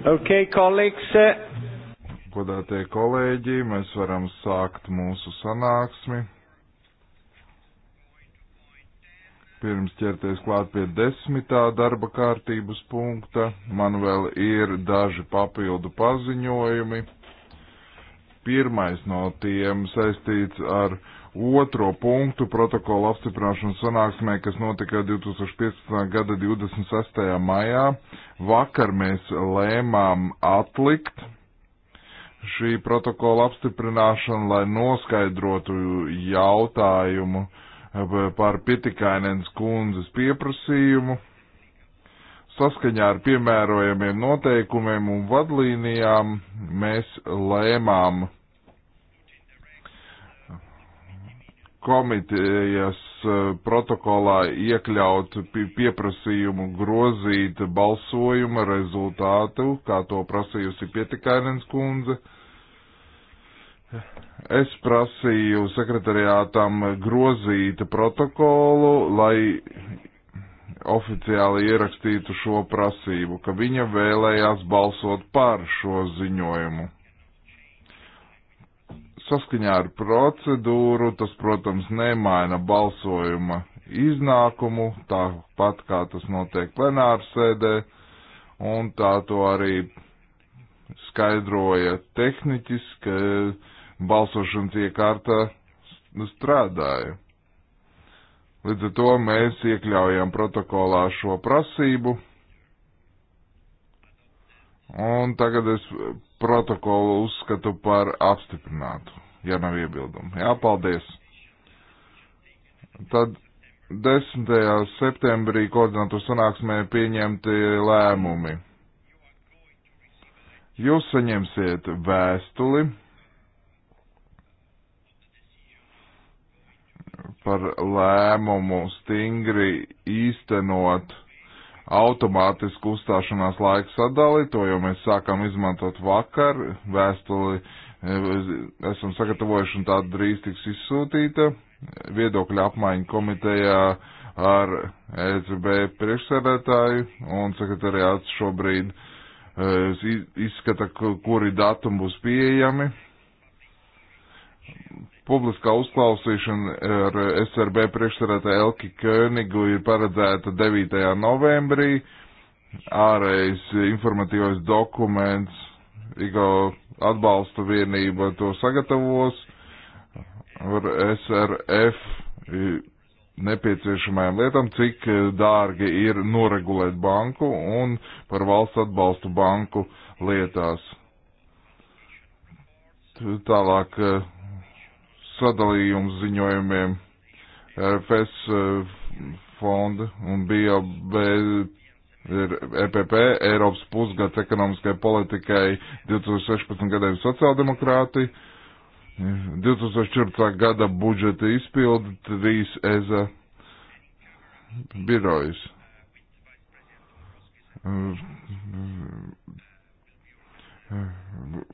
Ok, kolēģis. Uh, Godātie kolēģi, mēs varam sākt mūsu sanāksmi. Pirms ķerties klāt pie desmitā darba kārtības punkta, man vēl ir daži papildu paziņojumi. Pirmais no tiem saistīts ar otro punktu protokola apstiprināšanas sanāksmē, kas notika 2015. gada 26. maijā. Vakar mēs lēmām atlikt šī protokola apstiprināšanu, lai noskaidrotu jautājumu par Pitikainens kundzes pieprasījumu saskaņā ar piemērojamiem noteikumiem un vadlīnijām mēs lēmām komitejas eh, protokolā iekļaut pieprasījumu grozīt balsojuma rezultātu, kā to prasījusi Pietikainens kundze. Es prasīju sekretariātam grozīt protokolu, lai oficiāli ierakstītu šo prasību, ka viņa vēlējās balsot par šo ziņojumu. Saskaņā ar procedūru tas, protams, nemaina balsojuma iznākumu, tāpat kā tas notiek plenāru sēdē, un tā to arī skaidroja tehniķis, ka balsošanas iekārta strādāja. Līdz ar to mēs iekļaujam protokolā šo prasību. Un tagad es protokolu uzskatu par apstiprinātu, ja nav iebildumu. Jā, paldies. Tad 10. septembrī koordinatu sanāksmē pieņemti lēmumi. Jūs saņemsiet vēstuli par lēmumu stingri īstenot automātisku uzstāšanās laiku sadali, to jau mēs sākam izmantot vakar, vēstuli e, esam sagatavojuši un tā drīz tiks izsūtīta. Viedokļa apmaiņa komitejā ar ECB priekšsēdētāju un sekretariāts šobrīd e, izskata, kuri datumi būs pieejami. Publiskā uzklausīšana ar SRB priekšsarētāju Elki Königu ir paredzēta 9. novembrī. Ārējais informatīvais dokuments, IGO atbalsta vienība to sagatavos ar SRF nepieciešamajām lietām, cik dārgi ir noregulēt banku un par valsts atbalstu banku lietās. Tālāk sadalījums ziņojumiem RFS eh, fonda un bija ir EPP, Eiropas pusgads ekonomiskai politikai 2016. gadiem sociāldemokrāti, 2014. gada budžeta izpildi, trīs EZA e birojas. Uh, uh, uh,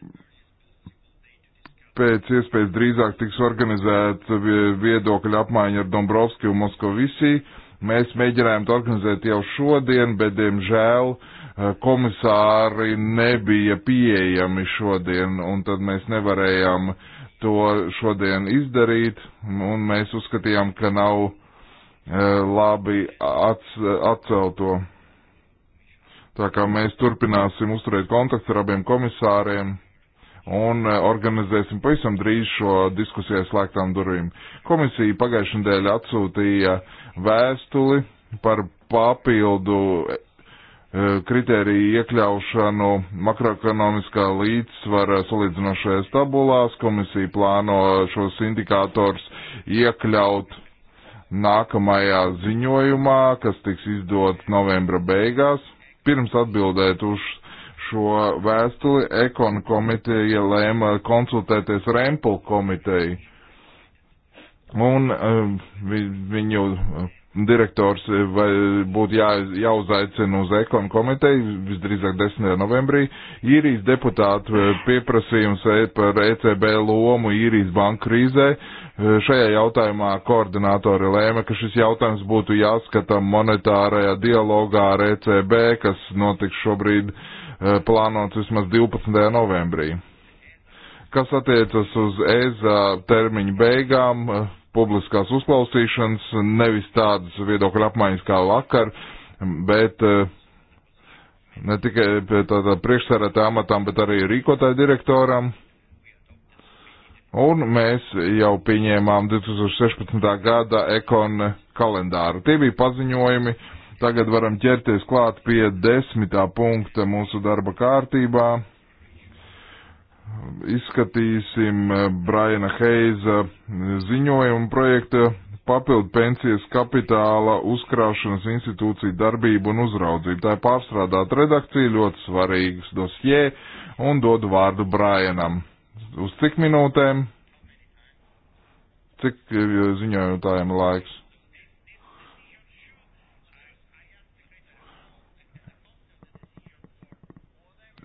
pēc iespējas drīzāk tiks organizēta viedokļa apmaiņa ar Dombrovski un Moskovisī. Mēs mēģinājām to organizēt jau šodien, bet, diemžēl, eh, komisāri nebija pieejami šodien, un tad mēs nevarējām to šodien izdarīt, un mēs uzskatījām, ka nav uh, labi ats, atcelt to. Tā kā mēs turpināsim uzturēt kontaktu ar abiem komisāriem un e, organizēsim pavisam drīz šo diskusiju slēgtām durvīm. Komisija pagājušajā nedēļā atsūtīja vēstuli par papildu e, kritēriju iekļaušanu makroekonomiskā līdzsvara salīdzinošajās tabulās. Komisija plāno šos indikātors iekļaut nākamajā ziņojumā, kas tiks izdot novembra beigās. Pirms atbildēt uz šo vēstuli ekonu komiteja lēma konsultēties ar Empulu komiteju. Un um, viņu uh, direktors uh, vai būtu jā, jāuzaicina uz ekonu komiteju visdrīzāk 10. novembrī. Īrijas deputātu uh, pieprasījums e, par ECB lomu īrijas banku krīzē. Šajā jautājumā koordinātori lēma, ka šis jautājums būtu jāskata monetārajā dialogā ar ECB, kas notiks šobrīd uh, Eh, plānots vismaz 12. novembrī. Kas attiecas uz EZA termiņu beigām, eh, publiskās uzklausīšanas, nevis tādas viedokļa apmaiņas kā vakar, bet eh, ne tikai priekšsarētā amatām, bet arī rīkotāju direktoram. Un mēs jau pieņēmām 2016. gada ekon kalendāru. Tie bija paziņojumi, uh, Tagad varam ķerties klāt pie desmitā punkta mūsu darba kārtībā. Izskatīsim eh, Braina Heiza ziņojumu projekta papildu pensijas kapitāla uzkrāšanas institūciju darbību un uzraudzību. Tā ir pārstrādāta redakcija, ļoti svarīgs dosjē, un dodu vārdu Brainam. Uz cik minūtēm? Cik eh, ziņojotājiem laiks?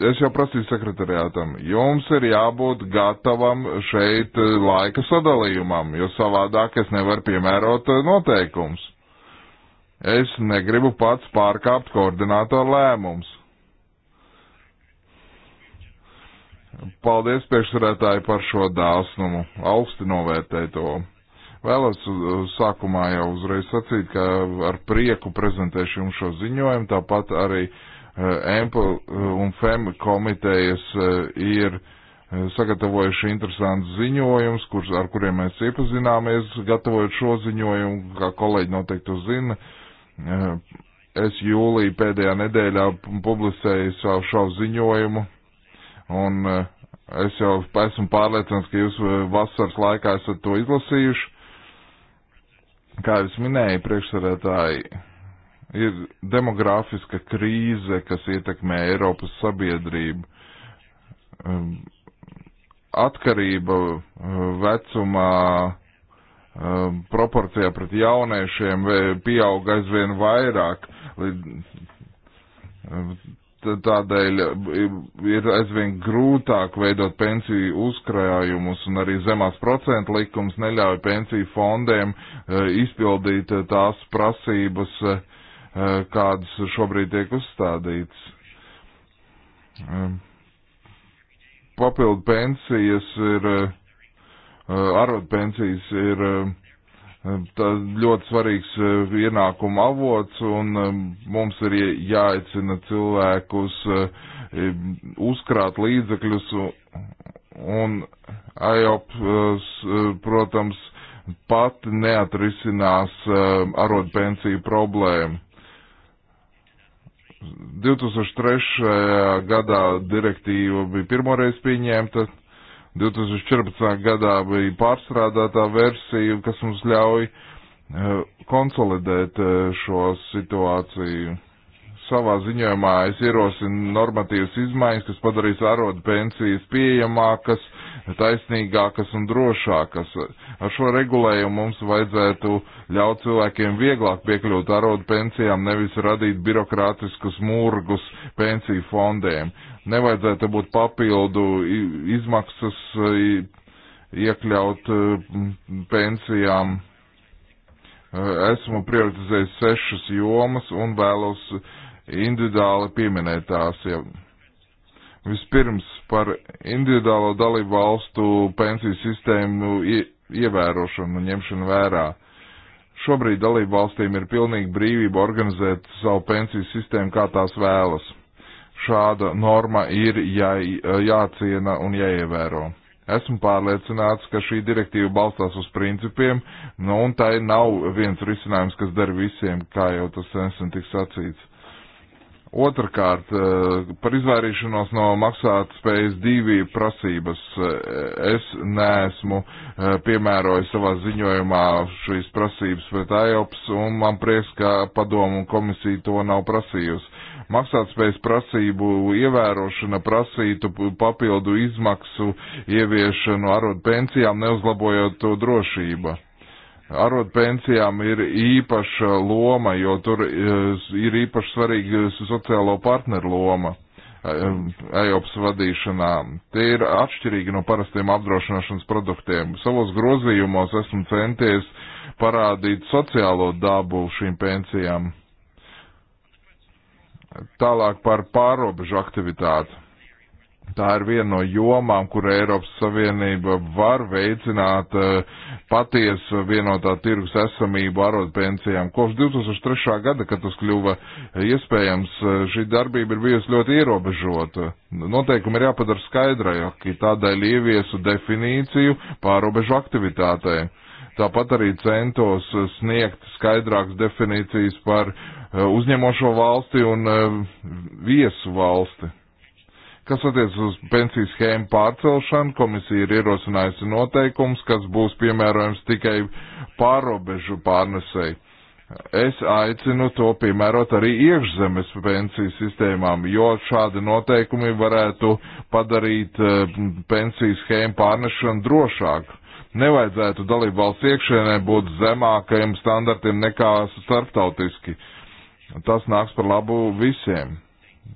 es jau prasīju sekretariātam, jums ir jābūt gatavam šeit eh, laika sadalījumam, jo savādāk es nevaru piemērot eh, noteikums. Es negribu pats pārkāpt koordinātoru lēmums. Paldies priekšsarētāji par šo dāsnumu, augsti novērtēju to. Vēlos eh, sākumā jau uzreiz sacīt, ka ar prieku prezentēšu jums šo ziņojumu, tāpat arī uh, Empel eh, eh, un FEM komitejas eh, ir sagatavojuši interesants ziņojums, kur, ar kuriem mēs iepazināmies, gatavojot šo ziņojumu, kā kolēģi noteikti zina. Es jūlija pēdējā nedēļā publicēju savu šo ziņojumu, un es jau esmu pārliecināts, ka jūs vasaras laikā esat to izlasījuši. Kā es minēju, priekšsarētāji, ir demografiska krīze, kas ietekmē Eiropas sabiedrību. Um, atkarība uh, vecumā um, proporcijā pret jauniešiem pieaug aizvien vairāk. Um, tādēļ ir aizvien grūtāk veidot pensiju uzkrājumus un arī zemās procentu likums neļauj pensiju fondiem uh, izpildīt uh, tās prasības, uh, Eh, kādas šobrīd tiek uzstādītas. Eh, papildu pensijas ir, eh, arotpensijas ir ļoti svarīgs ienākuma avots, un mums ir jāicina cilvēkus uzkrāt līdzekļus, un AIOP, protams, pat neatrisinās arotpensiju problēmu. 2003. gadā direktīva bija pirmoreiz pieņemta, 2014. gadā bija pārstrādātā versija, kas mums ļauj eh, konsolidēt eh, šo situāciju savā ziņojumā es ierosinu normatīvas izmaiņas, kas padarīs ārodu pensijas pieejamākas, taisnīgākas un drošākas. Ar šo regulējumu mums vajadzētu ļaut cilvēkiem vieglāk piekļūt ārodu pensijām, nevis radīt birokrātiskus mūrgus pensiju fondēm. Nevajadzētu būt papildu izmaksas iekļaut e, pensijām e, esmu prioritizējis sešas jomas un vēlos individuāli pieminētās. Ja vispirms par individuālo dalību valstu pensiju sistēmu ievērošanu un ņemšanu vērā. Šobrīd dalību valstīm ir pilnīga brīvība organizēt savu pensiju sistēmu, kā tās vēlas. Šāda norma ir jā, jāciena un jāievēro. Esmu pārliecināts, ka šī direktīva balstās uz principiem, nu un tai nav viens risinājums, kas der visiem, kā jau tas nesen tik sacīts Otrakārt, eh, par izvairīšanos no maksāt spējas divi prasības. Eh, es neesmu eh, piemērojis savā ziņojumā šīs prasības pret AIOPS, un man prieks, ka padomu un komisija to nav prasījusi. Maksāt spējas prasību ievērošana prasītu papildu izmaksu ieviešanu arot pensijām, neuzlabojot to drošību Arotpensijām ir īpaša loma, jo tur eh, ir īpaši svarīga sociālo partneru loma. EIOPS eh, vadīšanā. Tie ir atšķirīgi no parastiem apdrošināšanas produktiem. Savos grozījumos esmu centies parādīt sociālo dabu šīm pensijām. Tālāk par pārobežu aktivitāti. Tā ir viena no jomām, kur Eiropas Savienība var veicināt eh, patiesu vienotā tirgus esamību arotpensijām. Kopš 2003. gada, kad tas kļuva iespējams, eh, šī darbība ir bijusi ļoti ierobežota. Noteikumi ir jāpadara skaidrajoki, tādēļ ieviesu definīciju pārobežu aktivitātei. Tāpat arī centos sniegt skaidrākas definīcijas par eh, uzņemošo valsti un viesu valsti Kas attiec uz pensiju schēmu pārcelšanu, komisija ir ierosinājusi noteikums, kas būs piemērojams tikai pārobežu pārnesēji. Es aicinu to piemērot arī iekšzemes pensiju sistēmām, jo šādi noteikumi varētu padarīt eh, pensiju schēmu pārnešanu drošāku. Nevajadzētu dalību valsts iekšēnē būt zemākajiem standartiem nekā starptautiski. Tas nāks par labu visiem.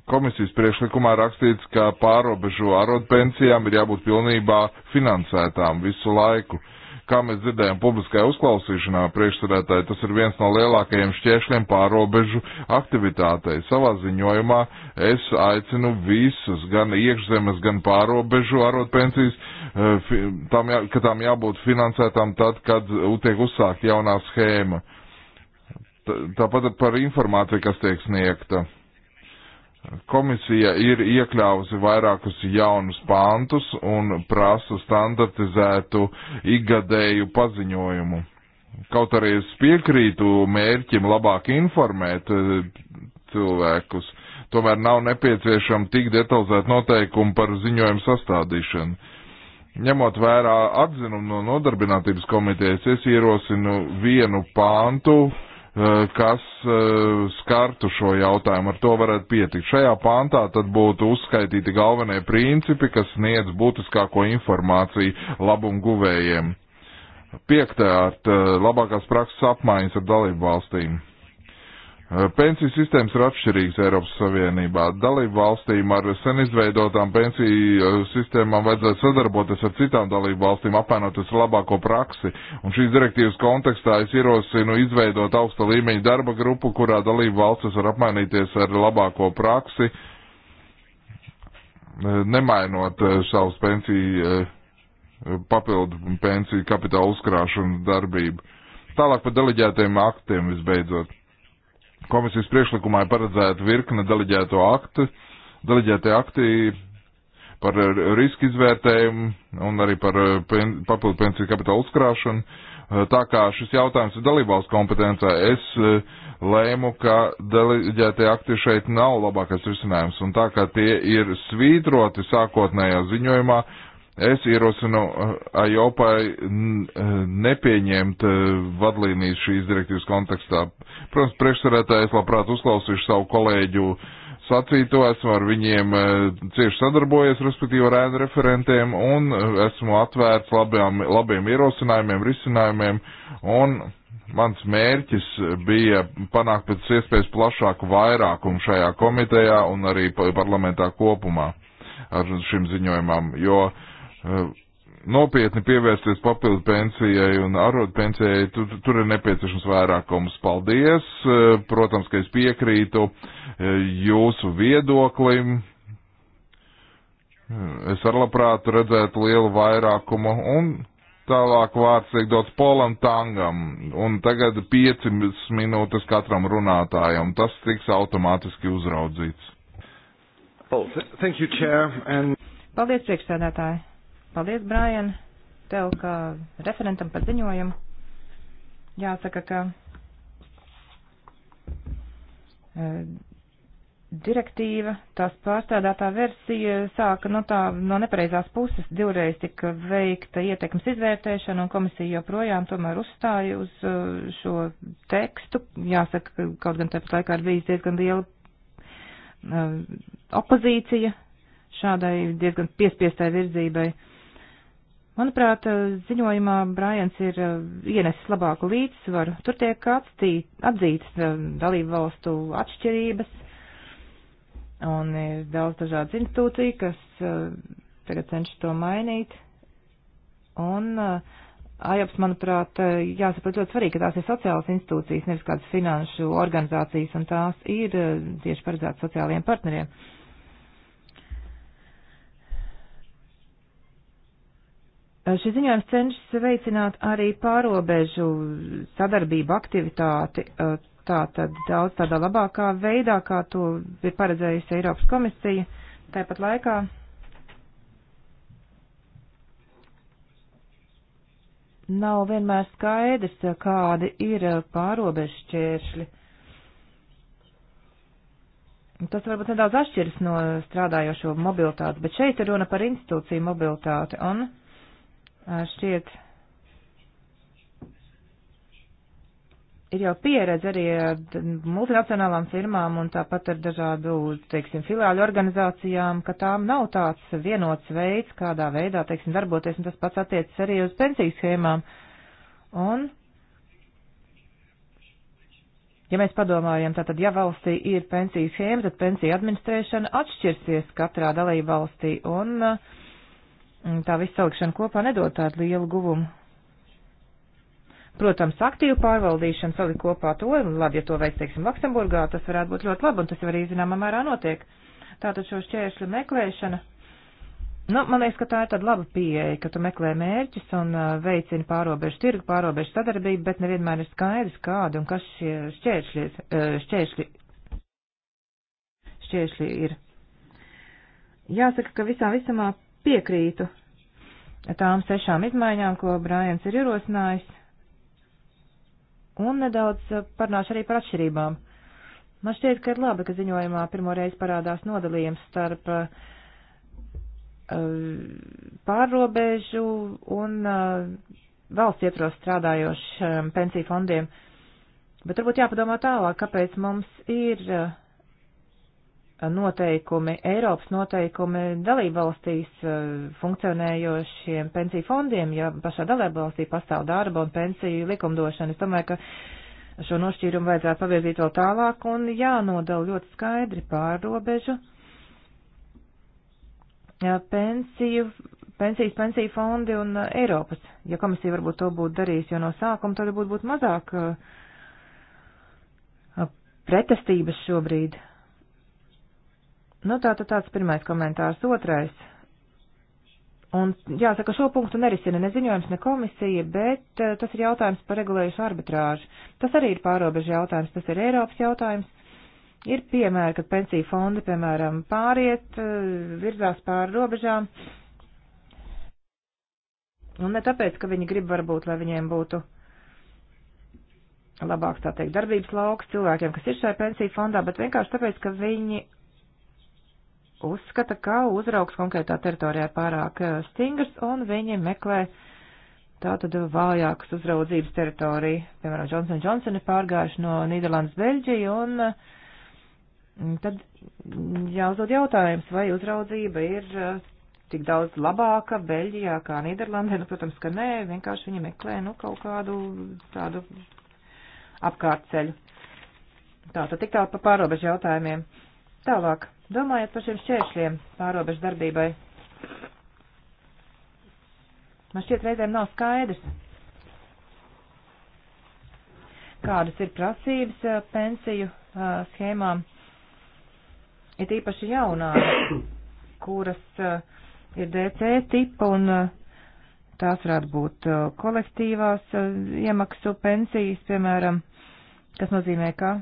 Komisijas priekšlikumā rakstīts, ka pārobežu arotpensijām ir jābūt pilnībā finansētām visu laiku. Kā mēs dzirdējām publiskajā uzklausīšanā priekšsarētāji, tas ir viens no lielākajiem šķēršļiem pārobežu aktivitātei. Savā ziņojumā es aicinu visus, gan iekšzemes, gan pārobežu arotpensijas, eh, tam jā, ka tām jābūt finansētām tad, kad tiek uzsākt jaunā schēma. Tāpat par informāciju, kas tiek sniegta Komisija ir iekļāvusi vairākus jaunus pāntus un prasa standartizētu ikgadēju paziņojumu. Kaut arī es piekrītu mērķim labāk informēt eh, cilvēkus, tomēr nav nepieciešama tik detalizēta noteikuma par ziņojumu sastādīšanu. Ņemot vērā atzinumu no nodarbinātības komitejas, es ierosinu vienu pāntu, uh, Eh, kas eh, skartu šo jautājumu. Ar to varētu pietikt. Šajā pantā tad būtu uzskaitīti galvenie principi, kas sniedz būtiskāko informāciju labumu guvējiem. Piektkārt, eh, labākās prakses apmaiņas ar dalību valstīm. Eh, pensiju sistēmas ir atšķirīgas Eiropas Savienībā. Dalību valstīm ar sen izveidotām pensiju eh, sistēmām vajadzētu sadarboties ar citām dalību valstīm, apmainoties ar labāko praksi. Un šīs direktīvas kontekstā es ierosinu izveidot augsta līmeņa darba grupu, kurā dalību valstis var apmainīties ar labāko praksi, eh, nemainot savus pensiju, papildu pensiju kapitāla uzkrāšanu darbību. Tālāk par deleģētiem aktiem visbeidzot Komisijas priekšlikumā ir paredzēta virkne deleģēto aktu, deleģētie akti par riska izvērtējumu un arī par eh, pen, papildu pensiju kapitāla uzkrāšanu. Eh, tā kā šis jautājums ir dalībvalsts kompetencē, es eh, lēmu, ka deleģētie akti šeit nav labākais risinājums, un tā kā tie ir svītroti sākotnējā ziņojumā, Es ierosinu eh, AIOPAI eh, nepieņemt eh, vadlīnijas šīs direktīvas kontekstā. Protams, priekšsarētāji es labprāt uzklausīšu savu kolēģu sacīto, esmu ar viņiem cieši sadarbojies, respektīvi ar ēnu referentiem, un esmu atvērts labiem, labiem ierosinājumiem, risinājumiem, un mans mērķis bija panākt pēc iespējas plašāku vairākumu šajā komitejā un arī parlamentā kopumā ar šim ziņojumam, jo uh, Eh, nopietni pievērsties papildu pensijai un arodu pensijai, tur, tur ir nepieciešams vairākums. Paldies! Eh, protams, ka es piekrītu eh, jūsu viedoklim. Es ar labprāt redzētu lielu vairākumu un tālāk vārds tiek dots Polam Tangam un tagad pieci minūtes katram runātājam. Tas tiks automātiski uzraudzīts. Oh, thank you, Chair. And... Paldies, priekšsēdētāji. Paldies, Brian, tev kā referentam par ziņojumu. Jāsaka, ka e, direktīva, tās pārstrādātā versija sāka no tā, no nepareizās puses. Divreiz tika veikta ietekmes izvērtēšana un komisija joprojām tomēr uzstāja uz e, šo tekstu. Jāsaka, kaut gan tāpat laikā ir bijis diezgan liela e, opozīcija šādai diezgan piespiestai virzībai. Uh, Manuprāt, eh, ziņojumā Brajans ir eh, ienesis labāku līdzsvaru. Tur tiek atstīt, atzītas eh, dalību valstu atšķirības un ir daudz dažādas institūcija, kas tagad cenšas to mainīt. Un AJOPS, manuprāt, jāsaprot ļoti svarīgi, ka tās ir sociālas institūcijas, nevis kādas finanšu organizācijas, un tās ir tieši paredzētas sociālajiem partneriem. Uh, Šis ziņojums cenšas veicināt arī pārobežu sadarbību aktivitāti, tātad daudz tādā labākā veidā, kā to ir paredzējusi Eiropas komisija. Tāpat laikā nav vienmēr skaidrs, kādi ir pārobežu šķēršļi. Tas varbūt nedaudz atšķiras no strādājošo mobilitātes, bet šeit ir runa par institūciju mobilitāti. Un šķiet ir jau pieredze arī ar multinacionālām firmām un tāpat ar dažādu, teiksim, filiāļu organizācijām, ka tām nav tāds vienots veids, kādā veidā, teiksim, darboties, un tas pats attiecas arī uz pensiju schēmām. Un, ja mēs padomājam, tātad, ja valstī ir pensiju schēma, tad pensiju administrēšana atšķirsies katrā dalība valstī, un uh, Mm, tā viss salikšana kopā nedod tādu lielu guvumu. Protams, aktīvu pārvaldīšanu salikt kopā to, labi, ja to veids, teiksim, Luksemburgā, tas varētu būt ļoti labi, un tas jau arī zināmā mērā notiek. Tātad šo šķēršļu meklēšana, nu, man liekas, ka tā ir tāda laba pieeja, ka tu meklē mērķis un uh, veicini pārobežu tirgu, pārobežu sadarbību, bet nevienmēr ir skaidrs, kādi un kas šie šķēršļi, uh, šķēršļi, šķēršļi ir. Jāsaka, ka visā visamā piekrītu tām sešām izmaiņām, ko Brājans ir ierosinājis, un nedaudz parunāšu arī par atšķirībām. Man šķiet, ka ir labi, ka ziņojumā pirmoreiz parādās nodalījums starp uh, pārrobežu un uh, valsts ietros strādājošiem pensiju fondiem. Bet varbūt jāpadomā tālāk, kāpēc mums ir uh, noteikumi, Eiropas noteikumi dalībvalstīs eh, funkcionējošiem pensiju fondiem, ja pašā dalībvalstī pastāv darba un pensiju likumdošana. Es domāju, ka šo nošķīrumu vajadzētu pavirzīt vēl tālāk un jānodala ļoti skaidri pārrobežu pensiju, pensijas pensiju fondi un eh, Eiropas. Ja komisija varbūt to būtu darījusi jau no sākuma, tad varbūt būtu mazāk eh, pretestības šobrīd. Nu, tā tad tāds pirmais komentārs. Otrais. Un jāsaka, šo punktu nerisina ne ziņojums, ne komisija, bet uh, tas ir jautājums par regulējušu arbitrāžu. Tas arī ir pārobežu jautājums, tas ir Eiropas jautājums. Ir piemēri, kad pensiju fondi, piemēram, pāriet, uh, virzās pāri robežām. Un ne tāpēc, ka viņi grib varbūt, lai viņiem būtu labāks, tā teikt, darbības lauks cilvēkiem, kas ir šajā pensiju fondā, bet vienkārši tāpēc, ka viņi uzskata, ka uzraugs konkrētā teritorijā pārāk eh, stingrs un viņi meklē tātad vājākas uzraudzības teritoriju. Piemēram, Johnson Johnson ir pārgājuši no Nīderlandes Beļģiju un mm, tad jāuzdod jautājums, vai uzraudzība ir eh, tik daudz labāka Beļģijā kā Nīderlandē. Nu, protams, ka nē, vienkārši viņi meklē nu, kaut kādu tādu apkārtceļu. Tā tad tik tālu pa pārobežu jautājumiem. Tālāk. Domājot par šiem šķēršļiem pārobežu darbībai, man šķiet reizēm nav skaidrs, kādas ir prasības eh, pensiju eh, schēmām, ir īpaši jaunā, kuras eh, ir DC tipa un tās varētu būt kolektīvās iemaksu pensijas, piemēram, kas nozīmē, ka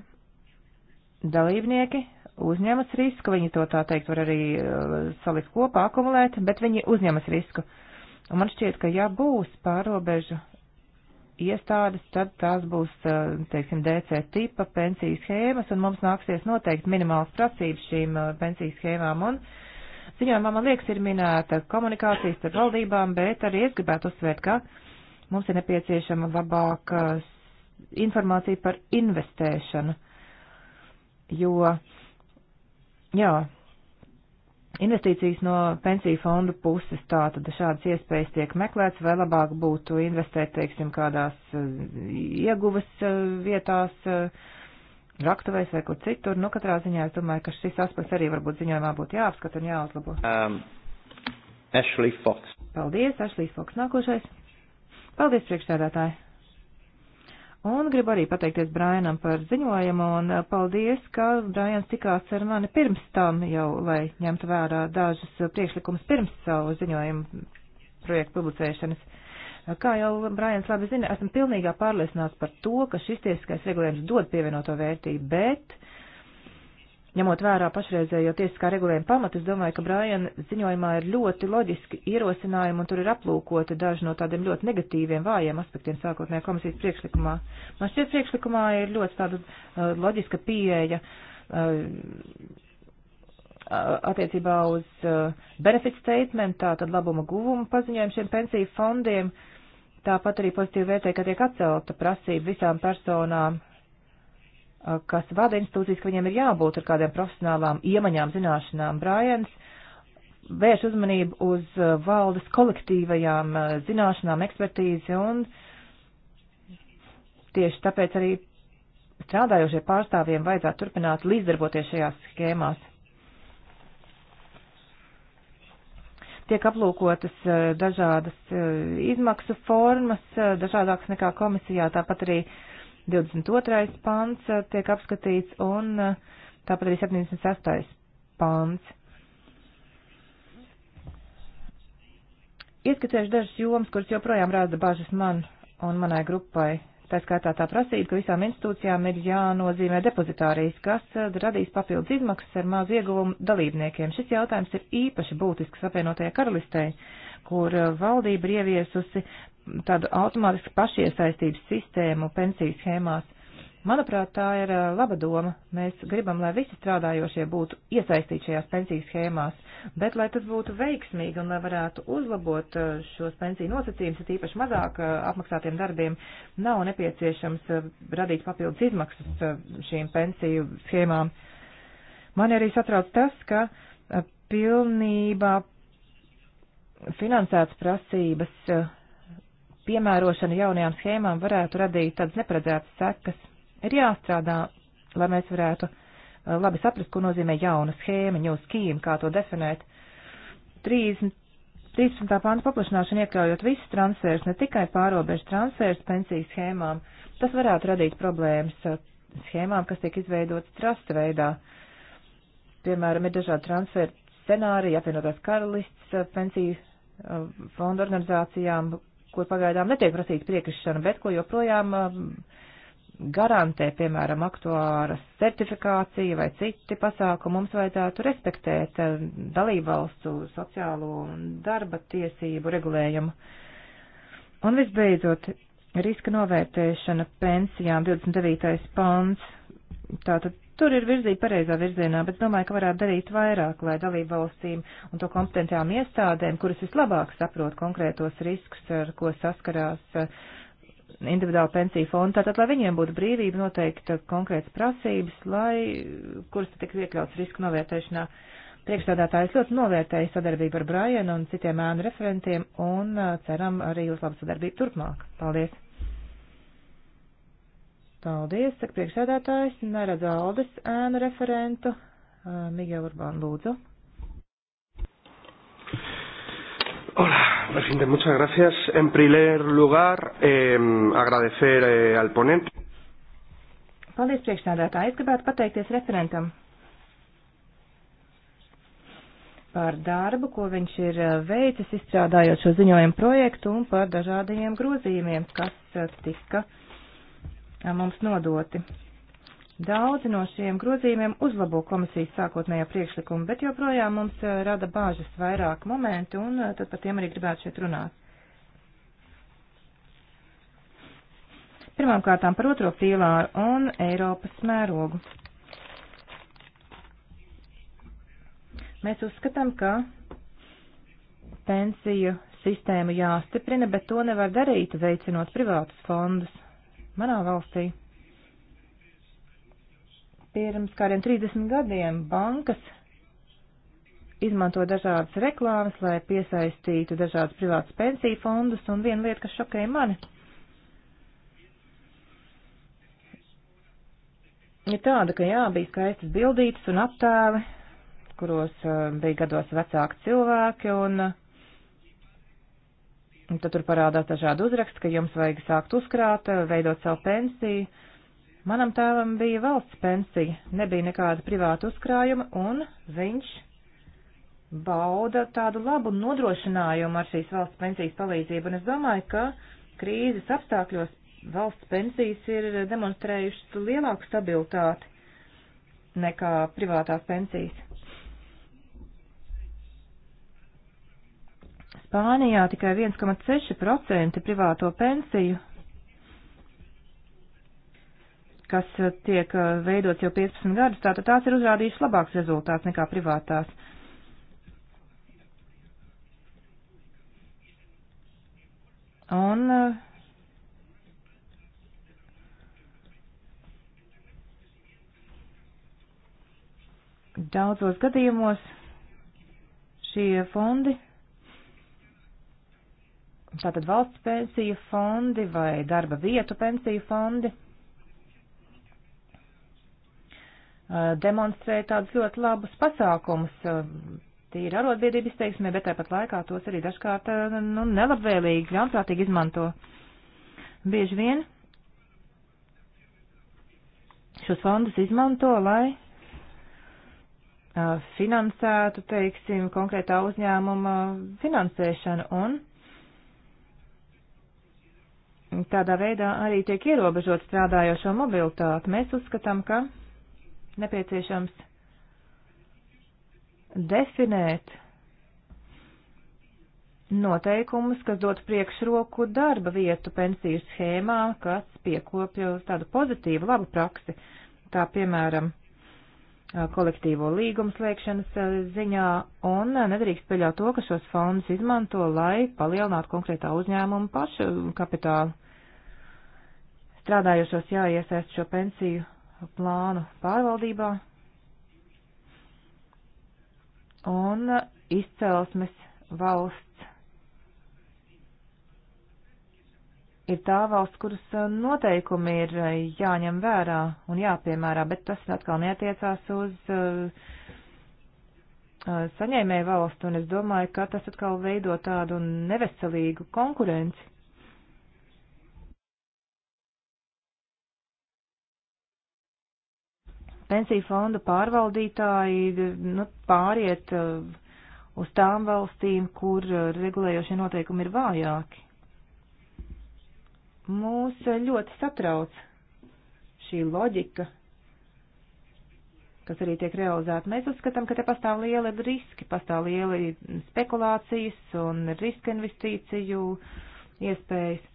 dalībnieki uzņemas risku, viņi to tā teikt var arī eh, salikt kopā, akumulēt, bet viņi uzņemas risku. Un man šķiet, ka ja būs pārobežu iestādes, tad tās būs, eh, teiksim, DC tipa pensiju schēmas, un mums nāksies noteikti minimāls prasības šīm eh, pensiju schēmām. Un ziņojumā, man liekas, ir minēta komunikācijas ar valdībām, bet arī es gribētu uzsvērt, ka mums ir nepieciešama labāka informācija par investēšanu, jo Jā, investīcijas no pensiju fondu puses, tā tad šādas iespējas tiek meklēts, vai labāk būtu investēt, teiksim, kādās eh, ieguvas eh, vietās, eh, raktuvēs vai kur citur. Nu, katrā ziņā es domāju, ka šis aspekts arī varbūt ziņojumā būtu jāapskata un jāuzlabo. Um, Ashley Fox. Paldies, Ashley Fox. Nākošais. Paldies, priekšstādātāji. Un gribu arī pateikties Brainam par ziņojumu un eh, paldies, ka Brains tikās ar mani pirms tam jau, lai ņemtu vērā dažus priekšlikumus pirms savu ziņojumu projektu publicēšanas. Kā jau Brains labi zina, esam pilnīgā pārliecināts par to, ka šis tiesiskais regulējums dod pievienoto vērtību, bet Ņemot vērā pašreizējo tiesiskā regulējuma pamatu, es domāju, ka Brājana ziņojumā ir ļoti loģiski ierosinājumi un tur ir aplūkoti daži no tādiem ļoti negatīviem, vājiem aspektiem sākotnējā komisijas priekšlikumā. Man šķiet, priekšlikumā ir ļoti tāda uh, loģiska pieeja. Uh, uh attiecībā uz uh, benefit statement, tātad labuma guvuma paziņojumu šiem pensiju fondiem. Tāpat arī pozitīvi vērtē, ka tiek atcelta prasība visām personām Uh, kas vada institūcijas, ka viņiem ir jābūt ar kādiem profesionālām iemaņām, zināšanām. Brajans vērš uzmanību uz uh, valdes kolektīvajām uh, zināšanām, ekspertīzi un tieši tāpēc arī strādājošie pārstāvjiem vajadzētu turpināt līdzdarboties šajās schēmās. Tiek aplūkotas dažādas izmaksu formas, dažādākas nekā komisijā, tāpat arī uh, 22. pants uh, tiek apskatīts un uh, tāpat arī 76. pants. Ieskatējuši dažas jomas, kuras joprojām rāda bažas man un manai grupai. Tā skaitā tā prasība, ka visām institūcijām ir jānozīmē depozitārijas, kas uh, radīs papildus izmaksas ar mazu ieguvumu dalībniekiem. Šis jautājums ir īpaši būtisks apvienotajai karalistei kur eh, valdība ir ieviesusi tādu automātisku pašiesaistības sistēmu pensiju schēmās. Manuprāt, tā ir eh, laba doma. Mēs gribam, lai visi strādājošie būtu iesaistīti šajās pensiju schēmās, bet lai tas būtu veiksmīgi un lai varētu uzlabot eh, šos pensiju nosacījumus, ir īpaši mazāk apmaksātiem darbiem, nav nepieciešams radīt papildus izmaksas šīm pensiju schēmām. Man arī satrauc tas, ka pilnībā finansētas prasības eh, piemērošana jaunajām schēmām varētu radīt tādas neparedzētas sekas. Ir jāstrādā, lai mēs varētu eh, labi saprast, ko nozīmē jauna schēma, new scheme, kā to definēt. 30. 13. pānta paplašināšana iekļaujot visus transfers, ne tikai pārobežu transfers pensiju schēmām, tas varētu radīt problēmas eh, schēmām, kas tiek izveidotas trasta veidā. Piemēram, ir dažādi transferu scenāriji, apvienotās karalists pensiju fonda organizācijām, kur pagaidām netiek prasīta priekrišana, bet ko joprojām um, garantē, piemēram, aktuāras certifikācija vai citi pasākumi, mums vajadzētu respektēt uh, dalībvalstu sociālo un darba tiesību regulējumu. Un visbeidzot, riska novērtēšana pensijām 29. pants. Tātad Tur ir virzība pareizā virzienā, bet domāju, ka varētu darīt vairāk, lai dalību valstīm un to kompetentām iestādēm, kuras vislabāk saprot konkrētos riskus, ar ko saskarās eh, individuāla pensija fonda, tātad, lai viņiem būtu brīvība noteikt eh, konkrētas prasības, lai, kuras tiks iekļauts risku novērtēšanā. Priekšstādātājs ļoti novērtēja sadarbību ar Brajanu un citiem ēnu referentiem un eh, ceram arī uz labu sadarbību turpmāk. Paldies! Paldies, saka priekšsēdētājs, neredz Aldes ēnu referentu. Miguel Urbán, lūdzu. Hola, presidente, muchas gracias. En primer lugar, eh, agradecer eh, al ponente. Paldies, priekšsēdētāji. Es gribētu pateikties referentam par darbu, ko viņš ir veicis, izstrādājot šo ziņojumu projektu un par dažādajiem grozījumiem, kas tika uh, mums nodoti. Daudzi no šiem grozījumiem uzlabo komisijas sākotnējā priekšlikuma, bet joprojām mums rada bāžas vairāk momenti, un tad par tiem arī gribētu šeit runāt. Pirmkārtām par otro pīlāru un Eiropas mērogu. Mēs uzskatām, ka pensiju sistēmu jāstiprina, bet to nevar darīt, veicinot privātus fondus. Manā valstī pirms kādiem 30 gadiem bankas izmanto dažādas reklāmas, lai piesaistītu dažādas privātas pensiju fondus, un viena lieta, kas šokēja mani, ir tāda, ka jā, bija skaistas bildītas un attēli, kuros uh, bija gados vecāki cilvēki, un uh, Un tad tur parādās dažādi uzraksti, ka jums vajag sākt uzkrāt, veidot savu pensiju. Manam tēvam bija valsts pensija, nebija nekāda privāta uzkrājuma, un viņš bauda tādu labu nodrošinājumu ar šīs valsts pensijas palīdzību. Un es domāju, ka krīzes apstākļos valsts pensijas ir demonstrējušas lielāku stabilitāti nekā privātās pensijas. Spānijā tikai 1,6% privāto pensiju, kas eh, tiek eh, veidots jau 15 gadus, tātad tās ir uzrādījušas labāks rezultāts nekā privātās. Un eh, daudzos gadījumos šie fondi tātad valsts pensiju fondi vai darba vietu pensiju fondi demonstrē tādus ļoti labus pasākumus, tīri arotbiedrību izteiksmē, bet tāpat laikā tos arī dažkārt nu, nelabvēlīgi, ļaunprātīgi izmanto. Bieži vien šos fondus izmanto, lai finansētu, teiksim, konkrētā uzņēmuma finansēšanu un tādā veidā arī tiek ierobežot strādājošo mobilitāti. Mēs uzskatām, ka nepieciešams definēt noteikumus, kas dod priekšroku darba vietu pensiju schēmā, kas piekopja tādu pozitīvu, labu praksi. Tā piemēram, kolektīvo līgumu slēgšanas eh, ziņā un eh, nedrīkst pieļaut to, ka šos fondus izmanto, lai palielinātu konkrētā uzņēmuma pašu kapitālu strādājušos jāiesaist šo pensiju plānu pārvaldībā un izcelsmes valsts ir tā valsts, kuras noteikumi ir jāņem vērā un jāpiemērā, bet tas atkal neatiecās uz uh, saņēmēju valstu, un es domāju, ka tas atkal veido tādu neveselīgu konkurenci. pensiju fondu pārvaldītāji nu, pāriet uh, uz tām valstīm, kur uh, regulējošie noteikumi ir vājāki. Mūs uh, ļoti satrauc šī loģika, kas arī tiek realizēta. Mēs uzskatām, ka te pastāv liela riski, pastāv liela spekulācijas un riska investīciju iespējas.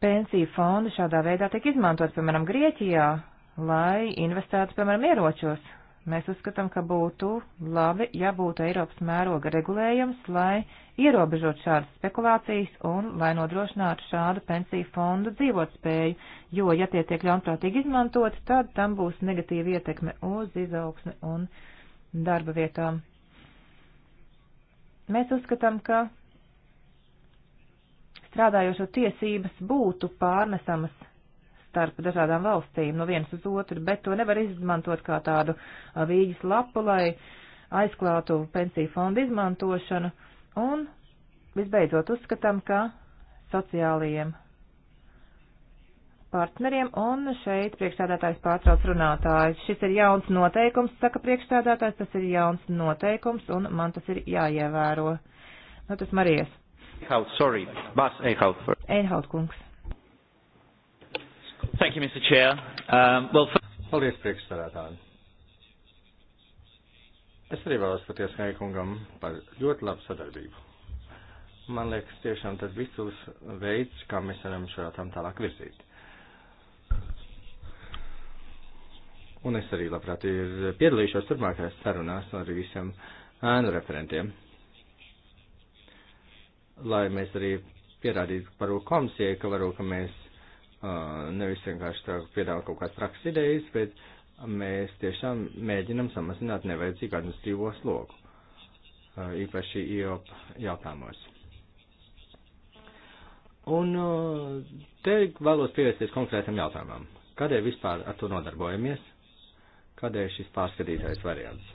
pensiju fondi šādā veidā tiek izmantot, piemēram, Grieķijā, lai investētu, piemēram, ieročos. Mēs uzskatām, ka būtu labi, ja būtu Eiropas mēroga regulējums, lai ierobežot šādas spekulācijas un lai nodrošinātu šādu pensiju fondu dzīvotspēju, jo, ja tie tiek ļaunprātīgi izmantot, tad tam būs negatīva ietekme uz izaugsmi un darba vietām. Mēs uzskatām, ka strādājošo tiesības būtu pārnesamas starp dažādām valstīm no vienas uz otru, bet to nevar izmantot kā tādu uh, vīģis lapu, lai aizklātu pensiju fondu izmantošanu. Un visbeidzot uzskatām, ka sociālajiem partneriem, un šeit priekšstādātājs pārtrauc runātājs. Šis ir jauns noteikums, saka priekšstādātājs, tas ir jauns noteikums, un man tas ir jāievēro. Nu, tas Marijas. Eihaut, sorry, Bas Eihaut. Eihaut kungs. Thank you, Mr. Chair. Um, well, for... Paldies, priekšsēdētāji. Es arī vēlos paties Eikungam par ļoti labu sadarbību. Man liekas, tiešām tas visus veids, kā mēs varam šo jautājumu tālāk virzīt. Un es arī labprāt ir piedalīšos turpmākajās sarunās ar visiem ēnu referentiem lai mēs arī pierādītu par komisiju, ka varu, ka mēs uh, nevis vienkārši piedāvā kaut kādas traks idejas, bet mēs tiešām mēģinam samazināt nevajadzīgu administrīvo slogu, uh, īpaši IOP jautājumos. Un uh, te vēlos pievērsties konkrētam jautājumam. Kādēļ vispār ar to nodarbojamies? Kādēļ šis pārskatītais variants?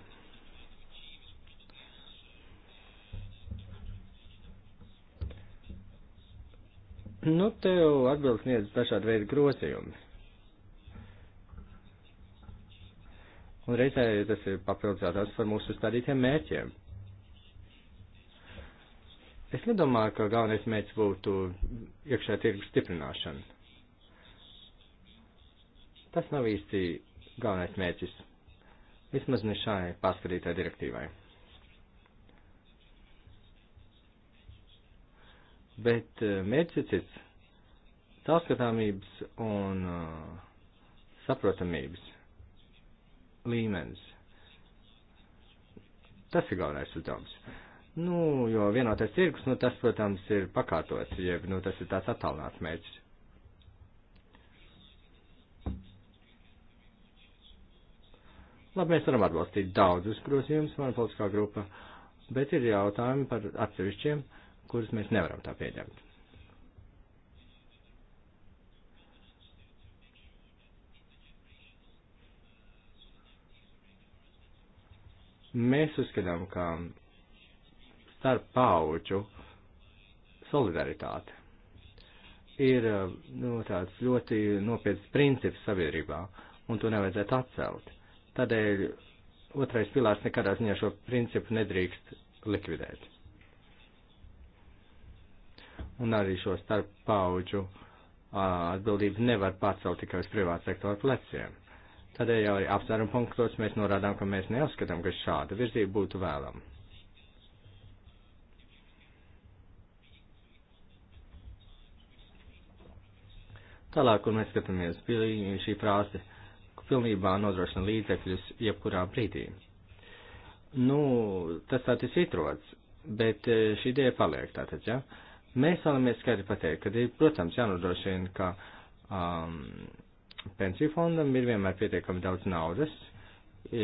Nu, tev atbildes niedz dažādi veidi grozījumi. Un reizē tas ir papildinātās par mūsu stādītiem mērķiem. Es nedomāju, ka galvenais mērķis būtu iekšē tirgus stiprināšana. Tas nav īsti galvenais mērķis. Vismaz ne šai pārskatītāji direktīvai. bet eh, mērķis ir cits - caurskatāmības un uh, saprotamības līmenis. Tas ir galvenais uzdevums. Nu, jo vienotais tirgus, nu, tas, protams, ir pakārtots, jeb, nu, tas ir tāds attālināts mērķis. Labi, mēs varam atbalstīt daudzus grozījumus, mana politiskā grupa, bet ir jautājumi par atsevišķiem uh, kurus mēs nevaram tā pieļaut. Mēs uzskatām, ka starp pauģu solidaritāte ir eh, nu, tāds ļoti nopietns princips sabiedrībā, un to nevajadzētu atcelt. Tādēļ otrais pilārs nekādā ziņā šo principu nedrīkst likvidēt un arī šo starp pauģu atbildību nevar pacelt tikai uz privātu sektoru pleciem. Tādēļ jau arī apsvērumu punktos mēs norādām, ka mēs neuzskatām, ka šāda virzība būtu vēlama. Tālāk, kur mēs skatāmies, šī frāze pilnībā nodrošina līdzekļus jebkurā brīdī. Nu, tas tā tas ir rots, bet šī ideja paliek tātad, ja? Uh, Mēs vēlamies skaidri pateikt, ka ir, protams, jānodrošina, ka um, pensiju fondam ir vienmēr pietiekami daudz naudas, e,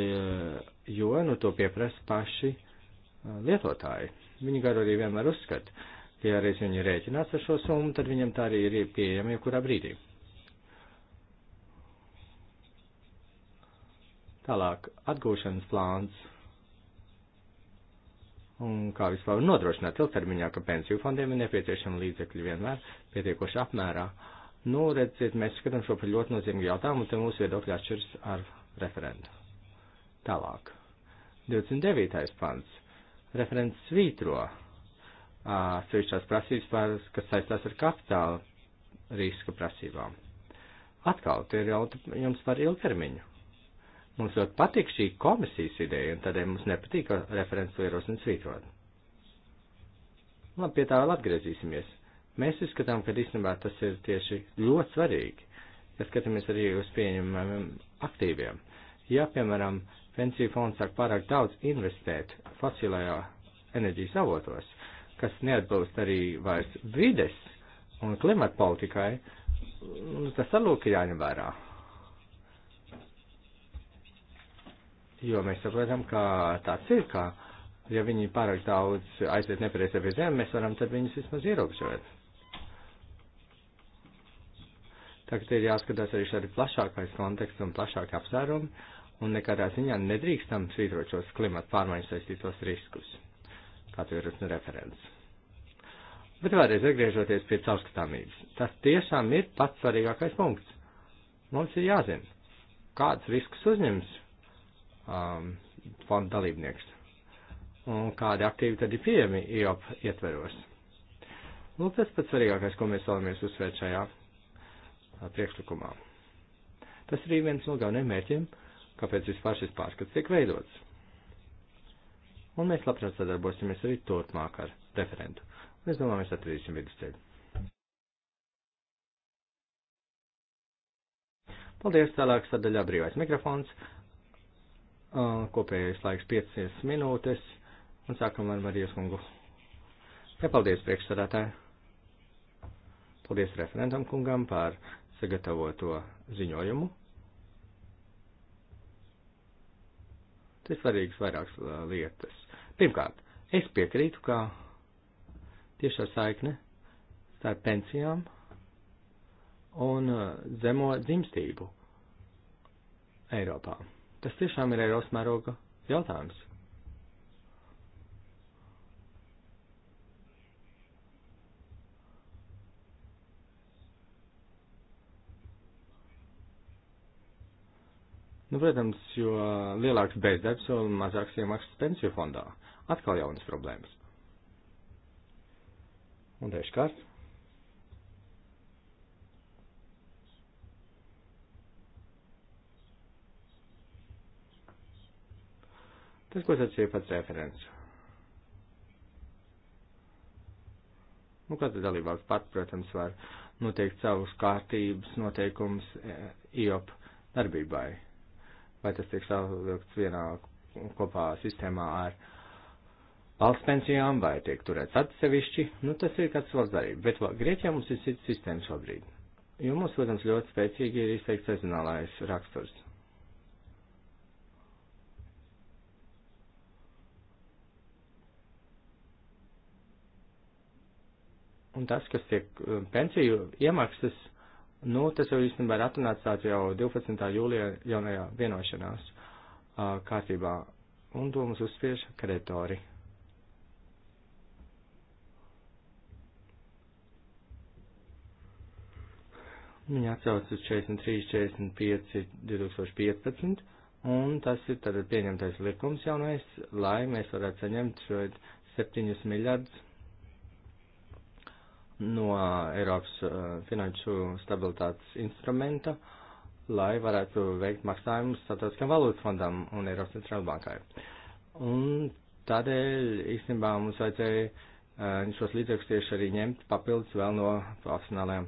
jo nu, to pieprasa paši e, lietotāji. Viņi garu arī vienmēr uzskata, ka, ja reiz viņi rēķinās ar šo summu, tad viņam tā arī ir pieejama jebkurā brīdī. Tālāk, atgūšanas plāns un kā vispār nodrošināt ilgtermiņā, ka pensiju fondiem ir nepieciešama līdzekļi vienmēr pietiekoši apmērā. Nu, redziet, mēs skatām šo par ļoti nozīmīgu jautājumu, un te mūsu viedokļi atšķiras ar referendu. Tālāk. 29. pants. Referents svītro sevišķās prasības, kas saistās ar kapitāla riska prasībām. Atkal, tie ir jautājums par ilgtermiņu Mums ļoti patīk šī komisijas ideja, un tādēļ mums nepatīk, ka referents to ierosina svītrot. Labi, pie tā vēl atgriezīsimies. Mēs uzskatām, ka īstenībā tas ir tieši ļoti svarīgi, ja skatāmies arī uz pieņemamiem aktīviem. Ja, piemēram, pensiju fonds sāk pārāk daudz investēt fosilajā enerģijas avotos, kas neatbilst arī vairs vides un klimata politikai, nu, tas arī ir jāņem vērā. jo mēs saprotam, ka tāds ir, ka ja viņi pārāk daudz aiziet nepareizā virzienā, mēs varam tad viņus vismaz ierobežot. Tagad ir jāskatās arī šādi plašākais konteksts un plašāki apsvērumi, un nekādā ziņā nedrīkstam svītrot šos klimata pārmaiņu saistītos riskus, kā tu ir referents. Bet vēlreiz atgriežoties pie caurskatāmības, tas tiešām ir pats svarīgākais punkts. Mums ir jāzina, kāds risks uzņems um, fonda dalībnieks. Un kādi aktīvi tad ir pieejami IOP ietveros? Lūk, nu, tas pats svarīgākais, ko mēs vēlamies uzsvērt šajā uh, priekšlikumā. Tas arī viens no galvenajiem mērķiem, kāpēc vispār šis pārskats tiek veidots. Un mēs labprāt sadarbosimies arī turpmāk ar referentu. Un es domāju, mēs atradīsim vidusceļu. Paldies, tālāk sadaļā brīvais mikrofons. Kopējais laiks 5 minūtes. Un sākam ar Marijas kungu. Jā, paldies priekšsādātāji. Paldies referentam kungam par sagatavoto ziņojumu. Tas ir svarīgs vairākas uh, lietas. Pirmkārt, es piekrītu, ka tiešā saikne starp pensijām un uh, zemo dzimstību Eiropā. Tas tiešām ir Eiropas mēroga jautājums. Nu, protams, jo lielāks bezdarbs, jo mazāks iemaksas pensiju fondā. Atkal jaunas problēmas. Un dažkārt Tas, ko sacīja pats referents. Nu, katra dalībvalsts pat, protams, var noteikt savus kārtības noteikumus e, IOP darbībai. Vai tas tiek savilkts vienā kopā sistēmā ar valsts pensijām, vai tiek turēts atsevišķi, nu tas ir kāds valsts darība. Bet vēl Grieķijā mums ir cita sistēma šobrīd. Jo mums, protams, ļoti spēcīgi ir izteikts sezonālais raksturs. Un tas, kas tiek uh, pensiju iemaksas, nu, tas jau īstenībā ir atrunāts tāds jau 12. jūlijā jaunajā vienošanās uh, kārtībā. Un to mums uzspiež kreditori. Viņa atsauc uz 43, 45, 2015, un tas ir tad pieņemtais likums jaunais, lai mēs varētu saņemt šo 7 miljardus no Eiropas uh, finanšu stabilitātes instrumenta, lai varētu veikt maksājumus Startautiskam valūtas fondam un Eiropas centrālbankai. Un tādēļ īstenībā mums vajadzēja uh, šos līdzekļus tieši arī ņemt papildus vēl no profesionālajām,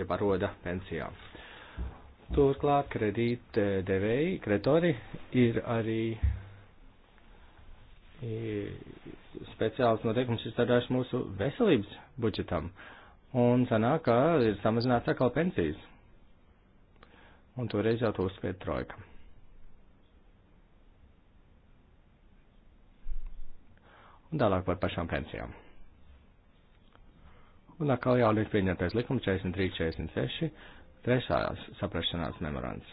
jeb aroda pensijām. Turklāt kredīt uh, devēji, kreditori ir arī speciāls noteikums izstrādājuši mūsu veselības budžetam. Un sanāk, ka ir samazināts atkal pensijas. Un toreiz jau to uzspied trojka. Un tālāk par pašām pensijām. Un atkal jau ir pieņemtais likums 43-46, trešās saprašanās memorands.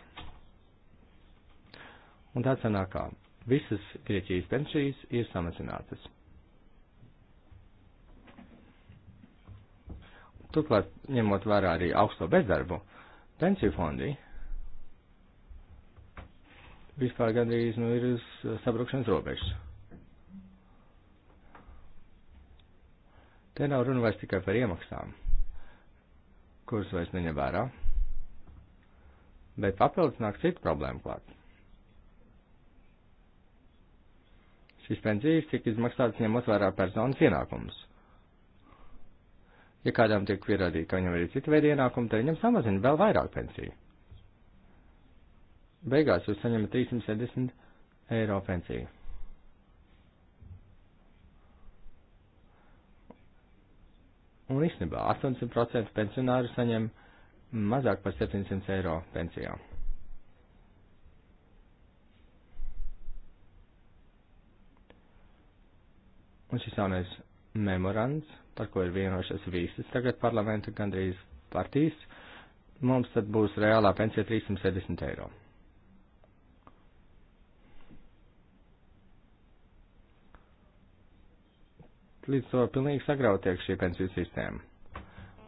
Un tāds sanāk, ka visas Grieķijas pensijas ir samazinātas. Turklāt, ņemot vērā arī augsto bezdarbu, pensiju fondi vispār gandrīz nu, ir uz sabrukšanas robežas. Te nav runa vairs tikai par iemaksām, kuras vairs neņem vērā, bet papildus nāk cita problēma klāt. Šīs pensijas tika izmaksātas ņemot vērā personas ienākumus. Ja kādam tiek pierādīta, ka viņam ir cita veida ienākumi, tad viņam samazina vēl vairāk pensiju. Beigās jūs saņemat 370 eiro pensiju. Un īstenībā 80% pensionāru saņem mazāk par 700 eiro pensijām. Un šis jaunais memorands par ko ir vienojušas visas tagad parlamenta gandrīz partijas, mums tad būs reālā pensija 370 eiro. Līdz to pilnīgi sagrautiek šī pensiju sistēma.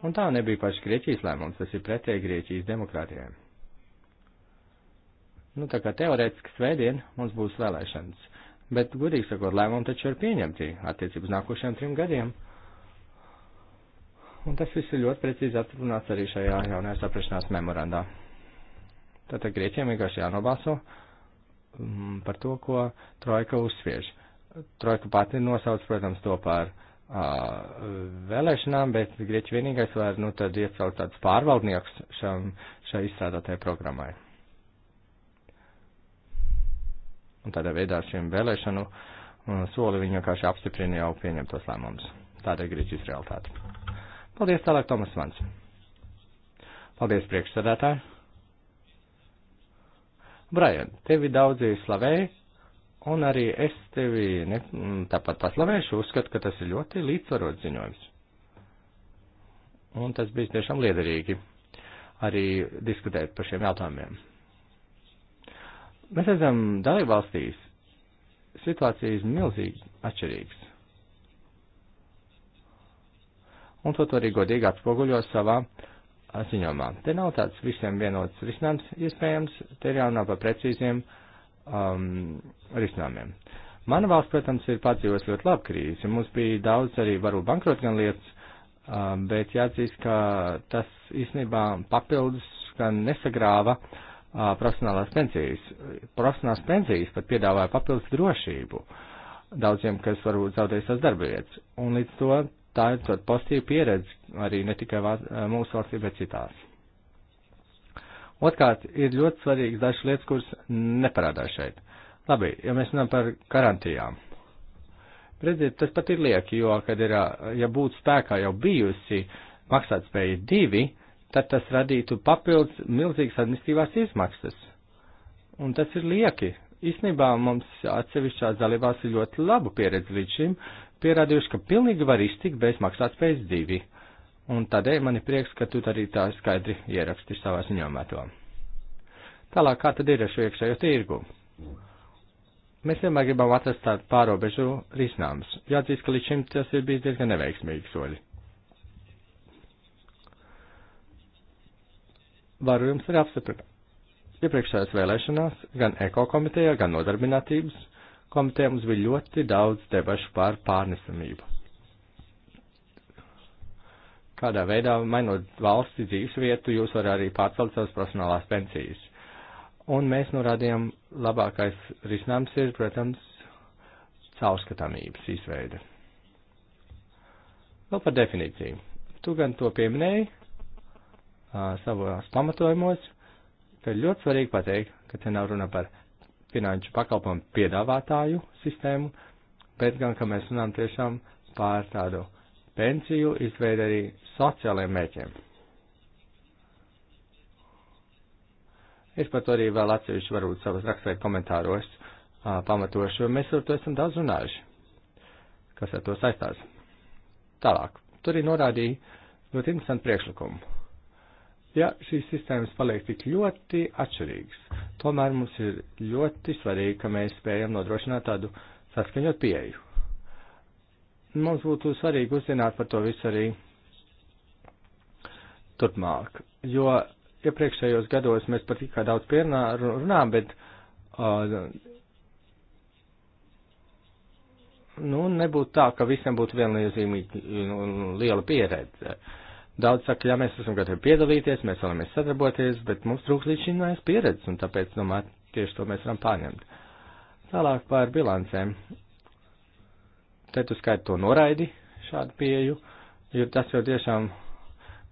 Un tā nebija paši Grieķijas lēmums, tas ir pretēji Grieķijas demokrātiem. Nu, tā kā teorētiski svētdien mums būs vēlēšanas, bet, gudīgi sakot, lēmumi taču ir pieņemti attiecības nākošajiem trim gadiem. Un tas viss ir ļoti precīzi atrunāts arī šajā jaunajā saprašanās memorandā. Tātad grieķiem vienkārši jānobalso mm, par to, ko Trojka uzsviež. Trojka pati nosauc, protams, to par uh, vēlēšanām, bet grieķi vienīgais var, nu, tad iecelt tāds pārvaldnieks šam, šai izstrādātajai programmai. Un tādā veidā šiem vēlēšanu soli viņi vienkārši apstiprina jau pieņemtos lēmumus. Tāda ir grieķis realitāte. Paldies tālāk, Tomas Mans. Paldies, priekšsēdētāji. Brian, tevi daudzi slavēja, un arī es tevi ne, mm, tāpat paslavēšu, uzskatu, ka tas ir ļoti līdzsvarot ziņojums. Un tas bija tiešām liederīgi arī diskutēt par šiem jautājumiem. Mēs redzam, dalībvalstīs situācija ir milzīgi atšķirīgs. un to, to arī godīgi atspoguļo savā ziņomā. Te nav tāds visiem vienots risinājums iespējams, te ir jānāk par precīziem um, risinājumiem. Mana valsts, protams, ir pārdzīvojusi ļoti labu krīzi. Mums bija daudz arī varu bankrot gan lietas, um, bet jāatzīst, ka tas īstenībā papildus gan nesagrāva uh, profesionālās pensijas. Profesionālās pensijas pat piedāvāja papildus drošību daudziem, kas varbūt zaudēs tās darba vietas. Un līdz to tā ir tāda pozitīva pieredze arī ne tikai vāc, eh, mūsu valstī, bet citās. Otkārt, ir ļoti svarīgas dažas lietas, kuras neparādās šeit. Labi, ja mēs runājam par garantijām. Redziet, tas pat ir lieki, jo, kad ir, ja būtu spēkā jau bijusi maksātspēja divi, tad tas radītu papildus milzīgas administratīvās izmaksas. Un tas ir lieki. Īsnībā mums atsevišķās dalībās ir ļoti labu pieredzi līdz šim, pierādījuši, ka pilnīgi var iztikt bez maksātspējas divi. Un tādēļ man ir prieks, ka tu arī tā skaidri ieraksti savā ziņojumā to. Tālāk, kā tad ir ar šo iekšējo tirgu? Mēs vienmēr gribam atrast tādu pārobežu risinājumus. Jāatzīst, ka līdz šim tas ir bijis diezgan neveiksmīgi soļi. Varu jums arī apstiprināt. Iepriekšējās vēlēšanās gan ekokomitejā, gan nodarbinātības komitē mums bija ļoti daudz debašu par pārnesamību. Kādā veidā, mainot valsti dzīves vietu, jūs varat arī pārcelt savas profesionālās pensijas. Un mēs norādījām, labākais risinājums ir, protams, caurskatāmības izveide. Vēl par definīciju. Tu gan to pieminēji savos pamatojumos, ka ļoti svarīgi pateikt, ka te nav runa par finanšu pakalpojumu piedāvātāju sistēmu, bet gan, ka mēs runājam tiešām pār tādu pensiju izveidu arī sociālajiem mēķiem. Es par to arī vēl atsevišķi varbūt savas rakstveidu komentāros a, pamatošu, jo mēs ar to esam daudz runājuši, kas ar to saistās. Tālāk, tur arī norādīja ļoti interesantu priekšlikumu ja šīs sistēmas paliek tik ļoti atšķirīgas. Tomēr mums ir ļoti svarīgi, ka mēs spējam nodrošināt tādu saskaņot pieeju. Mums būtu svarīgi uzzināt par to visu arī turpmāk, jo iepriekšējos gados mēs par tikā daudz pierunā, runām, bet uh, nu, nebūtu tā, ka visiem būtu vienlīdzīga nu, liela pieredze. Uh, Daudz saka, jā, mēs esam gatavi piedalīties, mēs vēlamies sadarboties, bet mums trūks līdz šim nājas pieredzes, un tāpēc, domāju, tieši to mēs varam pārņemt. Tālāk par bilancēm. Te tu skait to noraidi, šādu pieju, jo tas jau tiešām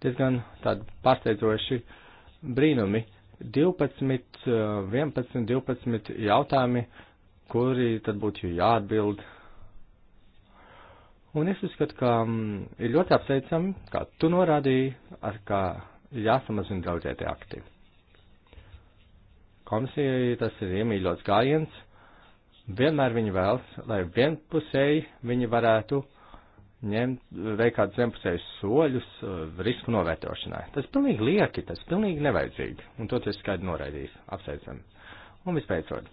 diezgan tādi pārsteidzoši brīnumi. 12, 11, 12 jautājumi, kuri tad būtu jāatbild Un es uzskatu, ka mm, ir ļoti apsveicami, kā tu norādīji, ar kā jāsamazina draudzētie akti. Komisijai tas ir iemīļots gājiens. Vienmēr viņi vēlas, lai vienpusēji viņi varētu ņemt, veikt kādus vienpusējus soļus uh, risku novērtošanai. Tas pilnīgi lieki, tas pilnīgi nevajadzīgi, un to es skaidri noraidīju, apsveicam. Un vispēcot,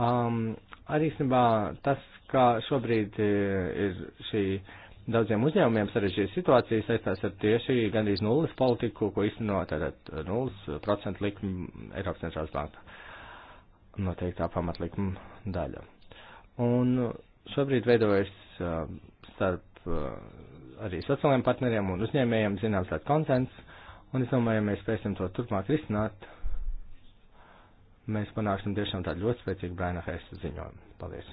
Um, arī īstenībā tas, kā šobrīd e, ir šī daudziem uzņēmumiem sarežģīta situācija, saistās ar tieši gandrīz nulles politiku, ko īsteno tātad e, nulles procentu likmi Eiropas centrālās banka noteiktā pamatlikuma daļa. Un šobrīd veidojas e, starp arī sociālajiem partneriem un uzņēmējiem zināms tāds konsens, un es domāju, ja mēs spēsim to turpmāk risināt, mēs panāksim tiešām tādu ļoti spēcīgu Braina Hēsa ziņojumu. Paldies!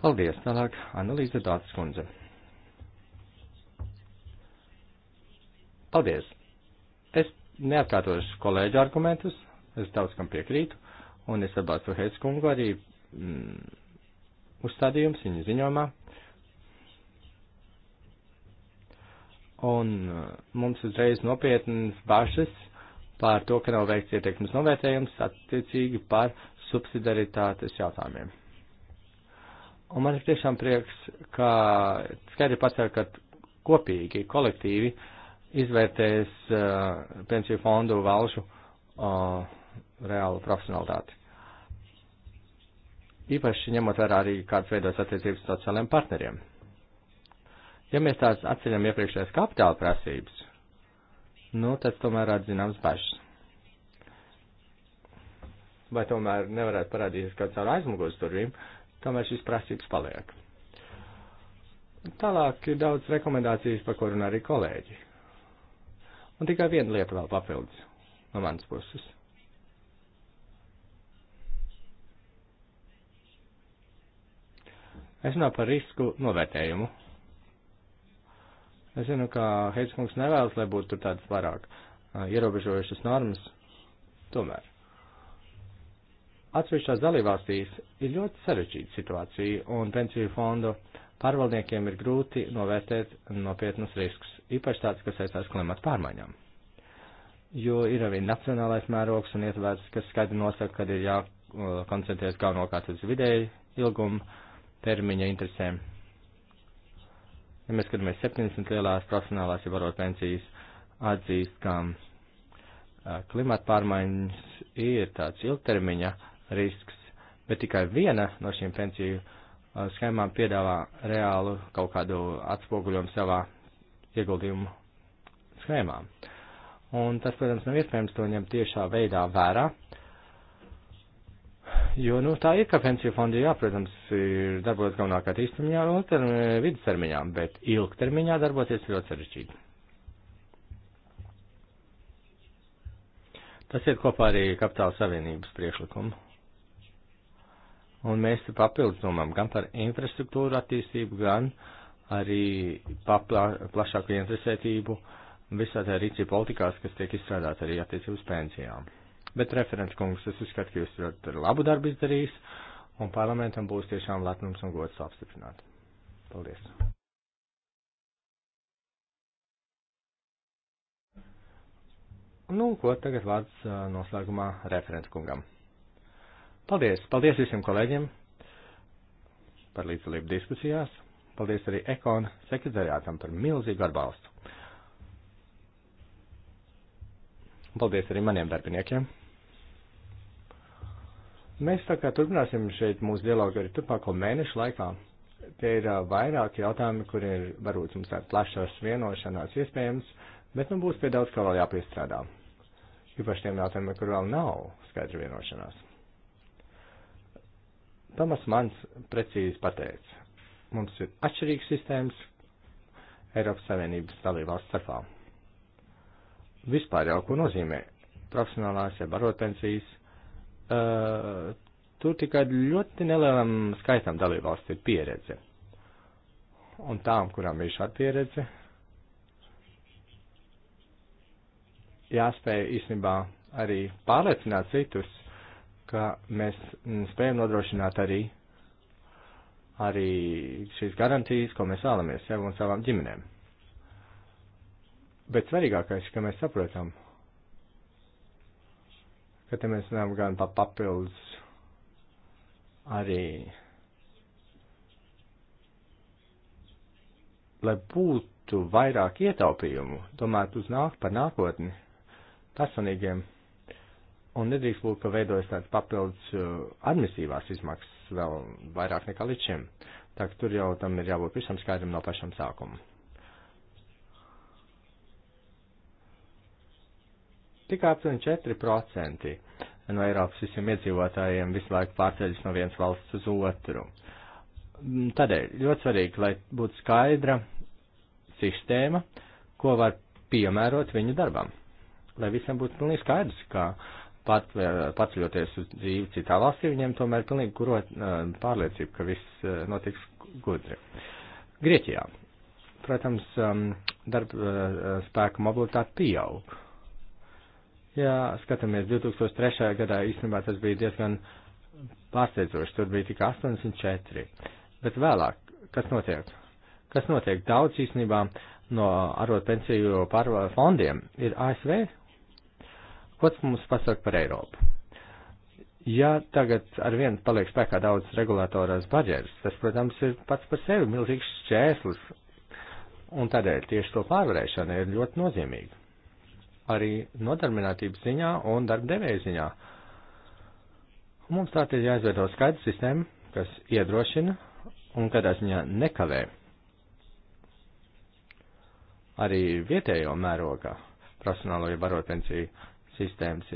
Paldies! Tālāk analīze Dācis kundze. Paldies! Es neatkārtošu kolēģu argumentus, es daudz kam piekrītu, un es atbalstu Hēsa kungu arī mm, uzstādījums viņa ziņojumā. Uh, un uh, mums uzreiz nopietnas bažas par to, ka nav veikts ieteikums novērtējums attiecīgi par subsidaritātes jautājumiem. Un man ir tiešām prieks, ka skaidri pasaka, ka kopīgi, kolektīvi izvērtēs uh, pensiju fondu valšu uh, reālu profesionalitāti. Īpaši ņemot vērā arī kādas veidos attiecības sociālajiem partneriem. Ja mēs tās atceļam iepriekšējās kapitāla prasības, nu, tad tomēr atzināms bažas. Vai tomēr nevarētu parādīties kāds ar aizmugurs durvīm, tomēr šīs prasības paliek. Tālāk ir daudz rekomendācijas, par ko runā arī kolēģi. Un tikai viena lieta vēl papildus no manas puses. Es runāju par risku novērtējumu. Es zinu, ka Heidskungs nevēlas, lai būtu tur tādas vairāk uh, ierobežojušas normas. Tomēr atsevišķās dalībvalstīs ir ļoti sarežģīta situācija, un pensiju fondu pārvaldniekiem ir grūti novērtēt nopietnus riskus, īpaši tāds, kas saistās klimata pārmaiņām. Jo ir arī nacionālais mērogs un ietvērs, kas skaidri nosaka, kad ir jākoncentrēties galvenokārt uz vidēju ilgumu termiņa interesēm Ja mēs skatāmies 70 lielās profesionālās jau varot pensijas, atzīst, ka klimata pārmaiņas ir tāds ilgtermiņa risks, bet tikai viena no šīm pensiju schēmām piedāvā reālu kaut kādu atspoguļojumu savā ieguldījumu schēmām. Un tas, protams, nav iespējams to ņemt tiešā veidā vērā, uh, Jo, nu, tā ir, ka pensiju fondi, jā, protams, ir darbojas galvenākā īstermiņā un vidustermiņā, bet ilgtermiņā darboties ļoti sarežģīti. Tas iet kopā arī kapitāla savienības priekšlikumu. Un mēs papildus domām gan par infrastruktūru attīstību, gan arī papla, plašāku interesētību visā tajā rīcība politikās, kas tiek izstrādāta arī attiecības pensijām. Bet, referents kungs, es uzskatu, ka jūs ļoti labu darbu izdarījis, un parlamentam būs tiešām latnums un gods apstiprināt. Paldies! Nu, ko tagad vārds noslēgumā referents kungam. Paldies! Paldies visiem kolēģiem par līdzdalību diskusijās. Paldies arī Ekona sekretariātam par milzīgu atbalstu. Paldies arī maniem darbiniekiem. Mēs tā kā turpināsim šeit mūsu dialogu arī turpmāko mēnešu laikā. Tie ir vairāki jautājumi, kur ir varbūt mums tāda plašas vienošanās iespējams, bet nu būs pie daudz kā vēl jāpiestrādā. Īpaši tiem jautājumiem, kur vēl nav skaidra vienošanās. Tomas Mans precīzi pateica, mums ir atšķirīgas sistēmas Eiropas Savienības dalībvalsts starpā. Vispār jau, ko nozīmē profesionālās ja barotpensijas, uh, tur tikai ļoti nelielam skaitam dalībvalstu ir pieredze. Un tām, kurām ir šāda pieredze, jāspēj īstenībā arī pārliecināt citus, ka mēs spējam nodrošināt arī, arī šīs garantijas, ko mēs vēlamies sev un savām ģimenēm. Bet svarīgākais, ka mēs saprotam, ka te mēs runājam gan par papildus arī, lai būtu vairāk ietaupījumu, domāt uz nāk par nākotni personīgiem, un nedrīkst būt, ka veidojas tāds papildus uh, administrīvās izmaksas vēl vairāk nekā līdz šim. Tā ka tur jau tam ir jābūt visam skaidram no pašam sākuma. Tikai aptuveni 4% no Eiropas visiem iedzīvotājiem visu laiku pārceļas no vienas valsts uz otru. Mm, tādēļ ļoti svarīgi, lai būtu skaidra sistēma, ko var piemērot viņu darbam. Lai visiem būtu pilnīgi skaidrs, ka pat, e, paceļoties uz dzīvi citā valstī, viņiem tomēr pilnīgi kurot e, pārliecību, ka viss e, notiks gudri. Grieķijā, protams, darba spēka mobilitāte pieaug Ja skatāmies 2003. gadā, īstenībā tas bija diezgan pārsteidzoši, tur bija tikai 84. Bet vēlāk, kas notiek? Kas notiek? Daudz īstenībā no arotpensiju fondiem ir ASV. Ko tas mums pasaka par Eiropu? Ja tagad ar vienu paliek spēkā daudz regulātorās barjeras, tas, protams, ir pats par sevi milzīgs šķērslis, un tādēļ tieši to pārvarēšana ir ļoti nozīmīga arī nodarbinātības ziņā un darbdevēja ziņā. Mums tātad jāizveido skaidra sistēma, kas iedrošina un kādā ziņā nekavē arī vietējo mērogā profesionālo ja barotensiju sistēmas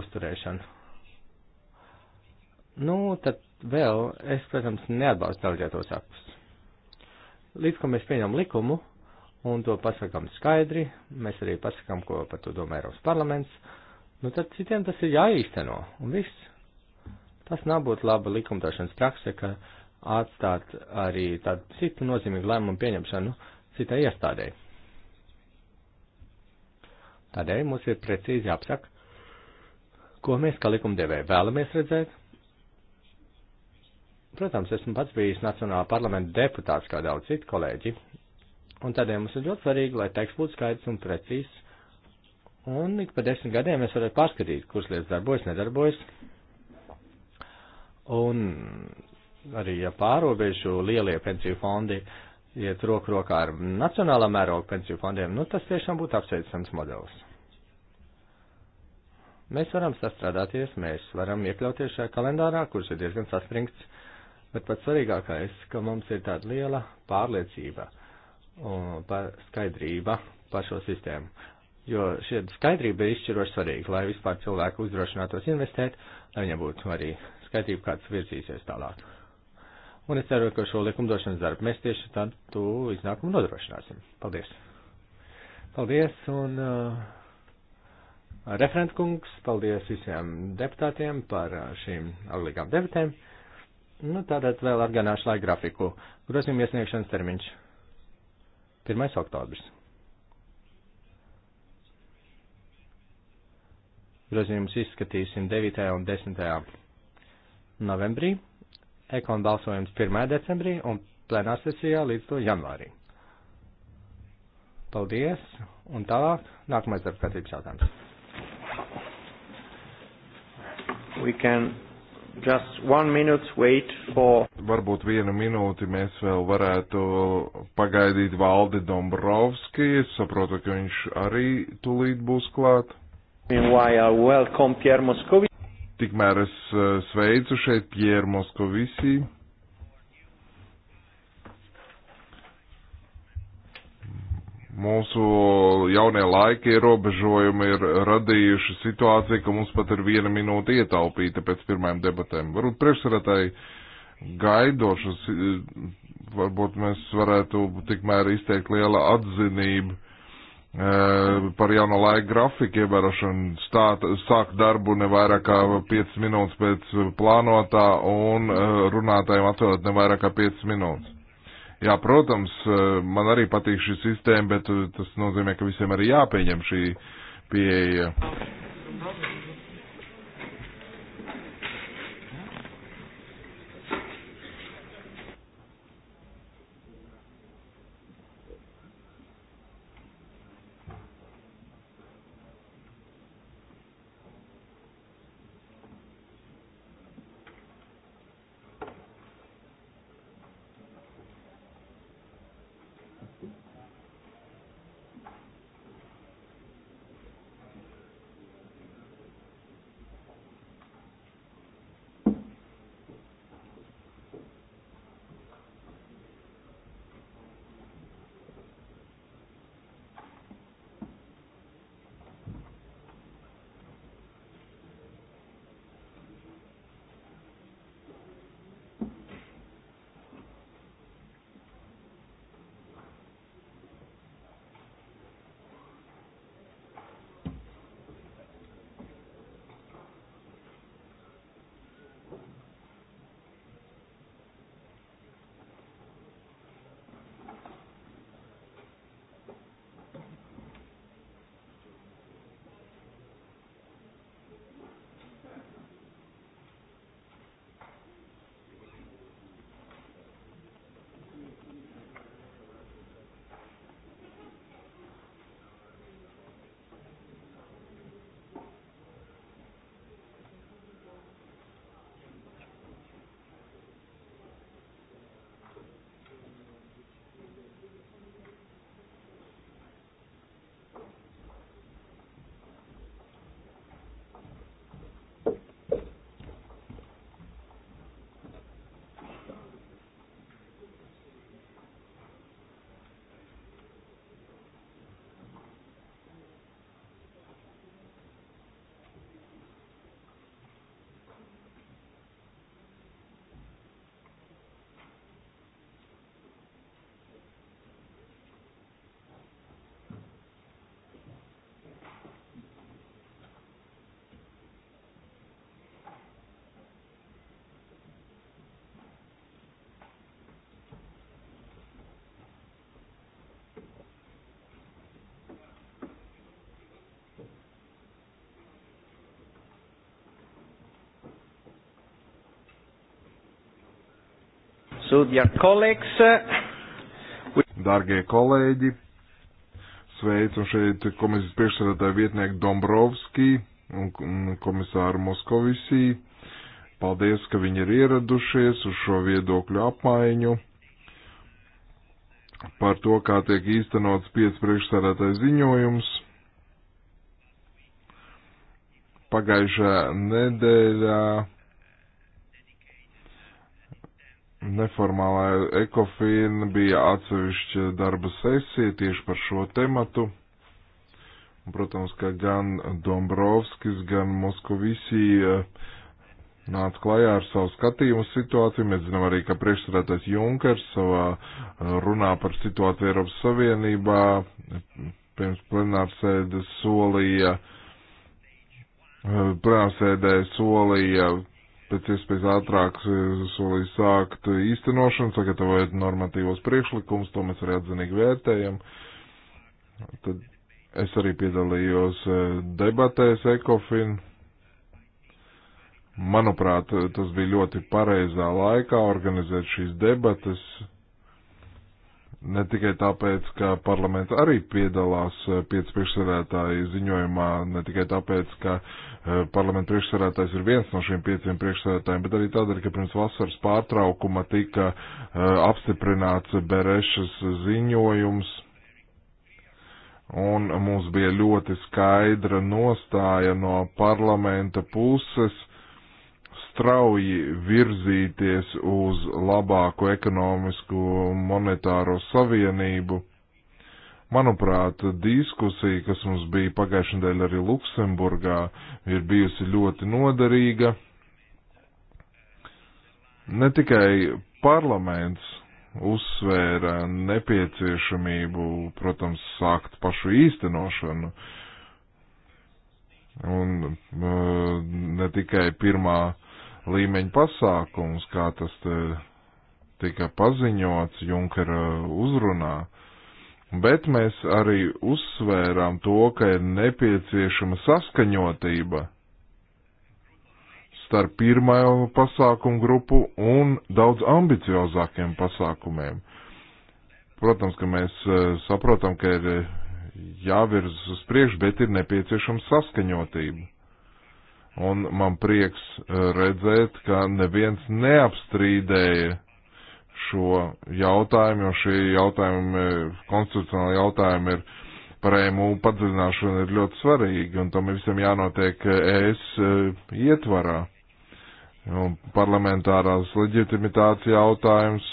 uzturēšanu. Nu, tad vēl es, protams, neatbalstu daudzētos aktus. Līdz ko mēs pieņem likumu, un to pasakam skaidri, mēs arī pasakam, ko par to domā Eiropas parlaments, nu tad citiem tas ir jāīsteno, un viss. Tas nav būt laba likumdošanas prakse, ka atstāt arī tādu citu nozīmīgu lēmumu pieņemšanu citai iestādēji. Tādēļ mums ir precīzi jāapsaka, ko mēs kā likumdevēji vēlamies redzēt. Protams, esmu pats bijis Nacionālā parlamenta deputāts kā daudz citu kolēģi, Un tādēļ mums ir ļoti svarīgi, lai teksts būtu skaidrs un precīzs. Un ik pa desmit gadiem mēs varētu pārskatīt, kuras lietas darbojas, nedarbojas. Un arī ja pārobežu lielie pensiju fondi iet roku rokā ar nacionālā mēroga pensiju fondiem, nu tas tiešām būtu apsveicams modelis. Mēs varam sastrādāties, mēs varam iekļauties šajā kalendārā, kurš ir diezgan saspringts, bet pats svarīgākais, ka mums ir tāda liela pārliecība un par skaidrība par šo sistēmu. Jo šī skaidrība ir izšķiroši svarīga, lai vispār cilvēku uzdrošinātos investēt, lai viņam būtu arī skaidrība, kāds virzīsies tālāk. Un es ceru, ka šo likumdošanas darbu mēs tieši tad tu iznākumu nodrošināsim. Paldies! Paldies un uh, referentkungs, paldies visiem deputātiem par uh, šīm aglīgām debatēm. Nu, tātad vēl atgādināšu laika grafiku. Grozījuma iesniegšanas termiņš 1. oktobris. Grozījumus izskatīsim 9. un 10. novembrī, ekon balsojums 1. decembrī un plenārsesijā līdz to janvārī. Paldies, un tālāk nākamais darbkārtības jautājums. We can Just one minute wait for. Varbūt vienu minūti mēs vēl varētu pagaidīt Valdi Dombrovski. Es saprotu, ka viņš arī tūlīt būs klāt. Meanwhile, welcome Pierre Moscovici. Tikmēr es eh, sveicu šeit Pierre Moscovici. Mūsu jaunie laika ierobežojumi ir radījuši situāciju, ka mums pat ir viena minūte ietaupīta pēc pirmajām debatēm. Varbūt priekšsaratai gaidošas, varbūt mēs varētu tikmēr izteikt liela atzinību e, par jauno laika grafiku ievērošanu stāt, sāk darbu ne vairāk kā 5 minūtes pēc plānotā un e, runātājiem atvēlēt ne vairāk kā 5 minūtes. Jā, protams, eh, man arī patīk šī sistēma, bet eh, tas nozīmē, ka visiem arī jāpieņem šī pieeja. Problem. So, dear colleagues, we... Dargie kolēģi, sveicu šeit komisijas priekšsēdētāju vietnieku Dombrovski un komisāru Moskovisī. Paldies, ka viņi ir ieradušies uz šo viedokļu apmaiņu par to, kā tiek īstenots piec priekšsēdētāju ziņojums. Pagājušā nedēļā neformālā ekofīna bija atsevišķa darba sesija tieši par šo tematu. Un, protams, ka gan Dombrovskis, gan Moskovisī eh, nāca klajā ar savu skatījumu situāciju. Mēs zinām arī, ka priekšsēdētājs Junkers savā eh, runā par situāciju Eiropas Savienībā eh, pirms plenārsēdes solīja, plenārsēdē solīja pēc iespējas ātrāk solīja sākt īstenošanu, sagatavojot normatīvos priekšlikumus, to mēs arī atzinīgi vērtējam. Tad es arī piedalījos e, debatēs ECOFIN. Manuprāt, e, tas bija ļoti pareizā laikā organizēt šīs debates, Ne tikai tāpēc, ka parlaments arī piedalās eh, piec priekšsarētāju ziņojumā, ne tikai tāpēc, ka eh, parlamenta priekšsarētājs ir viens no šiem pieciem priekšsarētājiem, bet arī tādēļ, ka pirms vasaras pārtraukuma tika eh, apstiprināts Berešas ziņojums un mums bija ļoti skaidra nostāja no parlamenta puses strauji virzīties uz labāku ekonomisku un monetāro savienību. Manuprāt, diskusija, kas mums bija pagājušajā nedēļā arī Luksemburgā, ir bijusi ļoti noderīga. Ne tikai parlaments uzsvēra nepieciešamību, protams, sākt pašu īstenošanu, un uh, ne tikai pirmā līmeņa pasākums, kā tas tika paziņots Junkera uzrunā. Bet mēs arī uzsvērām to, ka ir nepieciešama saskaņotība starp pirmā pasākumu grupu un daudz ambiciozākiem pasākumiem. Protams, ka mēs e, saprotam, ka ir jāvirz uz priekšu, bet ir nepieciešama saskaņotība. Un man prieks eh, redzēt, ka neviens neapstrīdēja šo jautājumu, jo šie jautājumi, konstitucionāli jautājumi ir par EMU padziļināšanu ir ļoti svarīgi, un tam visam jānotiek ES eh, eh, ietvarā. Un parlamentārās leģitimitātes jautājums,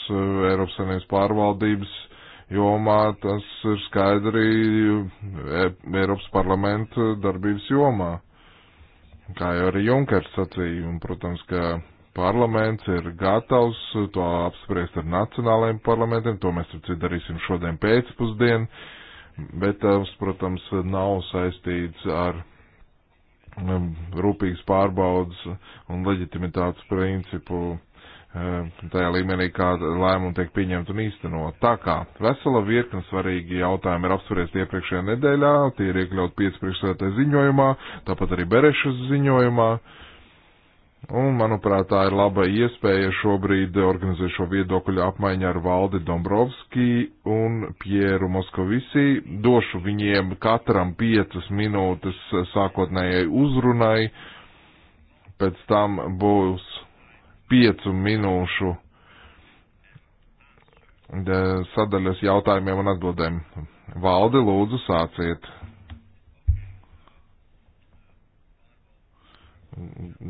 Eiropas Savienības pārvaldības jomā, tas ir skaidri Eiropas parlamenta darbības jomā. Kā jau arī Junkers sacīja, un, protams, ka parlaments ir gatavs to apspriest ar nacionālajiem parlamentiem, to mēs citu darīsim šodien pēcpusdien, bet tas, eh, protams, nav saistīts ar um, rūpīgas pārbaudas un leģitimitātes principu Ehm, tajā līmenī, kā lēmumi tiek pieņemti un īstenot. Tā kā vesela virkne svarīgi jautājumi ir apspriesti iepriekšējā nedēļā, tie ir iekļaut 5 priekšsēdē ziņojumā, tāpat arī Berešas ziņojumā. Un, manuprāt, tā ir laba iespēja šobrīd organizēt šo viedokļu apmaiņu ar Valdi Dombrovski un Pieru Moskovisī. Došu viņiem katram piecas minūtes sākotnējai uzrunai, pēc tam būs piecu minūšu sadaļas jautājumiem un atbildēm. Valdi, lūdzu, sāciet.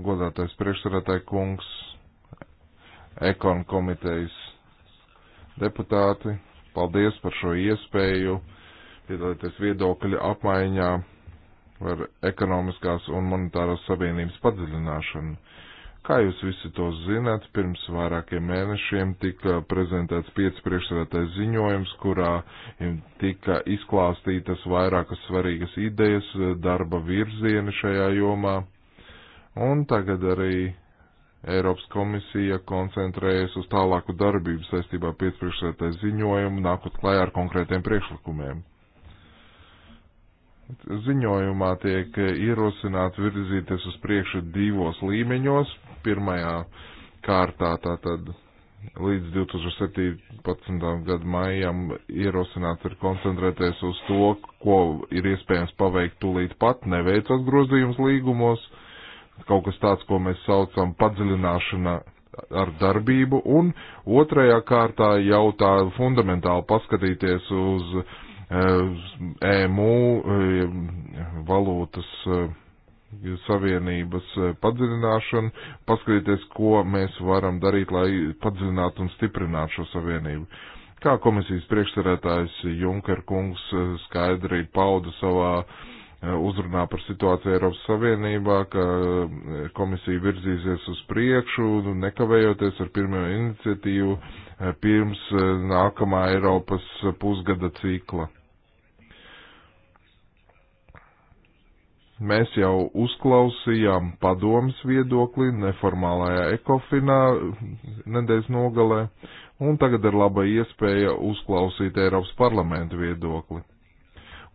Godātais priekšsarētāji kungs, ekon komitejas deputāti, paldies par šo iespēju piedalīties viedokļa apmaiņā par ekonomiskās un monetāras savienības padziļināšanu. Kā jūs visi to zināt, pirms vairākiem mēnešiem tika prezentēts pieci priekšsēdētais ziņojums, kurā tika izklāstītas vairākas svarīgas idejas, eh, darba virzieni šajā jomā. Un tagad arī Eiropas komisija koncentrējas uz tālāku darbību saistībā pieci priekšsēdētais ziņojumu, nākot klājā ar konkrētiem priekšlikumiem. Ziņojumā tiek ierosināts virzīties uz priekšu divos līmeņos. Pirmajā kārtā tātad līdz 2017. gada maijam ierosināts ir koncentrēties uz to, ko ir iespējams paveikt tūlīt pat, neveicot grozījums līgumos, kaut kas tāds, ko mēs saucam padziļināšana ar darbību, un otrajā kārtā jau tā fundamentāli paskatīties uz EMU eh, e eh, valūtas eh, savienības padziļināšanu, paskatīties, ko mēs varam darīt, lai padziļinātu un stiprinātu šo savienību. Kā komisijas priekšsarētājs Junker kungs skaidri pauda savā uzrunā par situāciju Eiropas Savienībā, ka komisija virzīsies uz priekšu, nu, nekavējoties ar pirmo iniciatīvu pirms nākamā Eiropas pusgada cikla. Mēs jau uzklausījām padomas viedokli neformālajā ekofinā nedēļas nogalē, un tagad ir laba iespēja uzklausīt Eiropas parlamentu viedokli.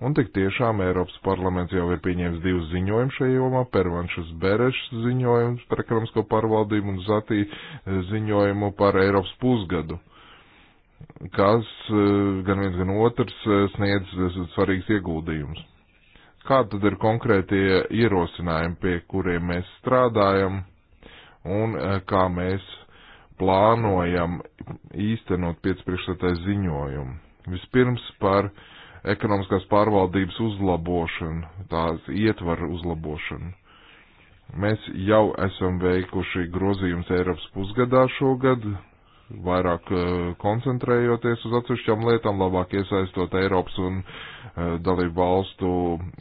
Un tik tiešām Eiropas parlaments jau ir pieņēmis divus ziņojumus šajā jomā - Pervanšas Berešas ziņojumu par ekonomisko pārvaldību un Zatī ziņojumu par Eiropas pusgadu, kas eh, gan viens gan otrs eh, sniedz eh, svarīgs ieguldījums kāda tad ir konkrētie ierosinājumi, pie kuriem mēs strādājam un eh, kā mēs plānojam īstenot piecpriekšsētais ziņojumu. Vispirms par ekonomiskās pārvaldības uzlabošanu, tās ietvaru uzlabošanu. Mēs jau esam veikuši grozījums Eiropas pusgadā šogad, vairāk eh, koncentrējoties uz atsevišķām lietām, labāk iesaistot Eiropas un eh, dalību valstu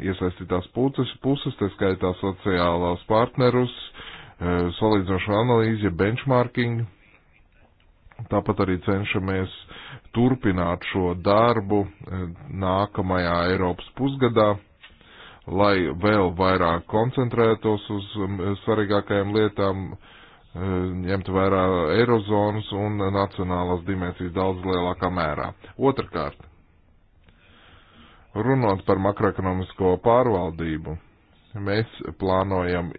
iesaistītās puses, puses tā skaitā sociālās partnerus, eh, salīdzinošu analīzi, benchmarking. Tāpat arī cenšamies turpināt šo darbu nākamajā Eiropas pusgadā, lai vēl vairāk koncentrētos uz svarīgākajām lietām, uh, Ehm, ņemt vērā eirozonas un nacionālās dimensijas daudz lielākā mērā. Otrakārt, runot par makroekonomisko pārvaldību, mēs plānojam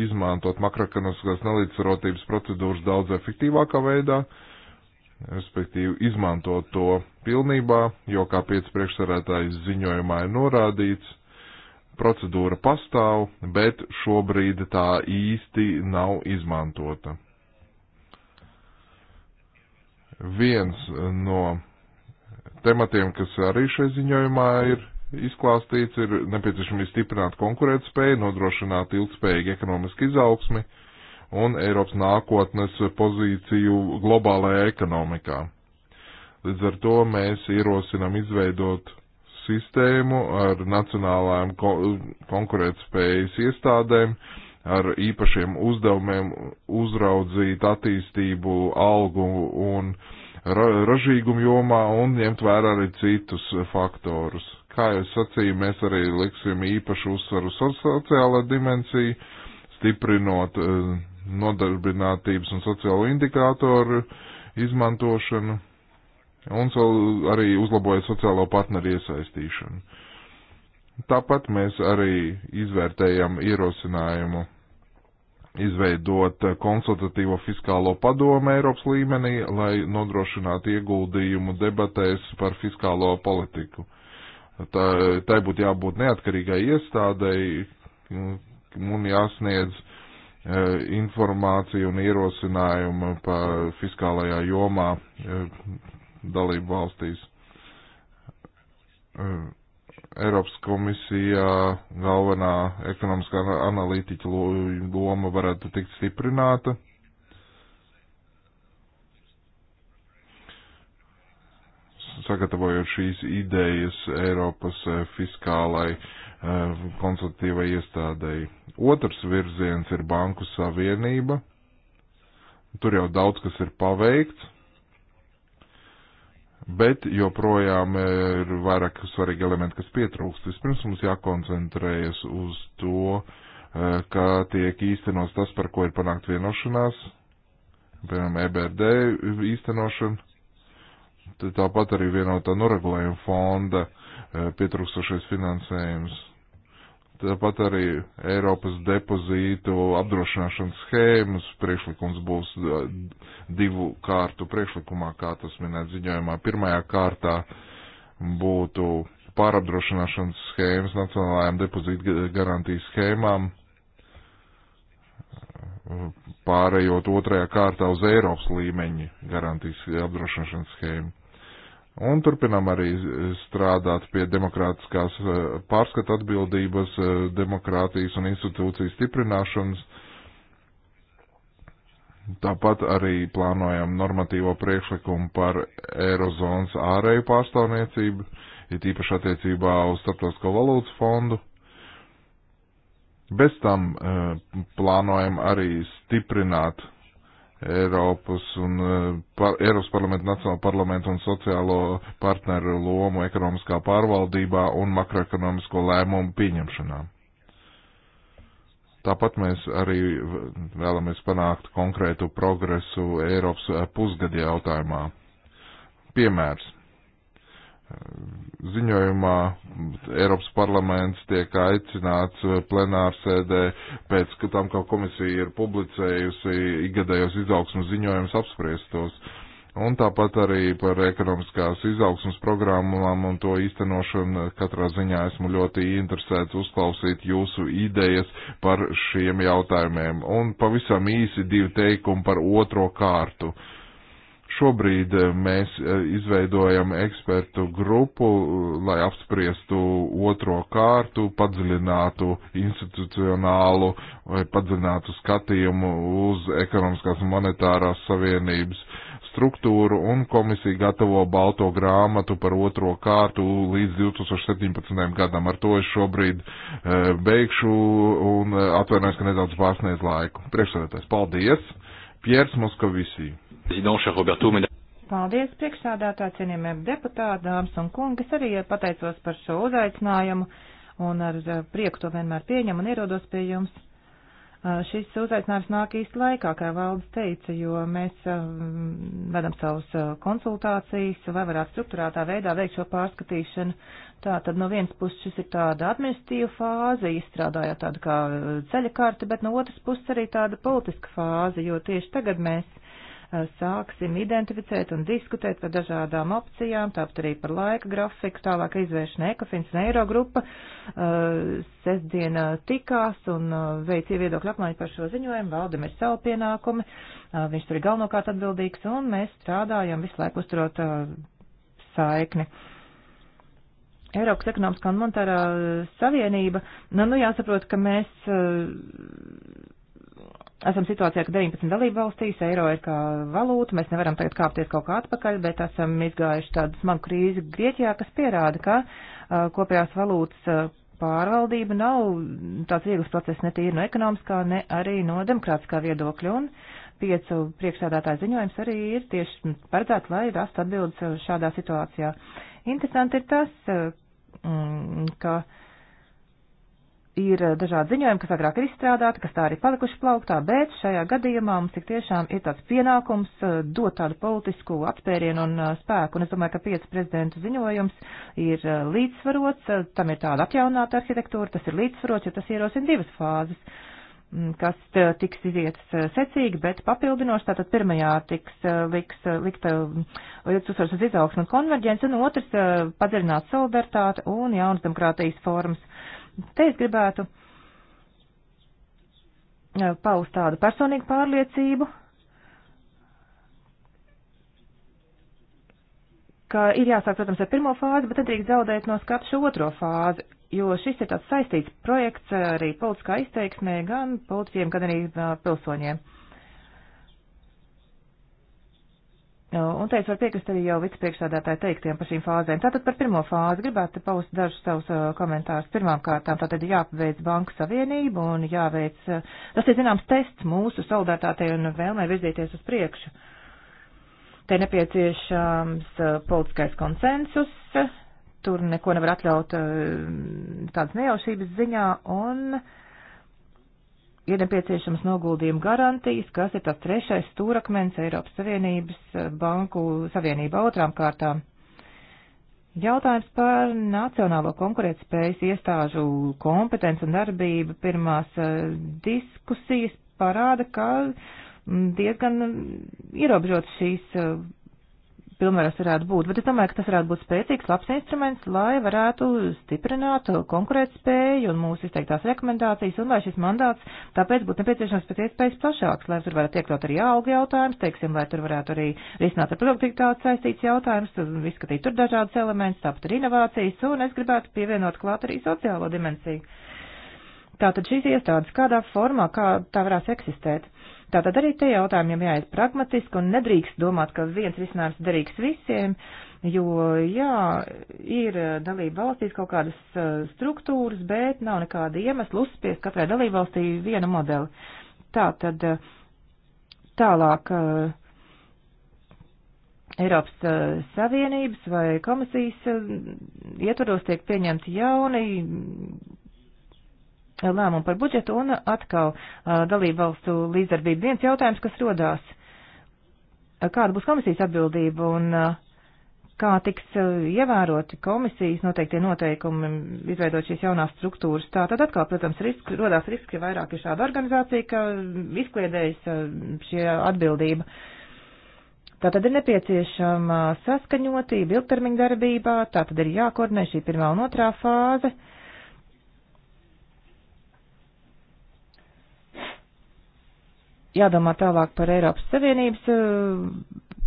izmantot makroekonomiskās nelīdzsvarotības procedūras daudz efektīvākā veidā, respektīvi izmantot to pilnībā, jo, kā piec priekšsarētājs ziņojumā ir norādīts, procedūra pastāv, bet šobrīd tā īsti nav izmantota. Viens no tematiem, kas arī šai ziņojumā ir izklāstīts, ir nepieciešami stiprināt konkurētspēju, nodrošināt ilgspējīgu ekonomisku izaugsmi un Eiropas nākotnes pozīciju globālajā ekonomikā. Līdz ar to mēs ierosinam izveidot sistēmu ar nacionālām ko konkurētspējas iestādēm, ar īpašiem uzdevumiem uzraudzīt attīstību, algu un ra ražīgumu jomā un ņemt vērā arī citus faktorus. Kā jau sacīju, mēs arī liksim īpašu uzsvaru sociālā dimensija, stiprinot eh, nodarbinātības un sociālo indikātoru izmantošanu Un arī uzlaboja sociālo partneru iesaistīšanu. Tāpat mēs arī izvērtējam ierosinājumu izveidot konsultatīvo fiskālo padomu Eiropas līmenī, lai nodrošinātu ieguldījumu debatēs par fiskālo politiku. Tā, tai būtu jābūt neatkarīgai iestādei un jāsniedz e, informāciju un ierosinājumu par fiskālajā jomā e, dalību valstīs. Uh, Eiropas komisijā galvenā ekonomiskā analītiķa loma varētu tikt stiprināta. Sagatavojot šīs idejas Eiropas uh, fiskālai uh, konsultatīvai iestādēji. Otrs virziens ir Banku Savienība. Tur jau daudz kas ir paveikts bet joprojām ir vairāk svarīgi elementi, kas pietrūkst. Vispirms mums jākoncentrējas uz to, eh, kā tiek īstenos tas, par ko ir panākt vienošanās, piemēram, EBRD īstenošana, tāpat arī vienotā noregulējuma fonda eh, pietrūkstošais finansējums. Tāpat arī Eiropas depozītu apdrošināšanas schēmas priekšlikums būs divu kārtu priekšlikumā, kā tas minēt ziņojumā. Pirmajā kārtā būtu pārapdrošināšanas schēmas nacionālajām depozītu garantijas schēmām, pārējot otrajā kārtā uz Eiropas līmeņa garantijas apdrošināšanas schēmu. Un turpinām arī strādāt pie demokrātiskās eh, pārskata atbildības, eh, demokrātijas un institūcijas stiprināšanas. Tāpat arī plānojam normatīvo priekšlikumu par Eirozonas ārēju pārstāvniecību, it īpaši attiecībā uz Startautisko valūtas fondu. Bez tam eh, plānojam arī stiprināt Eiropas un eh, par, Eiropas parlamentu, Nacionālo parlamentu un sociālo partneru lomu ekonomiskā pārvaldībā un makroekonomisko lēmumu pieņemšanā. Tāpat mēs arī vēlamies panākt konkrētu progresu Eiropas eh, pusgada jautājumā. Piemērs ziņojumā Eiropas parlaments tiek aicināts plenārsēdē pēc tam, ka komisija ir publicējusi ikgadējos izaugsmas ziņojumus apspriestos. Un tāpat arī par ekonomiskās izaugsmas programmām un to īstenošanu katrā ziņā esmu ļoti interesēts uzklausīt jūsu idejas par šiem jautājumiem. Un pavisam īsi divi teikumi par otro kārtu. Uh, Šobrīd eh, mēs eh, izveidojam ekspertu grupu, eh, lai apspriestu otro kārtu, padziļinātu institucionālu vai padziļinātu skatījumu uz ekonomiskās un monetārās savienības struktūru, un komisija gatavo balto grāmatu par otro kārtu līdz 2017. gadam. Ar to es šobrīd beigšu un atvainojos, ka nedaudz pārsniedz laiku. Priekšsēdētājs, paldies! Piers Moskavisī. Paldies, priekšsādātā cienījumiem deputāti, dāmas un kungi. Es arī pateicos par šo uzaicinājumu un ar eh, prieku to vienmēr pieņemu un ierodos pie jums. Eh, šis uzaicinājums nāk īsti laikā, kā valdes teica, jo mēs eh, vedam savus konsultācijas, vai varētu struktūrētā veidā veikt šo pārskatīšanu. Tā tad no vienas puses šis ir tāda administratīva fāze, izstrādājot tādu kā ceļa karti, bet no otras puses arī tāda politiska fāze, jo tieši tagad mēs Eh, sāksim identificēt un diskutēt par dažādām opcijām, tāpat arī par laika grafiku, tālāk izvēršana Ekofins un Eirogrupa eh, sestdien tikās un eh, veicīja viedokļu apmaiņu par šo ziņojumu, valdam ir savu pienākumi, viņš tur ir galvenokārt atbildīgs un mēs strādājam visu laiku uzturot saikni. Eiropas ekonomiskā un monetārā savienība, nu, nu jāsaprot, ka mēs esam situācijā, ka 19 dalību valstīs eiro ir kā valūta, mēs nevaram tagad kāpties kaut kā atpakaļ, bet esam izgājuši tādu smagu krīzi Grieķijā, kas pierāda, ka uh, kopējās valūtas uh, pārvaldība nav tāds viegls process ne tīri no ekonomiskā, ne arī no demokrātiskā viedokļa. Un piecu priekšsādātāju ziņojums arī ir tieši paredzēts, lai rastu atbildes šādā situācijā. Interesanti ir tas, uh, ka. Uh, ir eh, dažādi ziņojumi, kas agrāk ir izstrādāti, kas tā arī palikuši plauktā, bet šajā gadījumā mums tik tiešām ir tāds pienākums eh, dot tādu politisku atspērienu un eh, spēku, un es domāju, ka piecu prezidentu ziņojums ir līdzsvarots, tam ir tāda atjaunāta arhitektūra, tas ir līdzsvarots, jo tas ierosina divas fāzes mm, kas tiks izietas secīgi, bet papildinoši tātad pirmajā tiks liks, likta mm, liks uzsvars uz izaugsmu un konverģenci, un otrs padziļināt solidaritāti un jaunas demokrātijas formas. Te es gribētu e, paust tādu personīgu pārliecību, ka ir jāsāk, protams, ar pirmo fāzi, bet tad drīkst zaudēt no skatu šo otro fāzi, jo šis ir tāds saistīts projekts arī politiskā izteiksmē gan politiķiem, gan arī e, pilsoņiem. Uh, Un te es varu piekrist arī jau vicepriekšsādātāju teiktiem par šīm fāzēm. Tātad par pirmo fāzi gribētu paust dažus savus uh, komentārus. Pirmām kārtām tātad jāpaveic banku savienību un jāveic, uh, tas ir zināms tests mūsu solidaritātei un vēlmē virzīties uz priekšu. Te nepieciešams uh, politiskais konsensus, tur neko nevar atļaut tādas nejaušības ziņā un. Uh, ir nepieciešams noguldījuma garantijas, kas ir tas trešais stūrakmens Eiropas Savienības eh, banku savienībā otrām kārtām. Jautājums par Nacionālo konkurētspējas iestāžu kompetenci un darbību pirmās eh, diskusijas parāda, ka mm, diezgan mm, ierobežot šīs eh, pilnvaros varētu būt, bet es domāju, ka tas varētu būt spēcīgs, labs instruments, lai varētu stiprināt konkurētspēju un mūsu izteiktās rekomendācijas, un lai šis mandāts tāpēc būtu nepieciešams pēc iespējas plašāks, lai tur varētu iekļaut arī algu jautājums, teiksim, lai tur varētu arī risināt ar produktivitāti saistīts jautājums, izskatīt tur dažādas elementus, tāpat arī inovācijas, un es gribētu pievienot klāt arī sociālo dimensiju. Tātad šīs iestādes kādā formā, kā tā varēs eksistēt. Uh, Tātad arī te jautājumiem jāiet pragmatiski un nedrīkst domāt, ka viens risinājums derīgs visiem, jo, jā, ir eh, dalība valstīs kaut kādas eh, struktūras, bet nav nekāda iemesla uzspiest katrai dalība valstī vienu modeli. Tātad eh, tālāk. Eiropas uh, Savienības vai komisijas uh, ietvaros tiek pieņemti jauni lēmumu par budžetu un atkal dalību valstu līdzdarbību. Viens jautājums, kas rodās, kāda būs komisijas atbildība un kā tiks ievēroti komisijas noteiktie noteikumi, izveidot šīs jaunās struktūras. Tā tad atkal, protams, risk, rodās risks, ja vairāk ir šāda organizācija, ka izkliedējas šie atbildība. Tā tad ir nepieciešama saskaņotība ilgtermiņa darbībā, tā tad ir jākoordinē šī pirmā un otrā fāze. Uh, jādomā tālāk par Eiropas Savienības uh,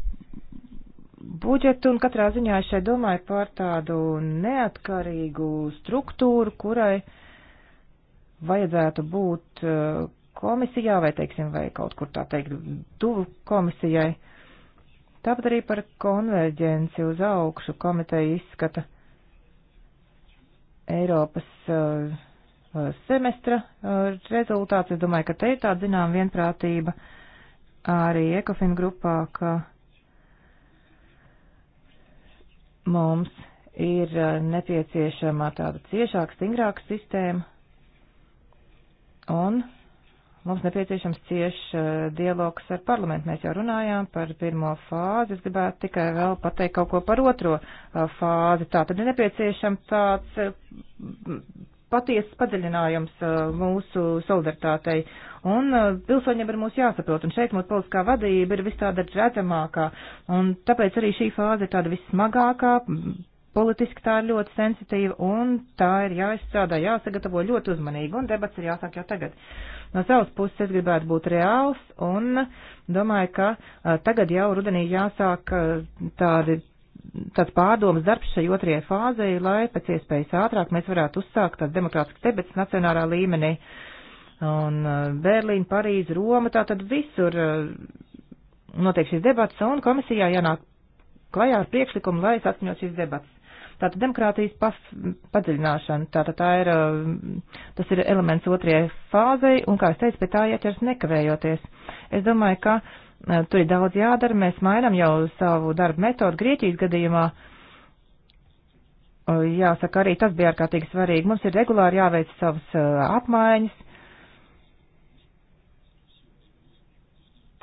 budžetu, un katrā ziņā es šeit domāju par tādu neatkarīgu struktūru, kurai vajadzētu būt uh, komisijā vai, teiksim, vai kaut kur tā teikt, tuvu komisijai. Tāpat arī par konverģenci uz augšu komiteja izskata Eiropas uh, Uh, semestra uh, rezultāts. Es domāju, ka te ir tāda zinām vienprātība arī Ekofin grupā, ka mums ir uh, nepieciešama tāda ciešāka, stingrāka sistēma un mums nepieciešams ciešs dialogs ar parlamentu. Mēs jau runājām par pirmo fāzi, es gribētu tikai vēl pateikt kaut ko par otro fāzi. Tā tad ir nepieciešams tāds patiesas padziļinājums uh, mūsu solidaritātei. Un uh, pilsoņiem ir mūs jāsaprot, un šeit mūsu politiskā vadība ir vis tāda redzamākā, un tāpēc arī šī fāze ir tāda vissmagākā, politiski tā ir ļoti sensitīva, un tā ir jāizstrādā, jāsagatavo ļoti uzmanīgi, un debats ir jāsāk jau tagad. No savas puses es gribētu būt reāls, un domāju, ka uh, tagad jau rudenī jāsāk tādi tāds pārdomas darbs šai otrajai fāzei, lai pēc iespējas ātrāk mēs varētu uzsākt tās demokrātiskas debatas nacionālā līmenī. Un uh, Berlīna, Parīze, Roma, tā tad visur uh, notiek šīs debatas, un komisijā jānāk klajā ar priekšlikumu, lai saskaņot šīs debatas. Tātad demokrātijas pas, padziļināšana, tātad tā ir, uh, tas ir elements otrajai fāzei, un, kā es teicu, pie tā ieķers nekavējoties. Es domāju, ka Tur ir daudz jādara, mēs mainam jau savu darbu metodu Grieķijas gadījumā. Jāsaka, arī tas bija ārkārtīgi svarīgi. Mums ir regulāri jāveic savas apmaiņas,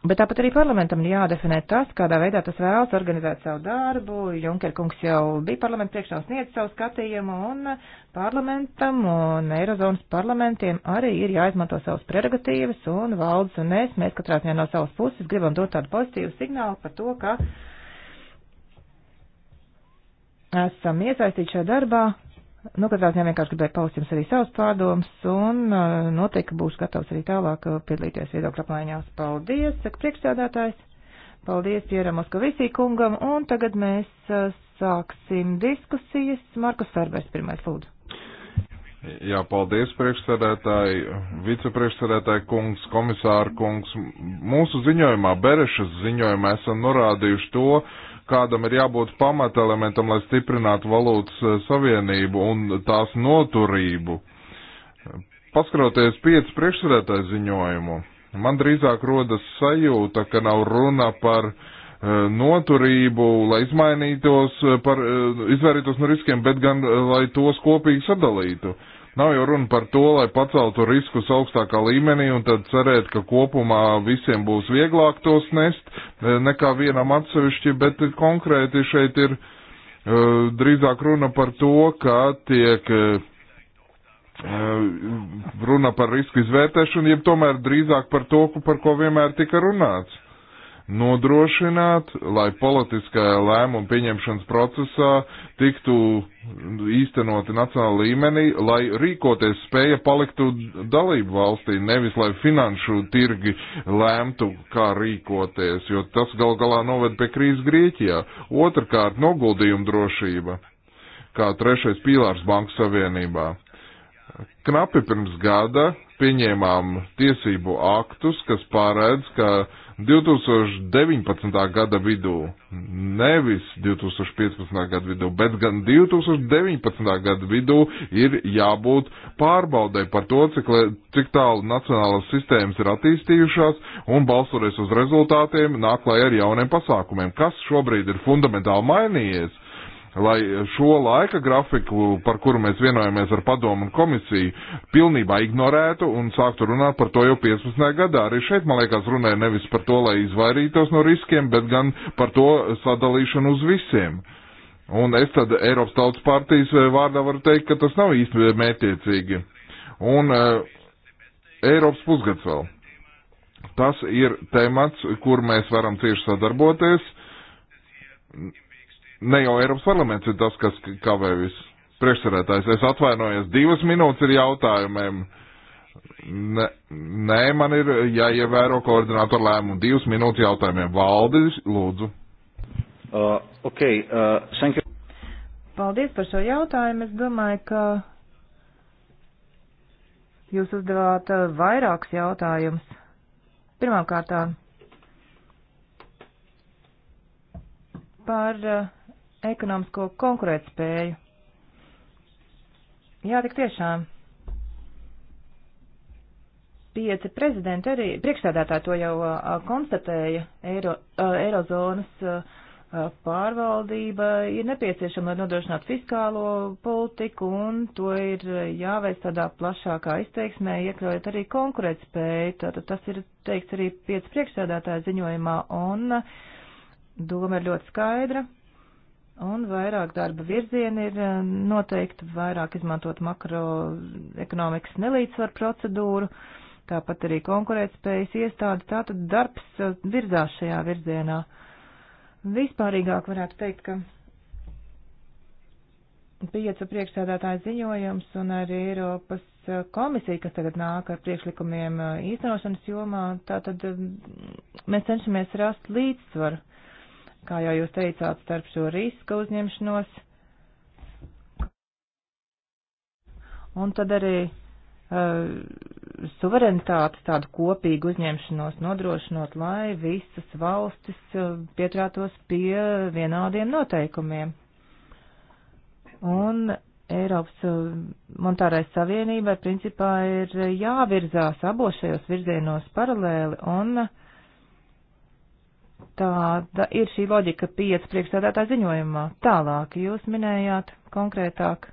Bet tāpat arī parlamentam ir jādefinē tas, kādā veidā tas vēlas organizēt savu darbu. Junker kungs jau bija parlamenta priekšā un sniedz savu skatījumu, un parlamentam un Eirozonas parlamentiem arī ir jāizmanto savas prerogatīvas, un valdes un es, mēs katrā ziņā no savas puses gribam dot tādu pozitīvu signālu par to, ka esam iesaistīti šajā darbā, Nu, katrā ziņā vienkārši gribēju paust jums arī savus pārdomus un uh, noteikti būšu gatavs arī tālāk uh, piedalīties viedokļu apmaiņās. Paldies, saka priekšstādātājs. Paldies Pieram Moskavisī kungam, un tagad mēs uh, sāksim diskusijas. Markus Sarbērs pirmais lūdzu. Jā, paldies priekšsēdētāji, vicepriekšsēdētāji kungs, komisāra kungs. Mūsu ziņojumā, Berešas ziņojumā esam norādījuši to, kādam ir jābūt pamatelementam, lai stiprinātu valūtas eh, savienību un tās noturību. Paskroties pieci priekšsēdētāju ziņojumu, man drīzāk rodas sajūta, ka nav runa par eh, noturību, lai izmainītos, eh, par, izvairītos no riskiem, bet gan, lai tos kopīgi sadalītu. Uh, Nav jau runa par to, lai paceltu riskus augstākā līmenī un tad cerēt, ka kopumā visiem būs vieglāk tos nest e, nekā vienam atsevišķi, bet konkrēti šeit ir uh, drīzāk runa par to, ka tiek uh, runa par risku izvērtēšanu, jeb tomēr drīzāk par to, par ko vienmēr tika runāts nodrošināt, lai politiskā lēmuma pieņemšanas procesā tiktu īstenoti nacionāla līmenī, lai rīkoties spēja paliktu dalību valstī, nevis lai finanšu tirgi lēmtu, kā rīkoties, jo tas gal galā noved pie krīzes Grieķijā. Otrakārt, noguldījuma drošība, kā trešais pīlārs Banku Savienībā. Knapi pirms gada pieņēmām tiesību aktus, kas pārēdz, ka uh, 2019. gada vidū, nevis 2015. gada vidū, bet gan 2019. gada vidū ir jābūt pārbaudai par to, cik, le, cik tālu nacionālās sistēmas ir attīstījušās un balsoties uz rezultātiem nāk lai ar jauniem pasākumiem. Kas šobrīd ir fundamentāli mainījies? lai šo laika grafiku, par kuru mēs vienojamies ar padomu un komisiju, pilnībā ignorētu un sāktu runāt par to jau 15. gadā. Arī šeit, man liekas, runāja nevis par to, lai izvairītos no riskiem, bet gan par to sadalīšanu uz visiem. Un es tad Eiropas Tautas partijas vārdā varu teikt, ka tas nav īsti mētiecīgi. Un uh, Eiropas pusgads vēl. Tas ir temats, kur mēs varam cieši sadarboties. Ne jau Eiropas parlaments ir tas, kas kavē visu. Priekšsarētājs, es atvainojos, divas minūtes ir jautājumiem. Nē, nē man ir jāievēro ja koordinātoru lēmumu. Divas minūtes jautājumiem. Valdis, lūdzu. Uh, ok, uh, thank you. Paldies par šo jautājumu. Es domāju, ka Jūs uzdevāt uh, vairākus jautājumus. Pirmkārt, par uh, ekonomisko konkurētspēju. Jā, tik tiešām. Pieci prezidenti arī priekšstādātāji to jau uh, konstatēja. Eiro, uh, Eirozonas uh, pārvaldība ir nepieciešama, lai nodrošinātu fiskālo politiku, un to ir jāveic tādā plašākā izteiksmē, iekļaujot arī konkurētspēju. Tātad tas ir teikts arī pieci priekšstādātāja ziņojumā, un doma ir ļoti skaidra Un vairāk darba virzieni ir eh, noteikti, vairāk izmantot makroekonomikas nelīdzsvaru procedūru, tāpat arī konkurētspējas iestādi, tātad darbs eh, virzās šajā virzienā. Vispārīgāk varētu teikt, ka pieca priekšsēdētāja ziņojums un arī Eiropas eh, komisija, kas tagad nāk ar priekšlikumiem īstenošanas jomā, tātad mm, mēs cenšamies rast līdzsvaru kā jau jūs teicāt, starp šo riska uzņemšanos. Un tad arī uh, suverenitāti, tādu kopīgu uzņemšanos nodrošinot, lai visas valstis uh, pieturētos pie vienādiem noteikumiem. Un Eiropas uh, monetārais savienībai principā ir jāvirzās abos šajos virzienos paralēli un uh, Tāda ir šī loģika 5 priekšstādātā ziņojumā. Tālāk jūs minējāt konkrētāk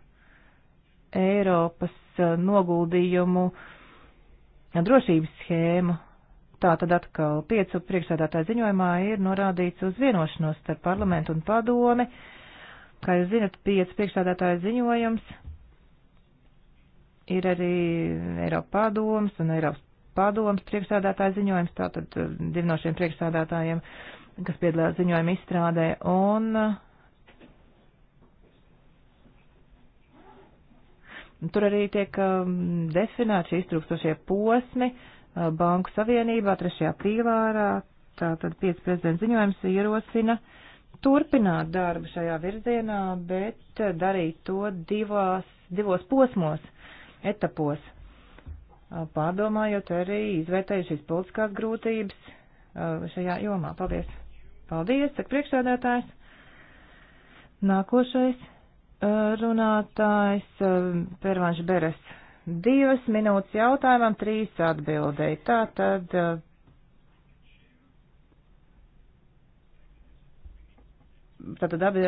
Eiropas eh, noguldījumu drošības schēmu. Tā tad atkal piecu priekšsēdātāju ziņojumā ir norādīts uz vienošanos starp parlamentu un padomi. Kā jūs zinat, piecu priekšsēdātāju ziņojums ir arī Eiropas padoms un Eiropas padoms priekšsēdātāju ziņojums, tātad eh, divi no šiem priekšsēdātājiem. Uh, kas piedalās ziņojuma izstrādē, un tur arī tiek um, definēti šie iztrūkstošie posmi uh, Banku Savienībā, trešajā pīlārā, tātad piec prezidents ziņojums ierosina turpināt darbu šajā virzienā, bet uh, darīt to divās, divos posmos, etapos, uh, pārdomājot arī izvērtējušies politiskās grūtības šajā jomā. Paldies! Paldies, saka priekšsādātājs. Nākošais uh, runātājs uh, Pervanš Beres. Divas minūtes jautājumam, trīs atbildēji. Tā tad. Uh, Tātad abi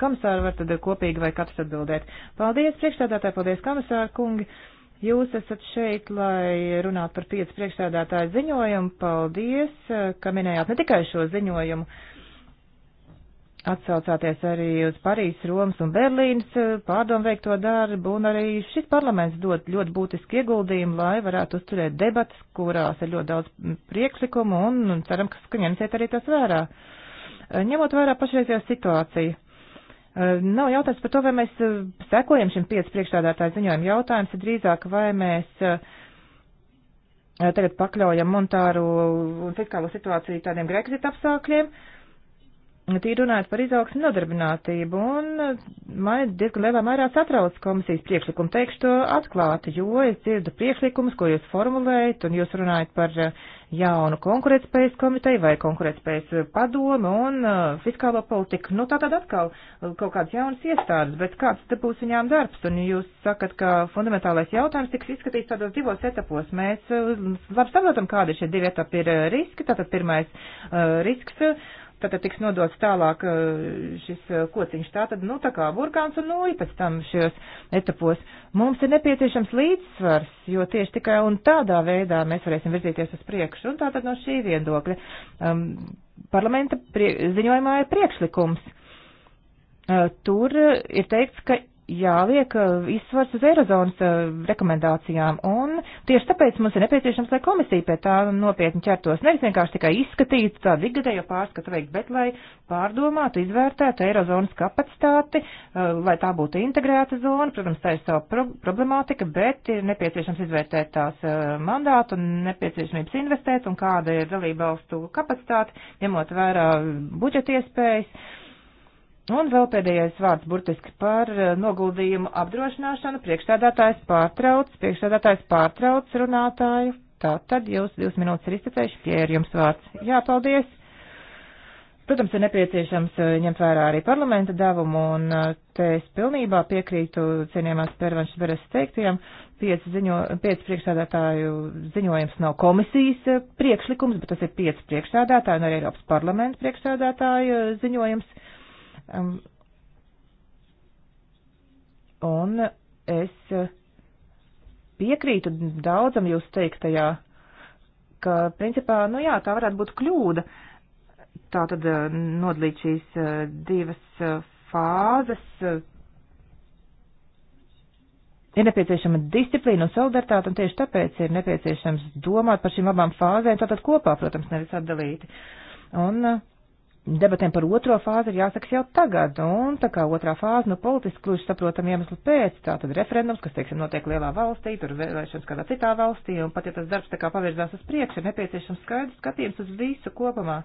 komisāri var tad kopīgi vai katrs atbildēt. Paldies, priekšstādātāji, paldies, komisāri kungi. Uh, Jūs esat šeit, lai runātu par piec priekšstādātāju ziņojumu. Paldies, eh, ka minējāt ne tikai šo ziņojumu, atsaucāties arī uz Parīs, Romas un Berlīnas eh, pārdomveikto darbu, un arī šis parlaments dod ļoti būtiski ieguldījumu, lai varētu uzturēt debatas, kurās ir ļoti daudz priekšlikumu, un, un ceram, ka ņemsiet arī tas vērā. Eh, ņemot vērā pašreizējā situācija Eh, nav jautājums par to, vai mēs eh, sekojam šim piec priekšstādātāju ziņojumu. Jautājums ir drīzāk, vai mēs eh, tagad pakļaujam monetāru un fiskālo situāciju tādiem Brexit apstākļiem. Uh, Tī runājot par izaugsmu nodarbinātību, un eh, man diezgan lielā mērā satrauc komisijas priekšlikumu. Teikšu to atklāti, jo es dzirdu priekšlikumus, ko jūs formulējat, un jūs runājat par eh, jaunu konkurētspējas komiteju vai konkurētspējas eh, padomu un fiskālo politiku. Nu, tā tad atkal kaut kādas jaunas iestādes, bet kāds te būs viņām darbs, un jūs sakat, ka fundamentālais jautājums tiks izskatīts tādos divos etapos. Mēs labi saprotam, kādi šie divi etapi ir riski. Tātad pirmais risks tad tiks nodots tālāk uh, šis uh, kociņš. Tātad, nu, tā kā burkāns un nūja pēc tam šajos etapos. Mums ir nepieciešams līdzsvars, jo tieši tikai un tādā veidā mēs varēsim virzīties uz priekšu. Un tātad no šī viedokļa um, parlamenta prie, ziņojumā ir priekšlikums. Uh, tur ir teikts, ka jāliek izsvars uz Eirozonas rekomendācijām, un tieši tāpēc mums ir nepieciešams, lai komisija pie tā nopietni ķertos. Nevis vienkārši tikai izskatītu tādu ikgadējo pārskatu veikt, bet lai pārdomātu, izvērtētu Eirozonas kapacitāti, lai tā būtu integrēta zona, protams, tā ir savu pro problemātika, bet ir nepieciešams izvērtēt tās mandātu un nepieciešamības investēt un kāda ir dalībvalstu kapacitāte, ņemot vērā budžeta iespējas Un vēl pēdējais vārds burtiski par eh, noguldījumu apdrošināšanu. Priekšstādātājs pārtrauc, priekšstādātājs pārtrauc runātāju. Tā tad jūs divas minūtes ir iztecējuši, pie ir jums vārds. Jā, paldies. Protams, ir nepieciešams eh, ņemt vērā arī parlamenta devumu, un eh, te es pilnībā piekrītu cienījumās Pērvanšas Beres teiktajam. Pieci, ziņo, pieci priekšstādātāju ziņojums nav komisijas priekšlikums, bet tas ir pieci priekšstādātāju un arī Eiropas parlamenta priekšstādātāju ziņojums Um, un es piekrītu daudzam jūs teiktajā, ka, principā, nu jā, tā varētu būt kļūda. Tā tad eh, nodalīt šīs eh, divas eh, fāzes. Ir nepieciešama disciplīna un solidaritāte, un tieši tāpēc ir nepieciešams domāt par šīm abām fāzēm, tātad kopā, protams, nevis atdalīti. Un uh, debatēm par otro fāzi ir jāsaka jau tagad, un tā kā otrā fāze, nu, politiski gluži saprotam iemeslu pēc, tā tad referendums, kas, teiksim, notiek lielā valstī, tur vēlēšanas kādā citā valstī, un pat ja tas darbs tā kā pavirzās uz priekšu, ir nepieciešams skaidrs skatījums uz visu kopumā,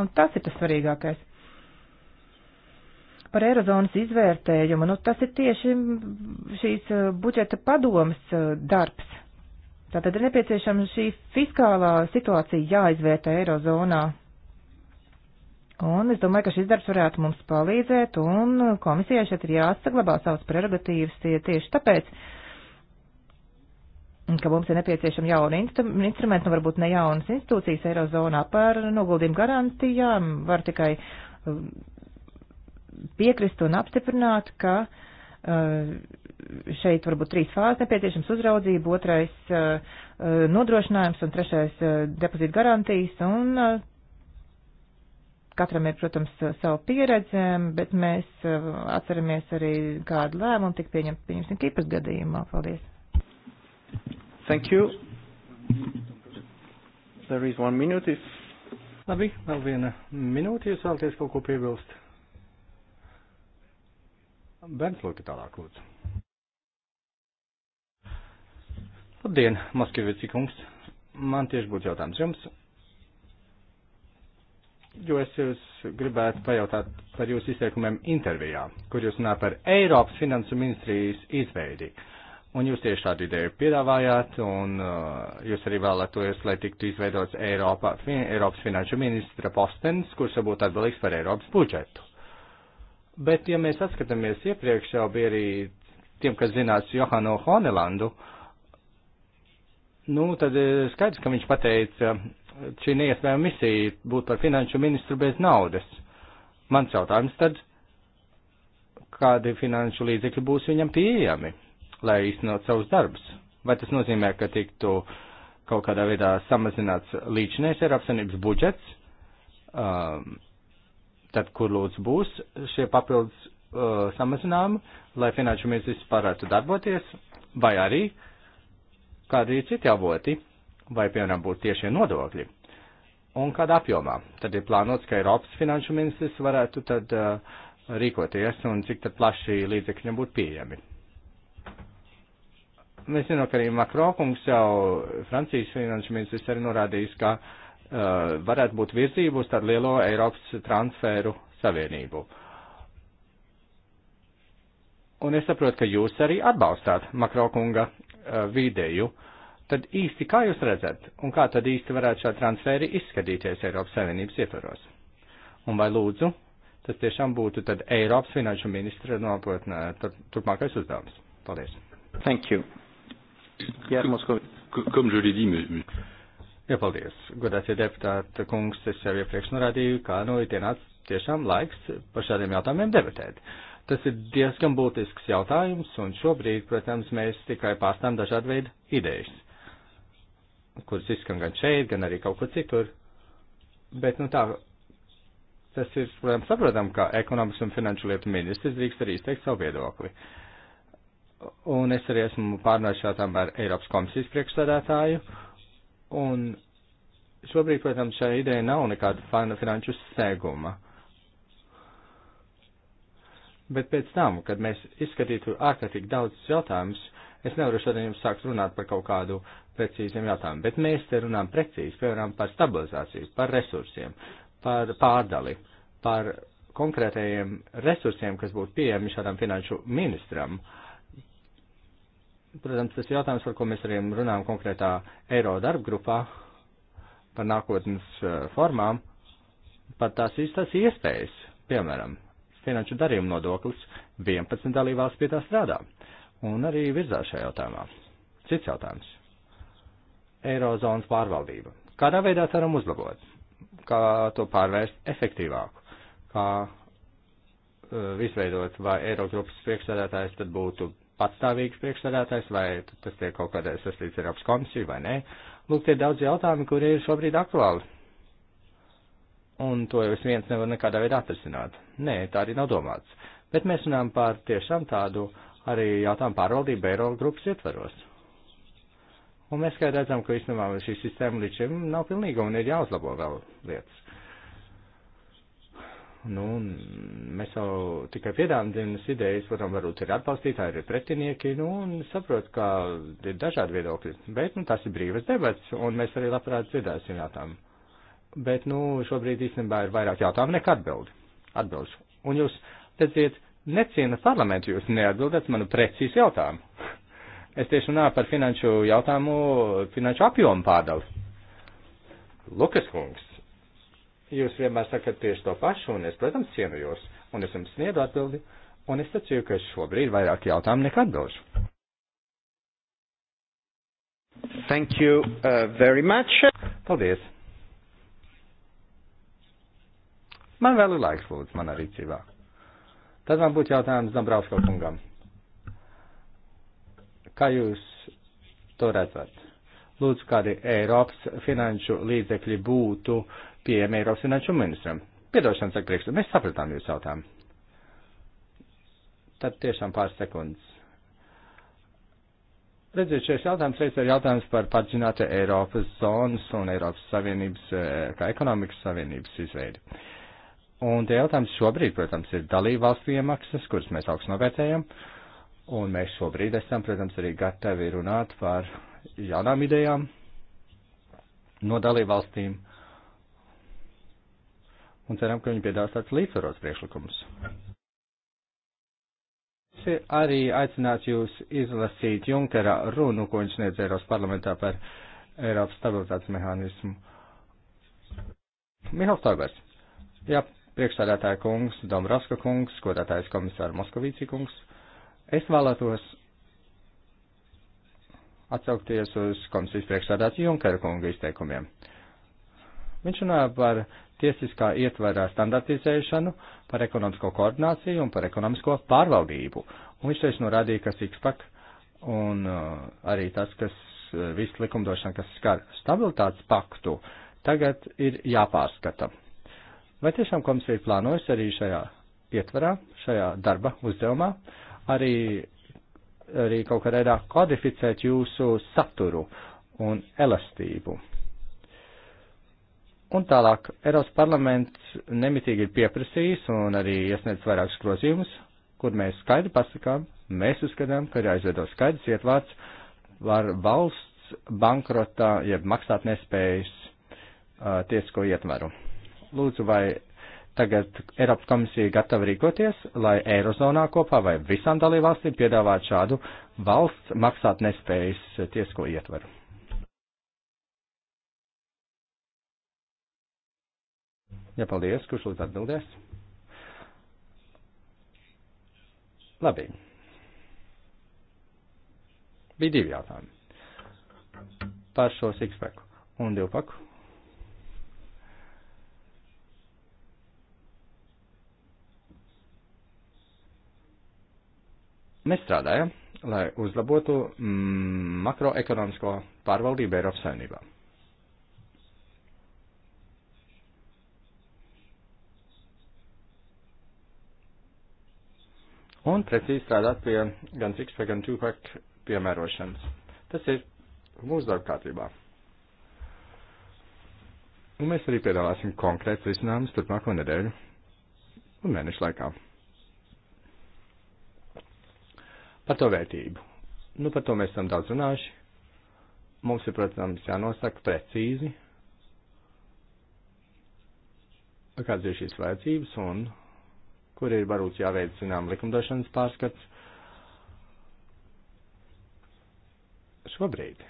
un tas ir tas svarīgākais. Par Eirozonas izvērtējumu, nu, tas ir tieši šīs uh, budžeta padomas uh, darbs. Tātad ir nepieciešama šī fiskālā situācija jāizvērtē Eirozonā, Un es domāju, ka šis darbs varētu mums palīdzēt, un komisijai šeit ir jāsaglabā savas prerogatīvas tieši tāpēc, ka mums ir nepieciešama jauna instrumenta, nu varbūt ne jaunas institūcijas Eirozonā par noguldījumu garantijām. Var tikai um, piekrist un apstiprināt, ka uh, šeit varbūt trīs fāzes nepieciešams uzraudzība, otrais uh, uh, nodrošinājums un trešais depozīta garantijas, un katram ir, protams, savu pieredzi, bet mēs uh, atceramies arī kādu lēmumu tik pieņemt, pieņemsim, Kipras gadījumā. Paldies. Thank you. There is one minute if... Labi, vēl viena minūte, jūs vēlaties kaut ko piebilst. Bērns lūk, tālāk lūdzu. Labdien, Maskavieči kungs. Man tieši būtu jautājums jums jo es jūs gribētu pajautāt par jūsu izteikumiem intervijā, kur jūs runājat par Eiropas finansu ministrijas izveidi. Un jūs tieši tādu ideju piedāvājāt, un uh, jūs arī vēlētos, lai tiktu izveidots Eiropa, fin, Eiropas finanšu ministra postens, kurš būtu atbildīgs par Eiropas budžetu. Bet, ja mēs atskatāmies iepriekš, jau bija arī tiem, kas zinās Johanu Honelandu, nu, tad uh, skaidrs, ka viņš pateica, šī neiespējama misija būt par finanšu ministru bez naudas. Mans jautājums tad, kādi finanšu līdzekļi būs viņam pieejami, lai īstenot savus darbus? Vai tas nozīmē, ka tiktu kaut kādā veidā samazināts līdzinājums Eiropas Savienības budžets? Um, tad, kur lūdzu būs šie papildus uh, samazinājumi, lai finanšu ministrs varētu darboties, vai arī kādi ir citi avoti? vai, piemēram, būtu tiešie nodokļi, un kādā apjomā. Tad ir plānots, ka Eiropas finanšu ministrs varētu tad uh, rīkoties, un cik tad plaši līdzekļiem būtu pieejami. Mēs zinām, ka arī Makrokungs jau Francijas finanšu ministrs arī norādījis, ka uh, varētu būt virzība uz tādu lielo Eiropas transferu savienību. Un es saprotu, ka jūs arī atbalstāt Makrokunga uh, vīdēju uh, Tad īsti kā jūs redzat, un kā tad īsti varētu šā transferi izskatīties Eiropas Savienības ietvaros? Un vai lūdzu, tas tiešām būtu tad Eiropas finanšu ministra nopotnē turpmākais uzdevums? Paldies. Thank you. Jā, Comme je l'ai dit, mais... Jā, paldies. Godātie deputāti, kungs, es jau iepriekš norādīju, kā nu ir tienāts tiešām laiks par šādiem jautājumiem debatēt. Tas ir diezgan būtisks jautājums, un šobrīd, protams, mēs tikai pārstām dažādu veidu idejas kuras izskan gan šeit, gan arī kaut kur citur. Bet, nu tā, tas ir, protams, saprotam, ka ekonomikas un finanšu lietu ministrs drīkst arī izteikt savu viedokli. Un es arī esmu pārnāšātām ar Eiropas komisijas priekšsēdētāju. Un šobrīd, protams, šai ideja nav nekāda finanšu seguma. Bet pēc tam, kad mēs izskatītu ārkārtīgi daudz jautājumus, es nevaru šodien jums sākt runāt par kaut kādu precīziem jautājumiem, bet mēs te runājam precīzi, piemēram, par stabilizāciju, par resursiem, par pārdali, par konkrētajiem resursiem, kas būtu pieejami šādam finanšu ministram. Protams, tas ir jautājums, par ko mēs arī runājam konkrētā eiro darbgrupā, par nākotnes eh, formām, par tās īstās iespējas, piemēram, finanšu darījumu nodoklis, 11 dalībvalsts pie tā strādā un arī virzās šajā jautājumā. Cits jautājums. Eirozonas pārvaldību. Kādā veidā ceram uzlabot? Kā to pārvērst efektīvāku? Kā e, visveidot, vai Eirogrupas priekšsēdētājs tad būtu patstāvīgs priekšsēdētājs, vai tas tiek kaut kādā sastīts Eiropas komisiju, vai nē. Lūk, tie daudz jautājumi, kuri ir šobrīd aktuāli. Un to jau es viens nevaru nekādā veidā atrisināt. Nē, tā arī nav domāts. Bet mēs runājam par tiešām tādu arī jautājumu pārvaldību Eirogrupas ietvaros. Un mēs kā redzam, ka īstenībā šī sistēma līdz šim nav pilnīga un ir jāuzlabo vēl lietas. Nu, mēs jau tikai piedāvājam dienas idejas, protams, varbūt ir atbalstītāji, ir pretinieki, nu, un saprot, ka ir dažādi viedokļi, bet, nu, tas ir brīvas debats, un mēs arī labprāt dzirdēsim jautājumu. Bet, nu, šobrīd īstenībā ir vairāk jautājumu nekā atbildi. Atbilžu. Un jūs, redziet, neciena parlamentu, jūs neatbildat manu precīzu jautājumu. Es tieši runāju par finanšu jautājumu, finanšu apjomu pārdalu. Lukas kungs, jūs vienmēr sakat tieši to pašu, un es, protams, cienu jūs, un es jums sniedu atbildi, un es sacīju, ka šobrīd vairāk jautājumu nekā atbilžu. Thank you uh, very much. Paldies. Man vēl ir laiks, lūdzu, manā rīcībā. Tad man būtu jautājums Zambrausko kungam. Kā jūs to redzat? Lūdzu, kādi Eiropas finanšu līdzekļi būtu pieejami Eiropas finanšu ministram? Piedošana saka priekšstādā, mēs sapratām jūs jautājumu. Tad tiešām pāris sekundes. Redziet, šis jautājums reiz ir jautājums par padziļinātu Eiropas zonas un Eiropas Savienības, eh, kā ekonomikas savienības izveidi. Un te jautājums šobrīd, protams, ir dalībvalstu iemaksas, kuras mēs augstu novērtējam. Uh, Un mēs šobrīd esam, protams, arī gatavi runāt par jaunām idejām no dalībvalstīm. Un ceram, ka viņi piedāvās tāds līdzsvarots priekšlikums. Es arī aicinātu jūs izlasīt Junkera runu, ko viņš sniedz Eiropas parlamentā par Eiropas stabilitātes mehānismu. Mihals Tobers. Jā, priekšstādātāja kungs, Dombrovska kungs, godātājs komisāra Moskavīci kungs. Es vēlētos atsaukties uz komisijas priekšsādāts Junkera kunga izteikumiem. Viņš runāja par tiesiskā ietverā standartizēšanu, par ekonomisko koordināciju un par ekonomisko pārvaldību. Un viņš teica norādīja, ka SIXPAK un uh, arī tas, kas uh, viss likumdošana, kas skar stabilitātes paktu, tagad ir jāpārskata. Vai tiešām komisija plānojas arī šajā ietverā, šajā darba uzdevumā? Uh, arī, arī kaut kādā veidā kodificēt jūsu saturu un elastību. Un tālāk, Eiropas parlaments nemitīgi ir pieprasījis un arī iesniedz vairākus grozījumus, kur mēs skaidri pasakām, mēs uzskatām, ka ir aizvedo skaidrs ietvārds var valsts bankrota, jeb maksāt nespējas uh, tiesisko ietvaru. Lūdzu, vai Tagad Eiropas komisija gatava rīkoties, lai Eirozonā kopā vai visām dalībvalstīm piedāvātu šādu valsts maksāt nespējas tiesko ietvaru. Ja paldies, kurš lūdzu atbildēs? Labi. Bija divi jautājumi. Par šo sikspeku un divpaku. Mēs strādājam, lai uzlabotu mm, makroekonomisko pārvaldību Eiropas saimnībā. un precīzi strādāt pie gan six-pack, gan two-pack piemērošanas. Tas ir mūsu darba kārtībā. Un mēs arī piedāvāsim konkrēts risinājums turpmāko nedēļu un mēnešu laikā. Par to vērtību. Nu, par to mēs esam daudz runājuši. Mums ir, protams, jānosaka precīzi, kādas ir šīs vajadzības un kur ir varbūt jāveic, zinām, likumdošanas pārskats. Šobrīd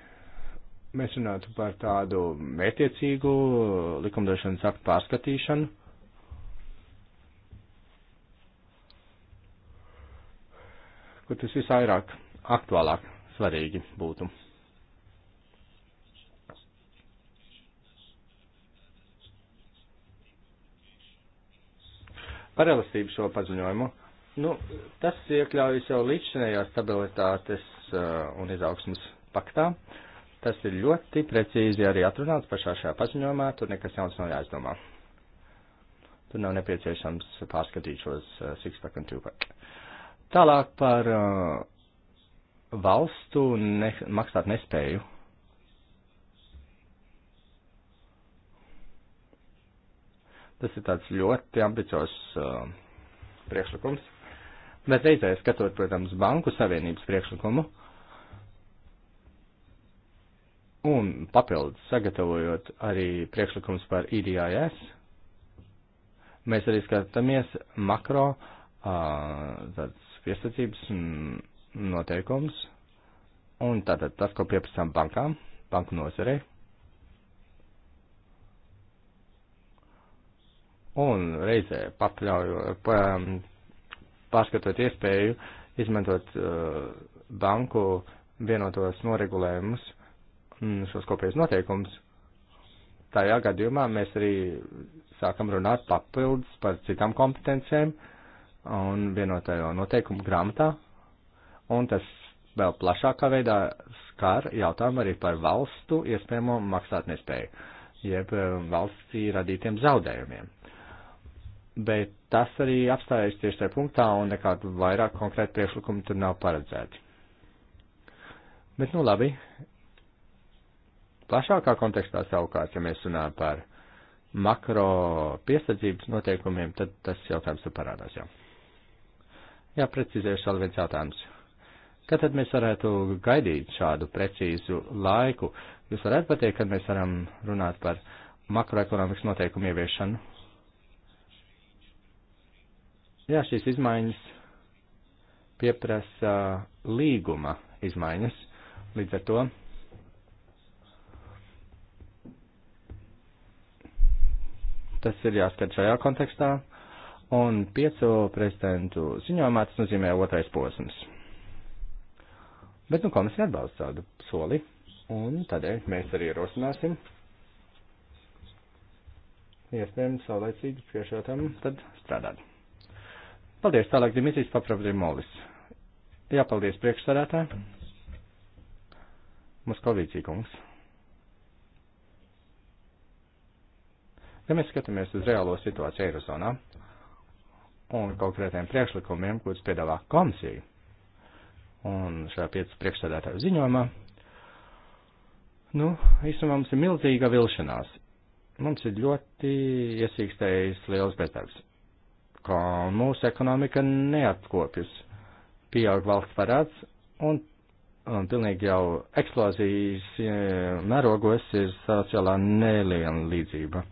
mēs runātu par tādu mērķiecīgu likumdošanas aktu pārskatīšanu, kur tas visvairāk aktuālāk svarīgi būtu. Par elastību šo paziņojumu. Nu, tas iekļaujas jau līdzinējā stabilitātes uh, un izaugsmas paktā. Tas ir ļoti precīzi arī atrunāts pašā šajā paziņojumā, tur nekas jauns nav jāizdomā. Tur nav nepieciešams pārskatīt šos uh, six pack un two pack. Tālāk par uh, valstu ne, maksāt nespēju. Tas ir tāds ļoti ambiciozs uh, priekšlikums, bet reizē skatot, protams, Banku Savienības priekšlikumu un papildus sagatavojot arī priekšlikums par IDIS, mēs arī skatāmies makro uh, tāds piesardzības noteikums, un tātad tas, ko pieprasām bankām, banku nozarei. Un reizē pakļauju, pa, pārskatot iespēju izmantot uh, banku vienotos noregulējumus, šos kopējos noteikumus, tajā gadījumā mēs arī sākam runāt papildus par citām kompetencijām, uh, un vienotajā noteikumu grāmatā, un tas vēl plašākā veidā skar jautājumu arī par valstu iespējamo maksātnespēju, jeb eh, valsts radītiem zaudējumiem. Bet tas arī apstājas tieši tajā punktā, un nekādu vairāk konkrētu priekšlikumu tur nav paredzēti. Bet, nu labi, plašākā kontekstā savukārt, ja mēs runājam par makro piesardzības noteikumiem, tad tas jautājums tur parādās jau jāprecizē šādi viens jautājums. Kad tad mēs varētu gaidīt šādu precīzu laiku? Jūs varētu pateikt, kad mēs varam runāt par makroekonomikas noteikumu ieviešanu? Jā, šīs izmaiņas pieprasa līguma izmaiņas. Līdz ar to tas ir jāskat šajā kontekstā un piecu prezidentu ziņojumā tas nozīmē otrais posms. Bet nu komisija atbalsta tādu soli, un tādēļ mēs arī rosināsim iespējams saulēcīgi priekšētam tad strādāt. Paldies, tālāk Dimitris Papravdimolis. Jā, paldies priekšsarātā. Muskovīcī kungs. Ja mēs skatāmies uz reālo situāciju Eirozonā, un konkrētiem priekšlikumiem, kurus piedāvā komisija. Un šajā piecu priekšstādātāju ziņojumā, nu, īstenībā mums ir milzīga vilšanās. Mums ir ļoti iesīkstējis liels bezdarbs, kā mūsu ekonomika neatkopjas, pieaug valsts parāds un, un pilnīgi jau eksplozijas e, mērogos ir sociālā neliela līdzība.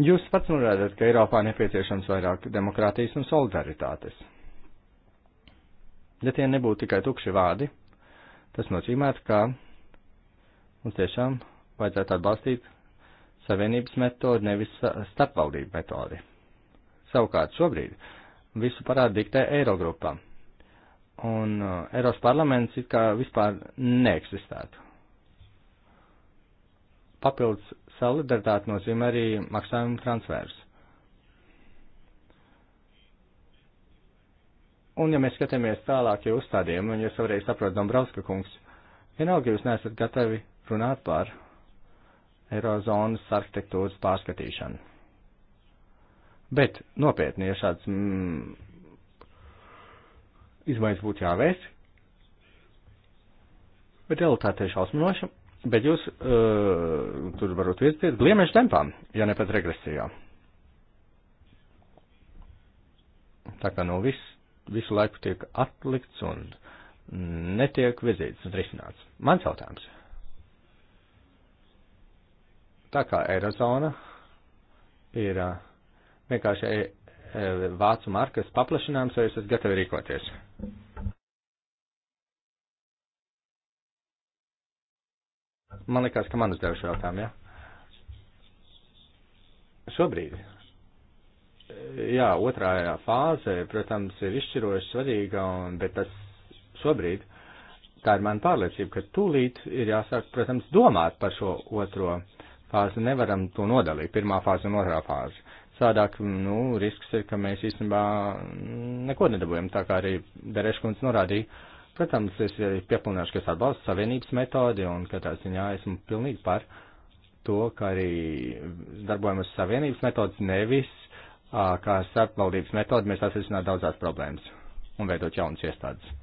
Jūs pats norādāt, ka Eiropā nepieciešams vairāk demokrātijas un solidaritātes. Ja tie nebūtu tikai tukši vārdi, tas nozīmētu, ka mums tiešām vajadzētu atbalstīt savienības metodi, nevis starpvaldību metodi. Savukārt šobrīd visu parādu diktē Eirogrupā, un uh, Eiropas parlaments it kā vispār neeksistētu. Papildus solidaritāte nozīmē arī maksājumu transfers. Un, ja mēs skatāmies tālāk jau uzstādījumu, un jūs ja varēja saprot Dombrovska kungs, vienalga jūs neesat gatavi runāt par Eirozonas arhitektūras pārskatīšanu. Bet, nopietni, ja šāds mm, izmaiņas būtu jāvēst, bet realitāte ir šausminoša, bet jūs uh, tur varat virzīties gliemežu tempām, ja ne pat regresijā. Tā kā nu viss, visu laiku tiek atlikts un netiek virzīts un risināts. Mans jautājums. Tā kā Eirozona ir uh, vienkārši e, e, vācu markas paplašinājums, vai jūs esat gatavi rīkoties? Man liekas, ka man uzdevuši jautājumu, ja? Šobrīd. Jā, otrā fāze, protams, ir izšķiroši svarīga, un, bet tas šobrīd, tā ir mana pārliecība, ka tūlīt ir jāsāk, protams, domāt par šo otro fāzi. Nevaram to nodalīt, pirmā fāze un otrā fāze. Sādāk, nu, risks ir, ka mēs īstenībā mm, neko nedabūjam, tā kā arī Dereškunds norādīja Protams, es eh, piepilnāšu, ka es atbalstu savienības metodi un katrā ziņā esmu pilnīgi par to, ka arī darbojamies savienības metodas nevis kā starpvaldības metodi mēs atrisināt daudzās problēmas un veidot jaunas iestādes.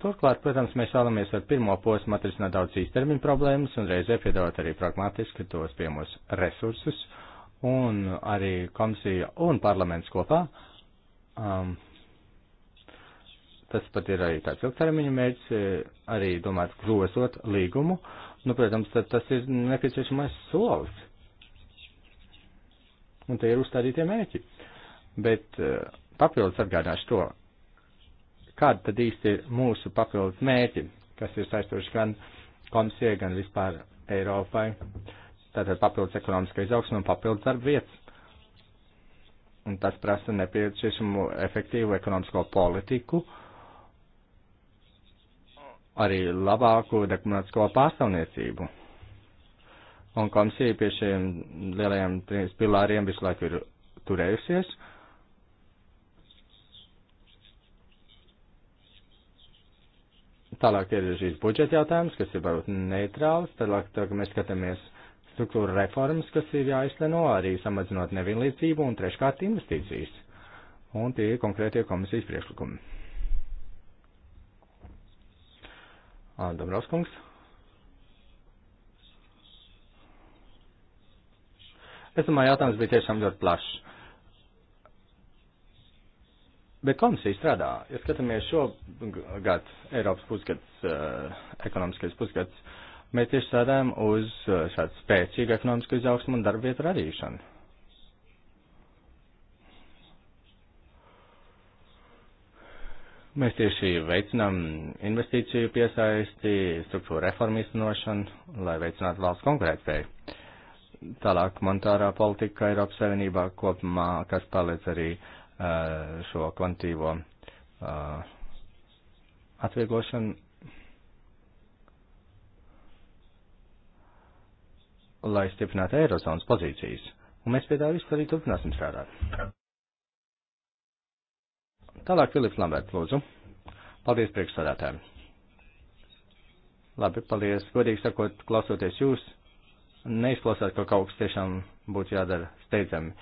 Turklāt, protams, mēs vēlamies ar pirmo posmu atrisināt daudz īstermiņu problēmas un reizē piedāvāt arī pragmatiski tos piemos resursus un arī komisija un parlaments kopā um, Tas pat ir arī tāds ilgtermiņa mērķis, e, arī domāt grozot līgumu. Nu, protams, tad tas ir nepieciešamais solis. Un te ir uzstādītie mērķi. Bet e, papildus atgādināšu to, kāda tad īsti ir mūsu papildus mērķi, kas ir saistoši gan komisijai, gan vispār Eiropai. Tātad papildus ekonomiskais augsme un papildus darba vietas un tas prasa nepieciešamu efektīvu ekonomisko politiku, arī labāku dekumentisko pārstāvniecību. Un komisija pie šiem lielajiem pilāriem visu laiku ir turējusies. Tālāk ir šīs budžeta jautājums, kas ir varbūt neitrāls. Tālāk tā, mēs skatāmies struktūra reformas, kas ir jāizteno, arī samazinot nevienlīdzību un treškārt investīcijas. Un tie ir konkrētie komisijas priekšlikumi. Dombrovskungs. Es domāju, jautājums bija tiešām ļoti plašs. Bet komisija strādā. Ja skatāmies šo gadu, Eiropas pusgads, ekonomiskais pusgads, mēs tieši strādājam uz šādu spēcīgu ekonomisku izaugsmu un darbvietu radīšanu. Mēs tieši veicinām investīciju piesaisti, struktūra reformu izcinošanu, lai veicinātu valsts konkurētspēju. Tālāk monetārā politika Eiropas Savienībā kopumā, kas palīdz arī uh, šo kvantīvo uh, atvieglošanu, lai stiprinātu Eirozonas pozīcijas. Un mēs pie tā visu arī turpināsim strādāt. Tālāk Filips Lamberts, lūdzu. Paldies priekšsādātājiem. Labi, paldies. Godīgi sakot, klausoties jūs, neizklausāt, ka kaut kas tiešām būtu jādara steidzami.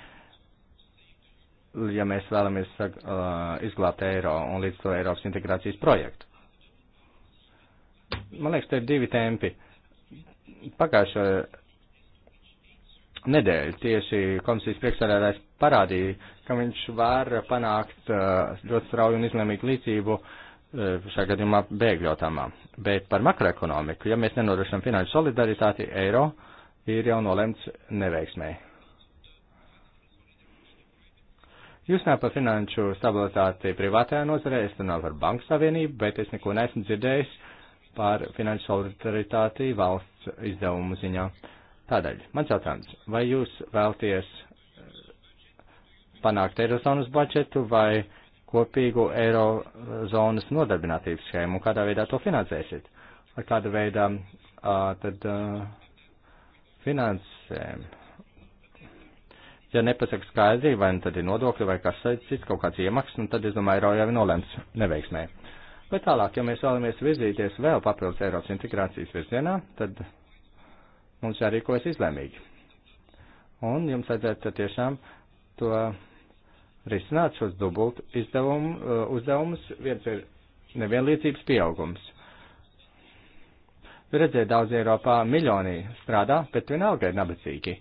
Ja mēs vēlamies uh, izglābt eiro un līdz to Eiropas integrācijas projektu. Man liekas, te ir divi tempi. Pagājušajā nedēļu tieši komisijas priekšsēdētājs parādīja, ka viņš var panākt uh, ļoti strauju un izlēmīgu līdzību uh, šajā gadījumā bēgļu jautājumā. Bet par makroekonomiku, ja mēs nenodrošinām finanšu solidaritāti, eiro ir jau nolemts neveiksmē. Jūs runājat par finanšu stabilitāti privātajā nozarē, es runāju par banku savienību, bet es neko neesmu dzirdējis par finanšu solidaritāti valsts izdevumu ziņā. Uh, Tādēļ, mans jautājums, vai jūs vēlties eh, panākt Eirozonas budžetu vai kopīgu Eirozonas nodarbinātības schēmu, un kādā veidā to finansēsiet? Ar kādu veidā uh, tad uh, finansēm? Ja nepasaka skaidri, vai nu tad ir nodokļi vai kas cits, kaut kāds iemaksas, un nu tad, es domāju, eiro jau ir nolēms neveiksmē. Bet tālāk, ja mēs vēlamies virzīties vēl papildus Eiropas integrācijas virzienā, tad Mums jārīkojas izlēmīgi. Un jums vajadzētu tiešām to risināt šos dubult izdevumu, uh, uzdevumus. Viens ir nevienlīdzības pieaugums. Redzēt, daudz Eiropā miljoni strādā, bet vienalga ir nabadzīgi.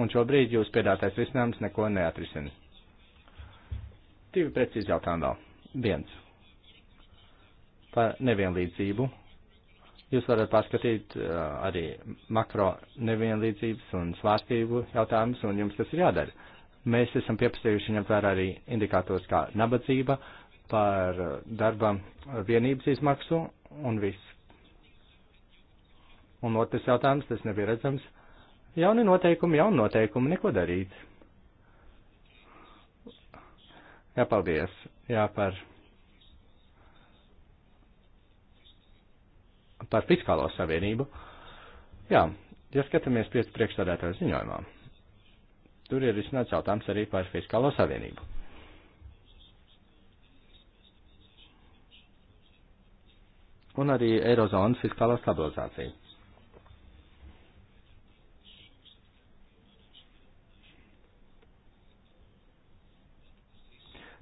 Un šobrīd jūs piedātais risinājums neko neatrisina. Divi precīzi jautājumi vēl. Viens. Par nevienlīdzību Jūs varat pārskatīt eh, arī makro nevienlīdzības un svārstību jautājumus, un jums tas ir jādara. Mēs esam pieprasījuši ņemt vērā arī indikātors kā nabadzība, par eh, darba vienības izmaksu un viss. Un otrs jautājums, tas nebija redzams. Jauni noteikumi, jauni noteikumi, neko darīt. Jā, paldies. Jā, par par fiskālo savienību. Jā, ja skatāmies pēc priekšstādētāju ziņojumā, tur ir izsnāts jautājums arī par fiskālo savienību. Un arī Eirozonas fiskālā stabilizācija.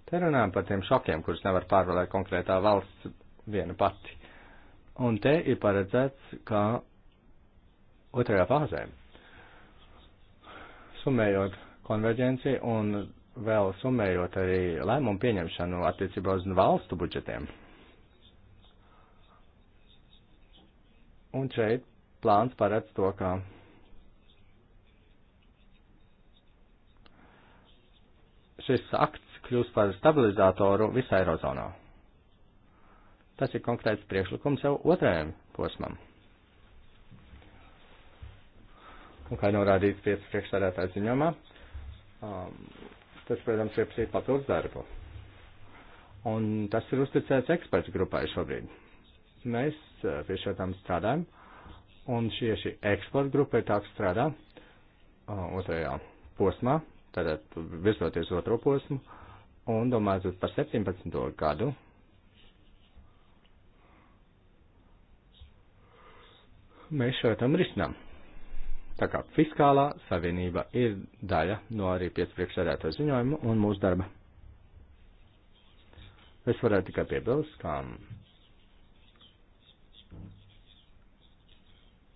Te runājam par tiem šokiem, kurus nevar pārvarēt konkrētā valsts viena pati. Un te ir paredzēts, kā otrajā fāzē, summējot konverģenci un vēl summējot arī lēmumu pieņemšanu attiecībā uz valstu budžetiem. Un šeit plāns paredz to, ka šis akts kļūs par stabilizātoru visā Eirozonā. Tas ir konkrēts priekšlikums jau otrajam posmam. Un kā norādīts piecas priekšstādātāja ziņojumā, um, tas, protams, ir prasīt papildus darbu. Un tas ir uzticēts ekspertu grupai šobrīd. Mēs uh, pie šādām strādājam, un tieši ekspertu grupai tā strādā uh, otrajā posmā, tātad virzoties otro posmu, un domājot par 17. gadu, mēs šo tam risinām. Tā kā fiskālā savienība ir daļa no arī piecpriekšsēdēto ziņojumu un mūsu darba. Es varētu tikai piebilst, ka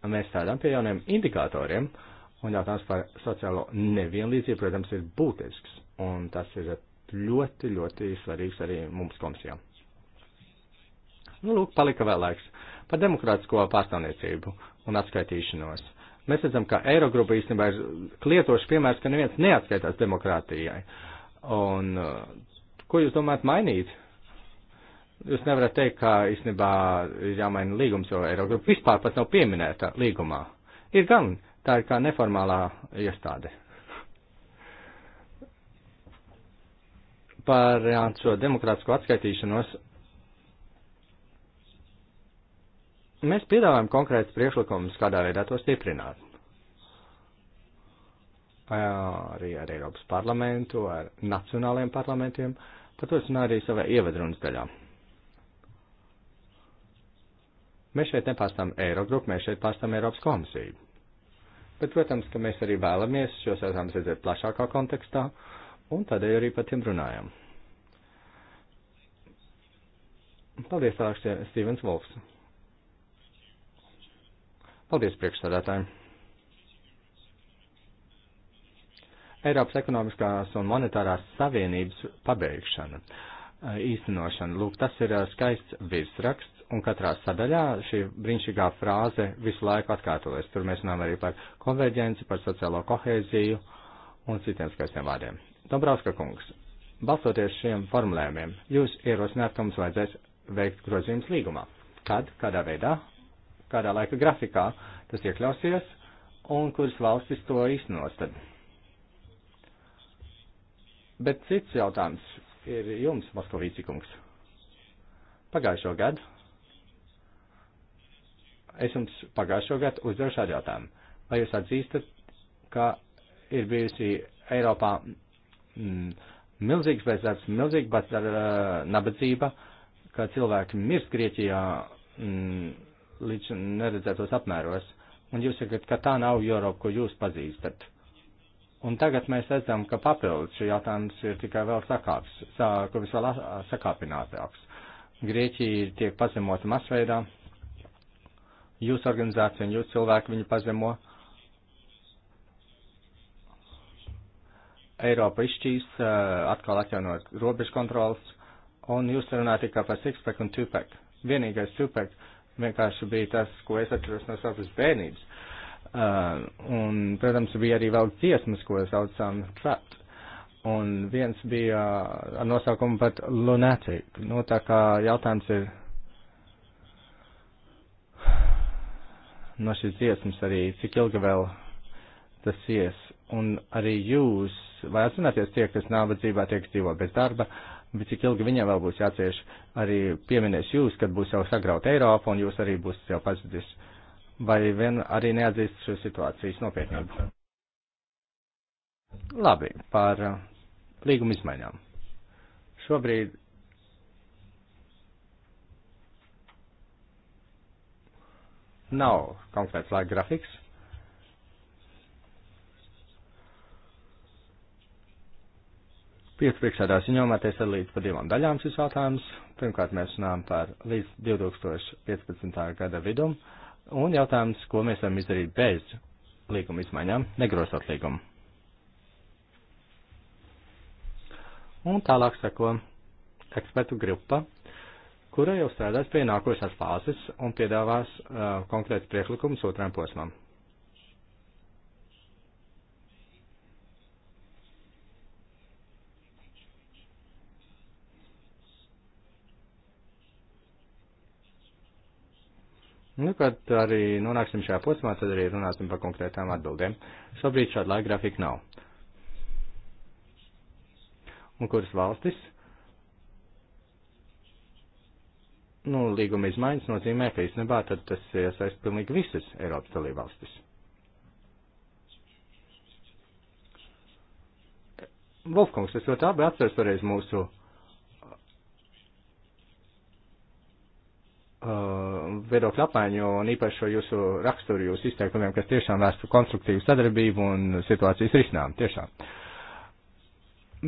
mēs strādājam pie jauniem indikatoriem, un jautājums par sociālo nevienlīdzību, protams, ir būtisks, un tas ir ļoti, ļoti svarīgs arī mums komisijām. Nu, lūk, palika vēl laiks. Uh, par demokrātisko pārstāvniecību un atskaitīšanos. Mēs redzam, ka Eirogrupa īstenībā ir klietoši piemērs, ka neviens neatskaitās demokrātijai. Un uh, ko jūs domājat mainīt? Jūs nevarat teikt, ka īstenībā ir jāmaina līgums, jo Eirogrupa vispār pat nav pieminēta līgumā. Ir gan, tā ir kā neformālā iestāde. par šo demokrātisko atskaitīšanos Mēs piedāvājam konkrētus priekšlikumus, kādā veidā to stiprināt. Arī ar Eiropas parlamentu, ar nacionālajiem parlamentiem, par to es runāju arī savā ievadrunas daļā. Mēs šeit nepārstāvam Eirogrupu, mēs šeit pārstāvam Eiropas komisiju. Bet, protams, ka mēs arī vēlamies šos jautājumus redzēt plašākā kontekstā, un tādēļ arī par tiem runājam. Paldies, Stīvens Volfs. Paldies priekšstādātājiem! Eiropas ekonomiskās un monetārās savienības pabeigšana, īstenošana. Lūk, tas ir skaists virsraksts, un katrā sadaļā šī brīnišķīgā frāze visu laiku atkārtojas. Tur mēs runājam arī par konverģenci, par sociālo kohēziju un citiem skaistiem vārdiem. Dombrauska kungs, balstoties šiem formulējumiem, jūs ierosināt, ka mums vajadzēs veikt grozījums līgumā. Kad, kādā veidā kādā laika grafikā tas iekļausies un kuras valstis to iznos tad. Bet cits jautājums ir jums, Moskovīcikungs. Pagājušo gadu es jums pagājušo gadu uzdevu šādu jautājumu. Vai jūs atzīstat, ka ir bijusi Eiropā mm, milzīgs bezdarbs, milzīga eh, nabadzība, ka cilvēki mirst Grieķijā mm, līdz neredzētos apmēros, un jūs sakat, ka tā nav Eiropa, ko jūs pazīstat. Un tagad mēs redzam, ka papildus šī jautājums ir tikai vēl sakāps, kurš vēl sakāpinātāks. Grieķija tiek pazemota masveidā, jūsu organizācija un jūsu cilvēki viņu pazemo. Eiropa izšķīs, atkal atjaunot robežu kontrolas, un jūs runājat tikai par six-pack un two-pack. Vienīgais two-pack vienkārši bija tas, ko es atceros no savas bērnības. Uh, un, protams, bija arī vēl dziesmas, ko saucām trap. Un viens bija uh, ar nosaukumu pat lunatic. Nu, tā kā jautājums ir no šīs dziesmas arī, cik ilgi vēl tas ies. Un arī jūs, vai atzināties tie, kas nabadzībā tiek dzīvo bez darba, uh, bet cik ilgi viņiem vēl būs jācieš arī pieminēs jūs, kad būs jau sagrauta Eiropa un jūs arī būs jau pazudis, vai vien arī neatzīst šo situācijas nopietnību. Labi, par uh, līguma izmaiņām. Šobrīd nav konkrēts laika grafiks. Piecu priekšādā ziņojumā te ir līdz par divām daļām šis jautājums. Pirmkārt, mēs runājam par līdz 2015. gada vidum, un jautājums, ko mēs varam izdarīt bez līguma izmaiņām, negrosot līgumu. Un tālāk sako ekspertu grupa, kura jau strādās pie nākošās fāzes un piedāvās uh, konkrēts priekšlikums otram posmam. Nu, kad arī nonāksim šajā posmā, tad arī runāsim par konkrētām atbildēm. Šobrīd šāda laika grafika nav. Un kuras valstis? Nu, līguma izmaiņas nozīmē, ka īstenībā tad tas iesaist pilnīgi visas Eiropas dalībvalstis. Volfkungs, es ļoti labi atceros pareiz mūsu viedokļu apmaiņu un īpašo jūsu raksturu, jūsu izteikumiem, kas tiešām vēstu konstruktīvu sadarbību un situācijas risinām. Tiešām.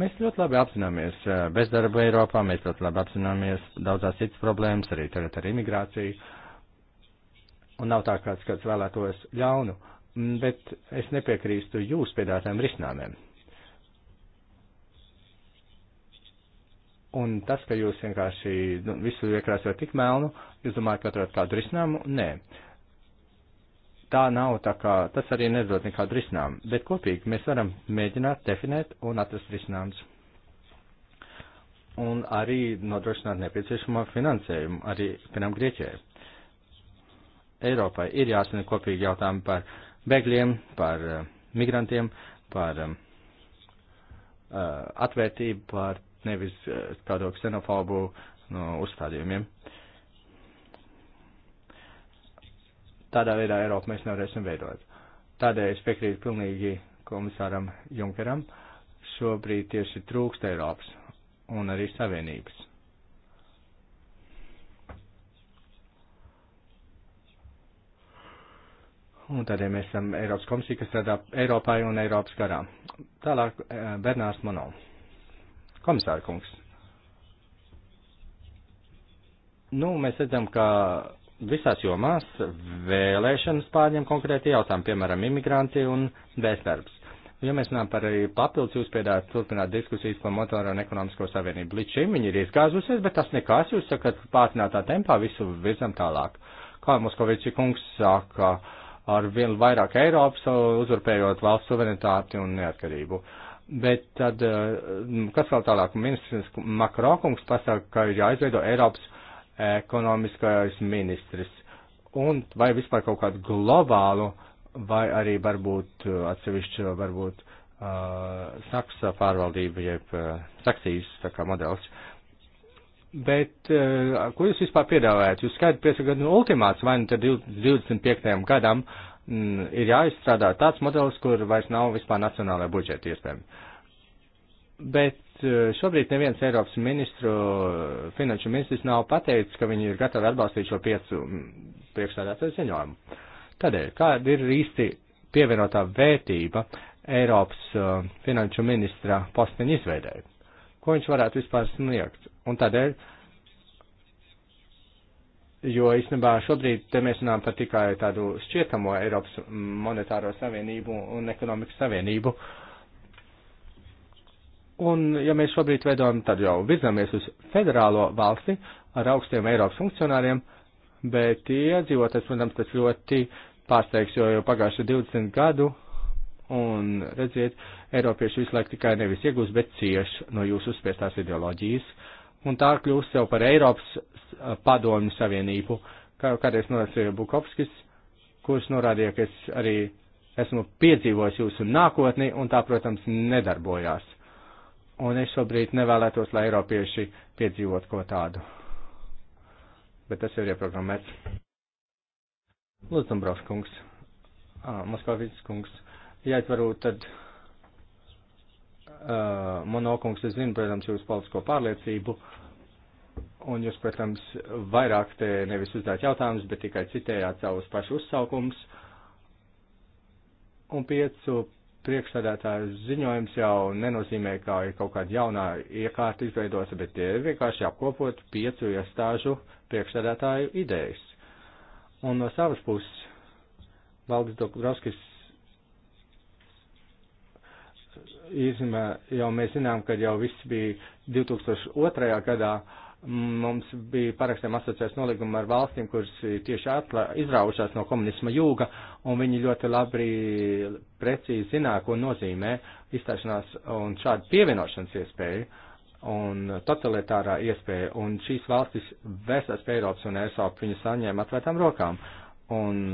Mēs ļoti labi apzināmies eh, bezdarbu Eiropā, mēs ļoti labi apzināmies daudzās citas problēmas, arī tagad ar imigrāciju. Un nav tā kāds, kāds vēlētos ļaunu, bet es nepiekrīstu jūsu piedātājiem risinājumiem. Un tas, ka jūs vienkārši nu, visu iekrāsojat tik melnu, jūs domājat, ka atrast kādu risinājumu? Nē. Tā nav tā kā, tas arī nedod nekādu risinājumu, bet kopīgi mēs varam mēģināt definēt un atrast risinājumus. Un arī nodrošināt nepieciešamo finansējumu, arī, piemēram, Grieķijai. Eiropai ir jāsina kopīgi jautājumi par bēgļiem, par uh, migrantiem, par uh, atvērtību, par nevis eh, kādu ksenofobu no uzstādījumiem. Tādā veidā Eiropu mēs nevarēsim veidot. Tādēļ es piekrītu pilnīgi komisāram Junkeram. Šobrīd tieši trūkst Eiropas un arī Savienības. un tādēļ mēs esam Eiropas komisija, kas strādā Eiropai un Eiropas garā. Tālāk eh, Bernārs Monov. Komisāra kungs. Nu, mēs redzam, ka visās jomās vēlēšanas pārņem konkrēti jautājumi, piemēram, imigranti un bezdarbs. Ja mēs runājam par papildus jūs piedāvāt turpināt diskusijas par motoru un ekonomisko savienību, līdz šim viņi ir izgāzusies, bet tas nekas, jūs sakat, pātrinātā tempā visu virzam tālāk. Kā Moskoviči kungs saka, ar vien vairāk Eiropas uzurpējot valsts suverenitāti un neatkarību. Uh, Bet tad, eh, kas vēl tālāk, ministrs Makrokungs pasaka, ka ir jāizveido Eiropas ekonomiskais ministrs. Un vai vispār kaut kādu globālu, vai arī varbūt eh, atsevišķu, varbūt uh, eh, saksa pārvaldību, jeb uh, saksijas tā kā modelis. Bet uh, ko jūs vispār piedāvājat? Jūs skaidri piesakāt, nu, ultimāts vai nu tad 25. gadam uh, Mm, ir jāizstrādā tāds modelis, kur vairs nav vispār nacionālajā budžeta iespējami. Bet e, šobrīd neviens Eiropas ministru, finanšu ministrs nav pateicis, ka viņi ir gatavi atbalstīt šo piecu priekšstādātāju ziņojumu. Tādēļ, kāda ir īsti pievienotā vērtība Eiropas uh, finanšu ministra posteņa izveidēji? Ko viņš varētu vispār sniegt? Un tādēļ jo īstenībā šobrīd te mēs runājam par tikai tādu šķietamo Eiropas monetāro savienību un ekonomikas savienību. Un ja mēs šobrīd veidojam, tad jau virzamies uz federālo valsti ar augstiem Eiropas funkcionāriem, bet iedzīvotājs, protams, tas ļoti pārsteigts, jo jau pagājuši 20 gadu un redziet, Eiropieši visu laiku tikai nevis iegūs, bet cieš no jūsu uzspiestās ideoloģijas. Uh, un tā kļūst jau par Eiropas uh, padomju savienību. Kā kādreiz norādīja Bukovskis, kurš norādīja, ka es arī esmu piedzīvojis jūsu nākotni, un tā, protams, nedarbojās. Un es šobrīd nevēlētos, lai Eiropieši piedzīvot ko tādu. Bet tas jau ir ieprogrammēts. Lūdzu, Dombrovs kungs, ah, Moskavīts kungs, ja es varu, tad uh, eh, monokungs, es zinu, protams, jūsu politisko pārliecību, un jūs, protams, vairāk te nevis uzdāt jautājumus, bet tikai citējāt savus pašu uzsaukums, un piecu priekšstādātāju ziņojums jau nenozīmē, ka ir kaut kāda jaunā iekārta izveidota, bet tie ir vienkārši apkopot piecu iestāžu priekšstādātāju idejas. Un no savas puses Valdis Dobrovskis īzmē jau mēs zinām, ka jau viss bija 2002. gadā. Mums bija parakstiem asociēts nolīguma ar valstīm, kuras tieši atla, izraušās no komunisma jūga, un viņi ļoti labi precīzi zināja, ko nozīmē izstāšanās un šāda pievienošanas iespēja un totalitārā iespēja, un šīs valstis vērsās pie Eiropas un ESOP, viņas saņēma atvērtām rokām. Un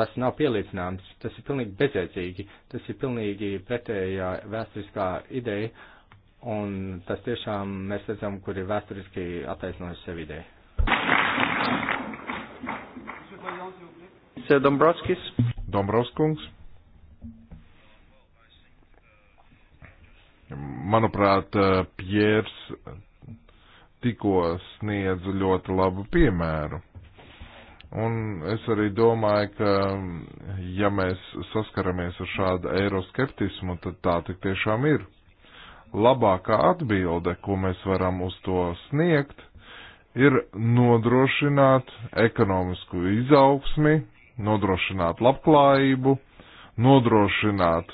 tas nav pielīdzināms, tas ir pilnīgi bezjēdzīgi, tas ir pilnīgi pretējā vēsturiskā ideja, un tas tiešām mēs redzam, kur ir vēsturiski attaisnojusi sev ideja. Dombrovskis. Dombrovskungs. Manuprāt, eh, Piers tikko sniedz ļoti labu piemēru Un es arī domāju, ka ja mēs saskaramies ar šādu eiroskeptismu, tad tā tik tiešām ir. Labākā atbilde, ko mēs varam uz to sniegt, ir nodrošināt ekonomisku izaugsmi, nodrošināt labklājību, nodrošināt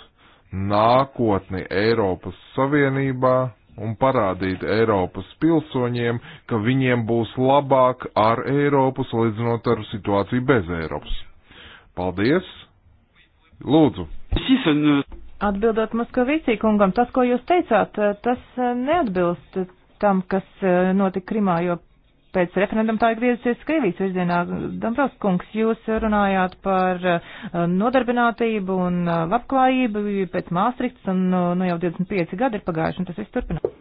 nākotni Eiropas Savienībā, un parādīt Eiropas pilsoņiem, ka viņiem būs labāk ar Eiropu salīdzinot ar situāciju bez Eiropas. Paldies! Lūdzu! Atbildot Moskavīcī kungam, tas, ko jūs teicāt, tas neatbilst tam, kas eh, notika Krimā, jo pēc referenduma tā ir griezusies Krievijas virzienā. Dombrovs kungs, jūs runājāt par eh, nodarbinātību un eh, labklājību pēc Māstrikts, un eh, nu jau 25 gadi ir pagājuši, un tas viss turpinās.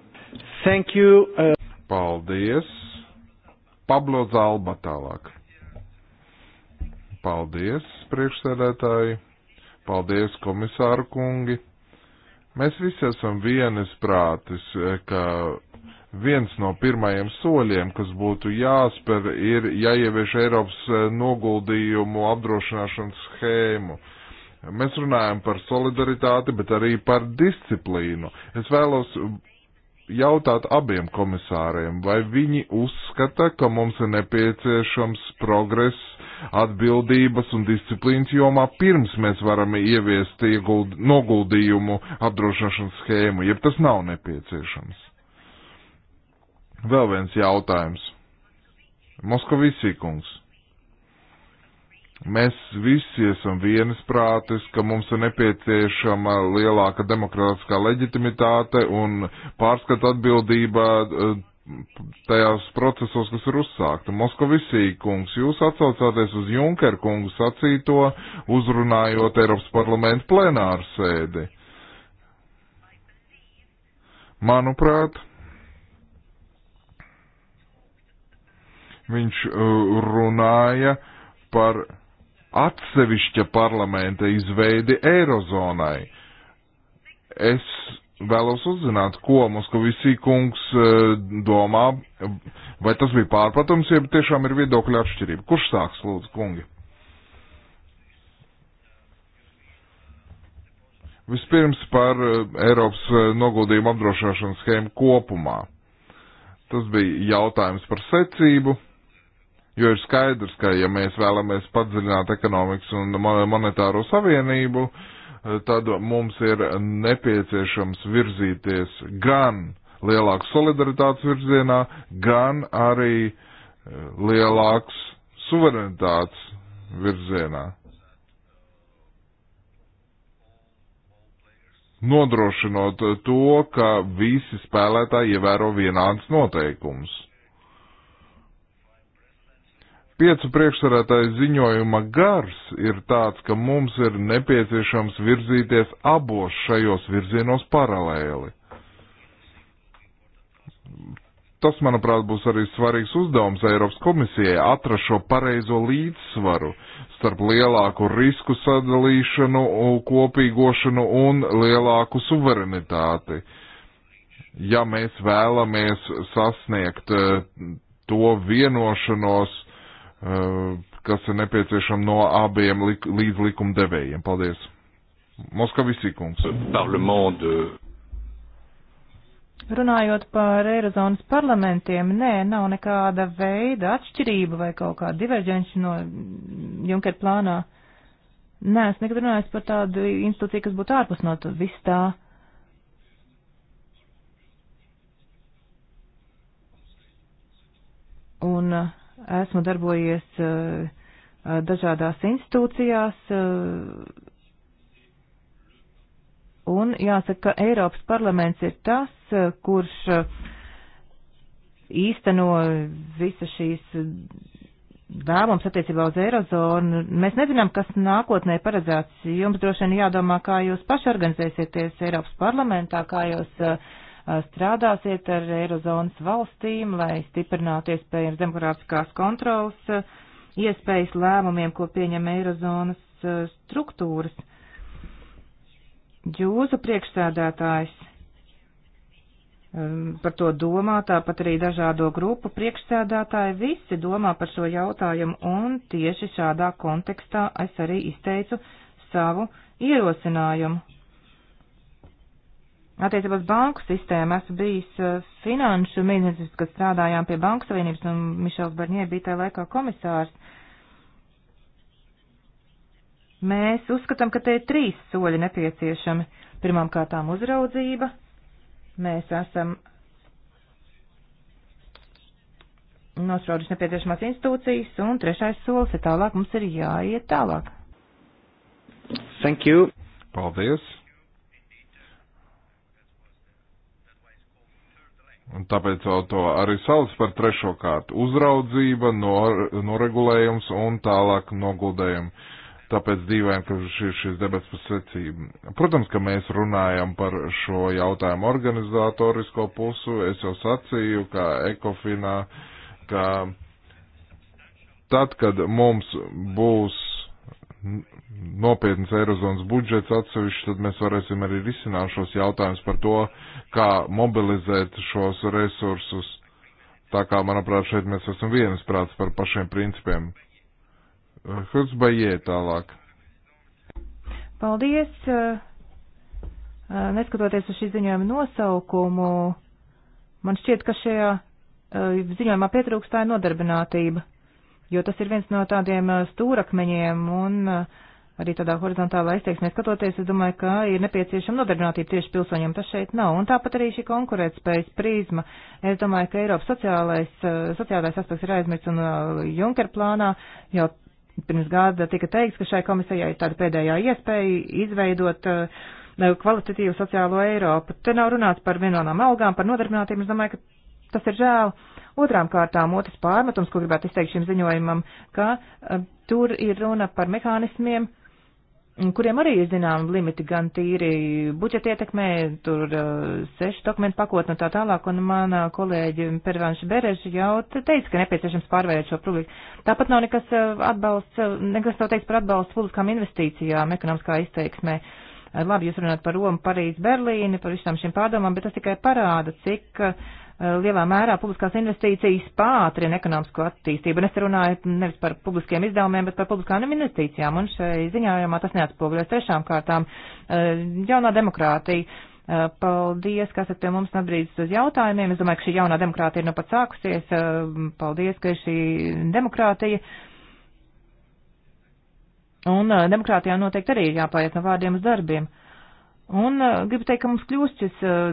Thank you. Uh... Paldies. Pablo Zalba tālāk. Paldies, priekšsēdētāji. Paldies, komisāru kungi. Mēs visi esam vienas prātis, ka Viens no pirmajiem soļiem, kas būtu jāspēr, ir jāievieš Eiropas eh, noguldījumu apdrošināšanas schēmu. Mēs runājam par solidaritāti, bet arī par disciplīnu. Es vēlos jautāt abiem komisāriem, vai viņi uzskata, ka mums ir nepieciešams progress atbildības un disciplīnas jomā pirms mēs varam ieviest ieguld, noguldījumu apdrošināšanas schēmu, ja tas nav nepieciešams. Vēl viens jautājums. Moskavīsī kungs. Mēs visi esam vienisprātis, ka mums ir nepieciešama lielāka demokrātiskā leģitimitāte un pārskata atbildība eh, tajās procesos, kas ir uzsākta. Moskovisī kungs, jūs atsaucāties uz Junker kungu sacīto, uzrunājot Eiropas parlamentu plenāru sēdi. Manuprāt, viņš uh, runāja par atsevišķa parlamenta izveidi Eirozonai. Es vēlos uzzināt, ko Moskavisī kungs uh, domā, vai tas bija pārpratums, ja tiešām ir viedokļa atšķirība. Kurš sāks, lūdzu, kungi? Vispirms par uh, Eiropas noguldījumu apdrošināšanas schēmu kopumā. Tas bija jautājums par secību. Jo ir skaidrs, ka ja mēs vēlamies padziļināt ekonomikas un monetāro savienību, tad mums ir nepieciešams virzīties gan lielāks solidaritātes virzienā, gan arī eh, lielāks suverenitātes virzienā. Nodrošinot to, ka visi spēlētāji ievēro vienādas noteikumus piecu priekšsarētāju ziņojuma gars ir tāds, ka mums ir nepieciešams virzīties abos šajos virzienos paralēli. Tas, manuprāt, būs arī svarīgs uzdevums Eiropas komisijai atrast šo pareizo līdzsvaru starp lielāku risku sadalīšanu, kopīgošanu un lielāku suverenitāti. Ja mēs vēlamies sasniegt eh, to vienošanos, Eh, kas ir nepieciešama no abiem lik līdz likumdevējiem. Paldies. Moskavisī kungs. Runājot par Eirozonas parlamentiem, nē, nav nekāda veida atšķirība vai kaut kāda diverģenci no Junker plānā. Nē, es nekad runāju par tādu institūciju, kas būtu ārpus no viss tā. Un uh, esmu darbojies eh, dažādās institūcijās. Eh, un jāsaka, ka Eiropas parlaments ir tas, eh, kurš īsteno visas šīs lēmums attiecībā uz Eirozonu. Mēs nezinām, kas nākotnē paredzēts. Jums droši vien jādomā, kā jūs paši organizēsieties Eiropas parlamentā, kā jūs uh, Eh, strādāsiet ar Eirozonas valstīm, lai stiprinātu iespējams demokrātiskās kontrolas eh, iespējas lēmumiem, ko pieņem Eirozonas eh, struktūras. Jūsu priekšsēdētājs par to domā, tāpat arī dažādo grupu priekšsēdētāji visi domā par šo jautājumu, un tieši šādā kontekstā es arī izteicu savu ierosinājumu. Attiecībā uz banku sistēmu esmu bijis eh, finanšu ministrs, kad strādājām pie banku savienības, un Mišels Barņē bija tajā laikā komisārs. Mēs uzskatām, ka te ir trīs soļi nepieciešami. Pirmām kārtām uzraudzība. Mēs esam nosprauduši nepieciešamās institūcijas, un trešais solis ir tālāk, mums ir jāiet tālāk. Thank you. Paldies. Un tāpēc to arī sauc par trešo kārtu - uzraudzība, nor, noregulējums un tālāk noguldējumi. Tāpēc dīvaini, ka šī, šis debats par secību. Protams, ka mēs runājam par šo jautājumu organizatorisko pusu. Es jau sacīju, ka ekofinā, ka tad, kad mums būs nopietns Eirozonas budžets atsevišķi, tad mēs varēsim arī risināt šos jautājumus par to, kā mobilizēt šos resursus. Tā kā, manuprāt, šeit mēs esam viensprāts par pašiem principiem. Hudsbajie tālāk. Paldies. Eh, neskatoties uz šī ziņojuma nosaukumu, man šķiet, ka šajā eh, ziņojumā pietrūkstāja nodarbinātība jo tas ir viens no tādiem stūrakmeņiem un arī tādā horizontālā izteiksmē skatoties, es domāju, ka ir nepieciešama nodarbinātība tieši pilsoņiem, tas šeit nav. Un tāpat arī šī konkurētspējas prīzma. Es domāju, ka Eiropas sociālais, sociālais aspekts ir aizmirsts un Junker plānā jau pirms gada tika teikts, ka šai komisijai ir tāda pēdējā iespēja izveidot kvalitatīvu sociālo Eiropu. Te nav runāts par vienonām algām, par nodarbinātību, es domāju, ka tas ir žēl. Uh, Otrām kārtām otrs pārmetums, ko gribētu izteikt šim ziņojumam, ka eh, tur ir runa par mehānismiem, kuriem arī ir zinām limiti gan tīri budžeta ietekmē, tur uh, sešu dokumentu pakotni un tā tālāk, un mana kolēģi Pervanša Bereža jau teica, ka nepieciešams pārvērst šo publiku. Tāpat nav nekas eh, atbalsts, nekas nav teiks par atbalstu publiskām investīcijām ekonomiskā izteiksmē. Labi, jūs runājat par Romu, Parīzi, Berlīni, par visām šīm pārdomām, bet tas tikai parāda, cik uh, Eh, lielā mērā publiskās investīcijas pātrina ekonomisko attīstību. Un es runāju nevis par publiskiem izdevumiem, bet par publiskām investīcijām. Un šai ziņājumā tas neatspoguļojas trešām kārtām eh, jaunā demokrātija. Eh, paldies, ka esat pie mums atbrīdis uz jautājumiem. Es domāju, ka šī jaunā demokrātija ir nu pat sākusies. Paldies, ka ir šī demokrātija. Un demokrātijā noteikti arī ir jāpāiet no vārdiem uz darbiem. Uh, Un uh, gribu teikt, ka mums kļūst šis uh,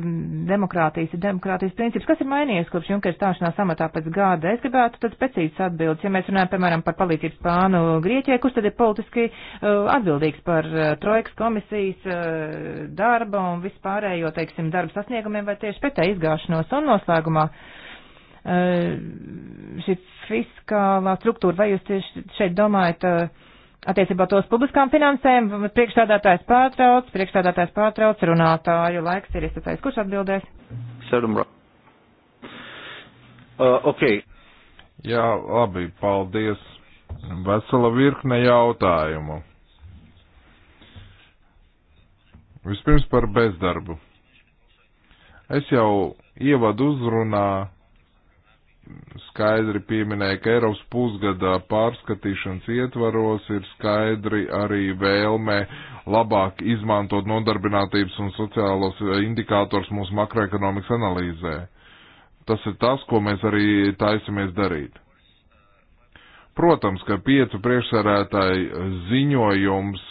demokrātijas, demokrātijas princips. Kas ir mainījies kopš Junkers stāšanās amatā pēc gada? Es gribētu tad precīzes atbildes. Ja mēs runājam, piemēram, par palīdzības plānu Grieķijai, kurš tad ir politiski uh, atbildīgs par uh, trojkas komisijas uh, darba un vispārējo, teiksim, darba sasniegumiem vai tieši pretē izgāšanos un noslēgumā? Uh, šī fiskālā struktūra, vai jūs tieši šeit domājat? Uh, attiecībā tos publiskām finansēm. Priekšstādātājs pārtrauc, priekšstādātājs pārtrauc runātāju. Laiks ir iztecējis. Kurš atbildēs? Sedumra. Uh, ok. Jā, labi, paldies. Vesela virkne jautājumu. Vispirms par bezdarbu. Es jau ievadu uzrunā skaidri pieminēja, ka Eiropas pusgadā pārskatīšanas ietvaros ir skaidri arī vēlme labāk izmantot nodarbinātības un sociālos indikātors mūsu makroekonomikas analīzē. Tas ir tas, ko mēs arī taisamies darīt. Protams, ka piecu priekšsarētāju ziņojums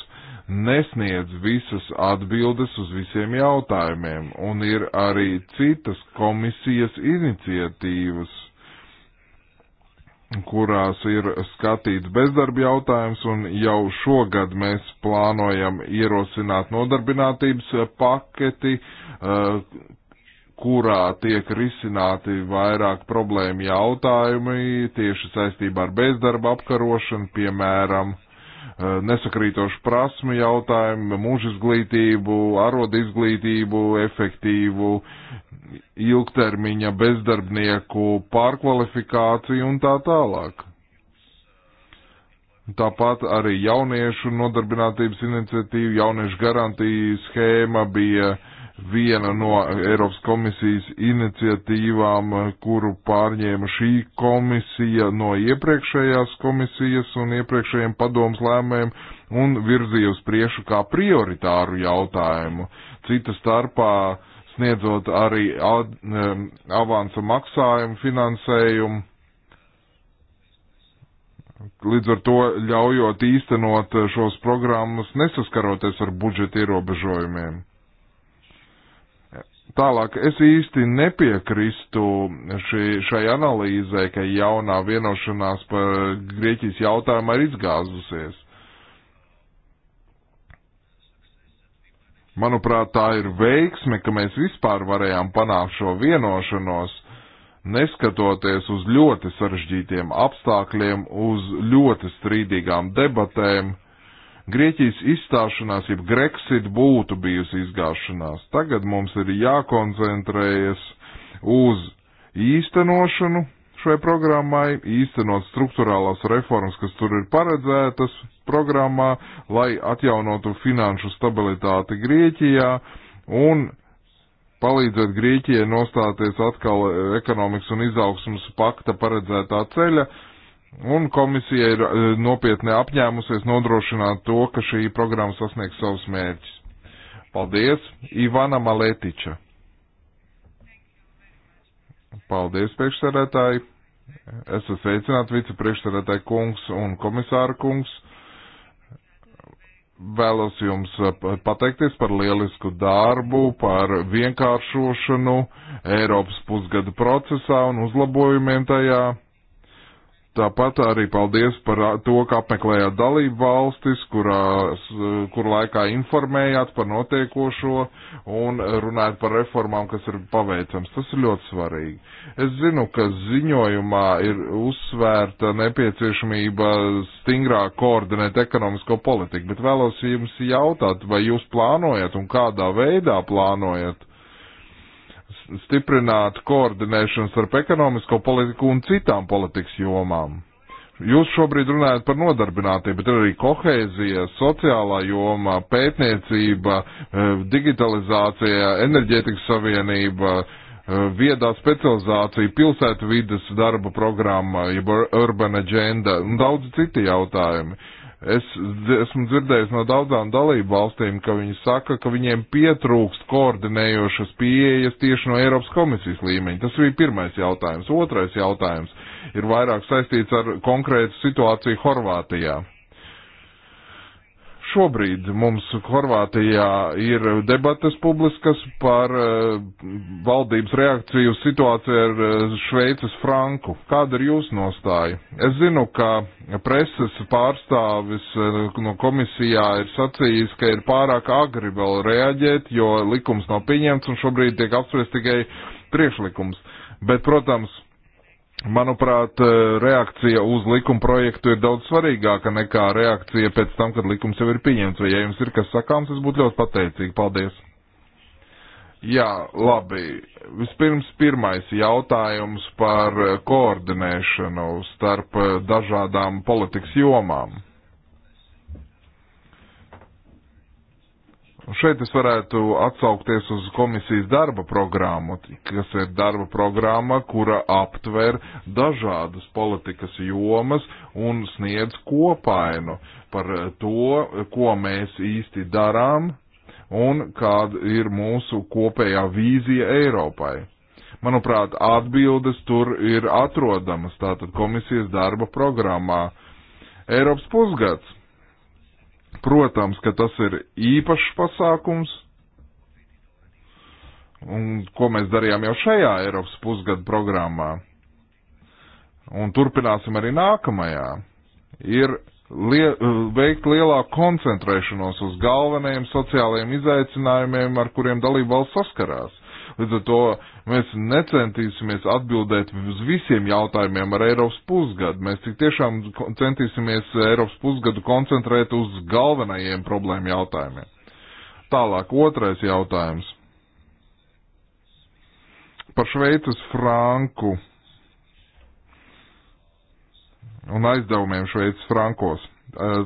nesniedz visas atbildes uz visiem jautājumiem, un ir arī citas komisijas iniciatīvas kurās ir skatīts bezdarba jautājums, un jau šogad mēs plānojam ierosināt nodarbinātības paketi, eh, kurā tiek risināti vairāk problēma jautājumi tieši saistībā ar bezdarba apkarošanu, piemēram, nesakrītošu prasmu jautājumu, mūža izglītību, arodu izglītību, efektīvu ilgtermiņa bezdarbnieku pārkvalifikāciju un tā tālāk. Tāpat arī jauniešu nodarbinātības iniciatīva, jauniešu garantija schēma bija uh, viena no Eiropas komisijas iniciatīvām, eh, kuru pārņēma šī komisija no iepriekšējās komisijas un iepriekšējiem padomus lēmēm un virzīja uz priešu kā prioritāru jautājumu. Cita starpā sniedzot arī ad, um, avansa maksājumu finansējumu. Līdz ar to ļaujot īstenot eh, šos programmas, nesaskaroties ar budžeta ierobežojumiem Tālāk es īsti nepiekrīstu šī, šai analīzē, ka jaunā vienošanās par Grieķijas jautājumu ir izgāzusies. Manuprāt, tā ir veiksme, ka mēs vispār varējām panākt šo vienošanos, neskatoties uz ļoti sarežģītiem apstākļiem, uz ļoti strīdīgām debatēm Grieķijas izstāšanās, jeb Grexit būtu bijusi izgāšanās. Tagad mums ir jākoncentrējas uz īstenošanu šai programmai, īstenot struktūrālās reformas, kas tur ir paredzētas programmā, lai atjaunotu finanšu stabilitāti Grieķijā un palīdzēt Grieķijai nostāties atkal ekonomikas un izaugsmas pakta paredzētā ceļa, uh, Un komisija ir e, nopietni apņēmusies nodrošināt to, ka šī programma sasniegs savus mērķus. Paldies, Ivana Maletiča. Paldies, priekšsēdētāji. Es esmu sveicināts vicepriekšsēdētāji kungs un komisāra kungs. Vēlos jums e, pateikties par lielisku darbu, par vienkāršošanu Eiropas pusgada procesā un uzlabojumiem tajā Tāpat arī paldies par to, ka apmeklējāt dalību valstis, kurās, kur laikā informējāt par notiekošo un runājāt par reformām, kas ir paveicams. Tas ir ļoti svarīgi. Es zinu, ka ziņojumā ir uzsvērta nepieciešamība stingrāk koordinēt ekonomisko politiku, bet vēlos jums jautāt, vai jūs plānojat un kādā veidā plānojat stiprināt koordinēšanu starp ekonomisko politiku un citām politikas jomām. Jūs šobrīd runājat par nodarbinātību, bet ir arī kohēzija, sociālā joma, pētniecība, eh, digitalizācija, enerģētikas savienība, eh, viedā specializācija, pilsētu vidas darba programma, jeb urban agenda un daudz citi jautājumi. Uh, Es esmu dzirdējis no daudzām dalību valstīm, ka viņi saka, ka viņiem pietrūkst koordinējošas pieejas tieši no Eiropas komisijas līmeņa. Tas bija pirmais jautājums. Otrais jautājums ir vairāk saistīts ar konkrētu situāciju Horvātijā. Šobrīd mums Horvātijā ir debates publiskas par eh, valdības reakciju uz situāciju ar eh, Šveices franku. Kāda ir jūsu nostāja? Es zinu, ka preses pārstāvis eh, no komisijā ir sacījis, ka ir pārāk agri vēl reaģēt, jo likums nav pieņemts un šobrīd tiek apspriest tikai priekšlikums. Bet, protams, Manuprāt, eh, reakcija uz likuma projektu ir daudz svarīgāka nekā reakcija pēc tam, kad likums jau ir pieņemts. Vai ja jums ir kas sakāms, es būtu ļoti pateicīgi. Paldies! Jā, labi. Vispirms pirmais jautājums par eh, koordinēšanu starp eh, dažādām politikas jomām. Un šeit es varētu atsaukties uz komisijas darba programmu, kas ir darba programma, kura aptver dažādas politikas jomas un sniedz kopainu par to, ko mēs īsti darām un kāda ir mūsu kopējā vīzija Eiropai. Manuprāt, atbildes tur ir atrodamas tātad komisijas darba programmā. Eiropas pusgads Protams, ka tas ir īpašs pasākums, un ko mēs darījām jau šajā Eiropas pusgada programmā, un turpināsim arī nākamajā, ir lie, veikt lielāku koncentrēšanos uz galvenajiem sociālajiem izaicinājumiem, ar kuriem dalība valsts saskarās. Līdz ar to mēs necentīsimies atbildēt uz visiem jautājumiem ar Eiropas pusgadu. Mēs tik tiešām centīsimies Eiropas pusgadu koncentrēt uz galvenajiem problēmu jautājumiem. Tālāk, otrais jautājums. Par Šveicas franku un aizdevumiem Šveicas frankos. Eh,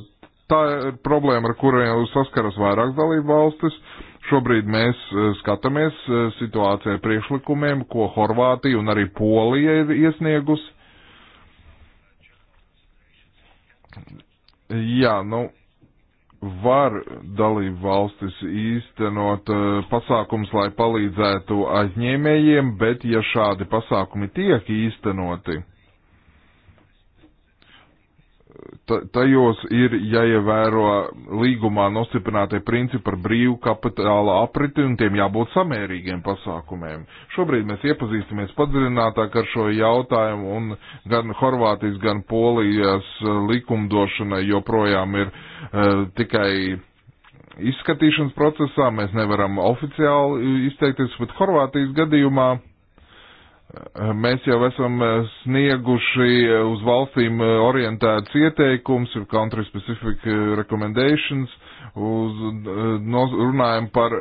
tā ir problēma, ar kuru saskaras vairākas dalību valstis. Šobrīd mēs e, skatāmies e, situācijai priekšlikumiem, ko Horvātija un arī Polija ir iesniegusi. Jā, nu, var dalību valstis īstenot e, pasākums, lai palīdzētu aizņēmējiem, bet ja šādi pasākumi tiek īstenoti, tajos ir jāievēro līgumā nostiprinātie principi par brīvu kapitāla apriti un tiem jābūt samērīgiem pasākumiem. Šobrīd mēs iepazīstamies padziļinātāk ar šo jautājumu un gan Horvātijas, gan Polijas likumdošana joprojām ir uh, tikai izskatīšanas procesā. Mēs nevaram oficiāli izteikties, bet Horvātijas gadījumā Mēs jau esam e, snieguši e, uz valstīm e, orientētas ieteikums, ir country specific recommendations, uz, no, runājam par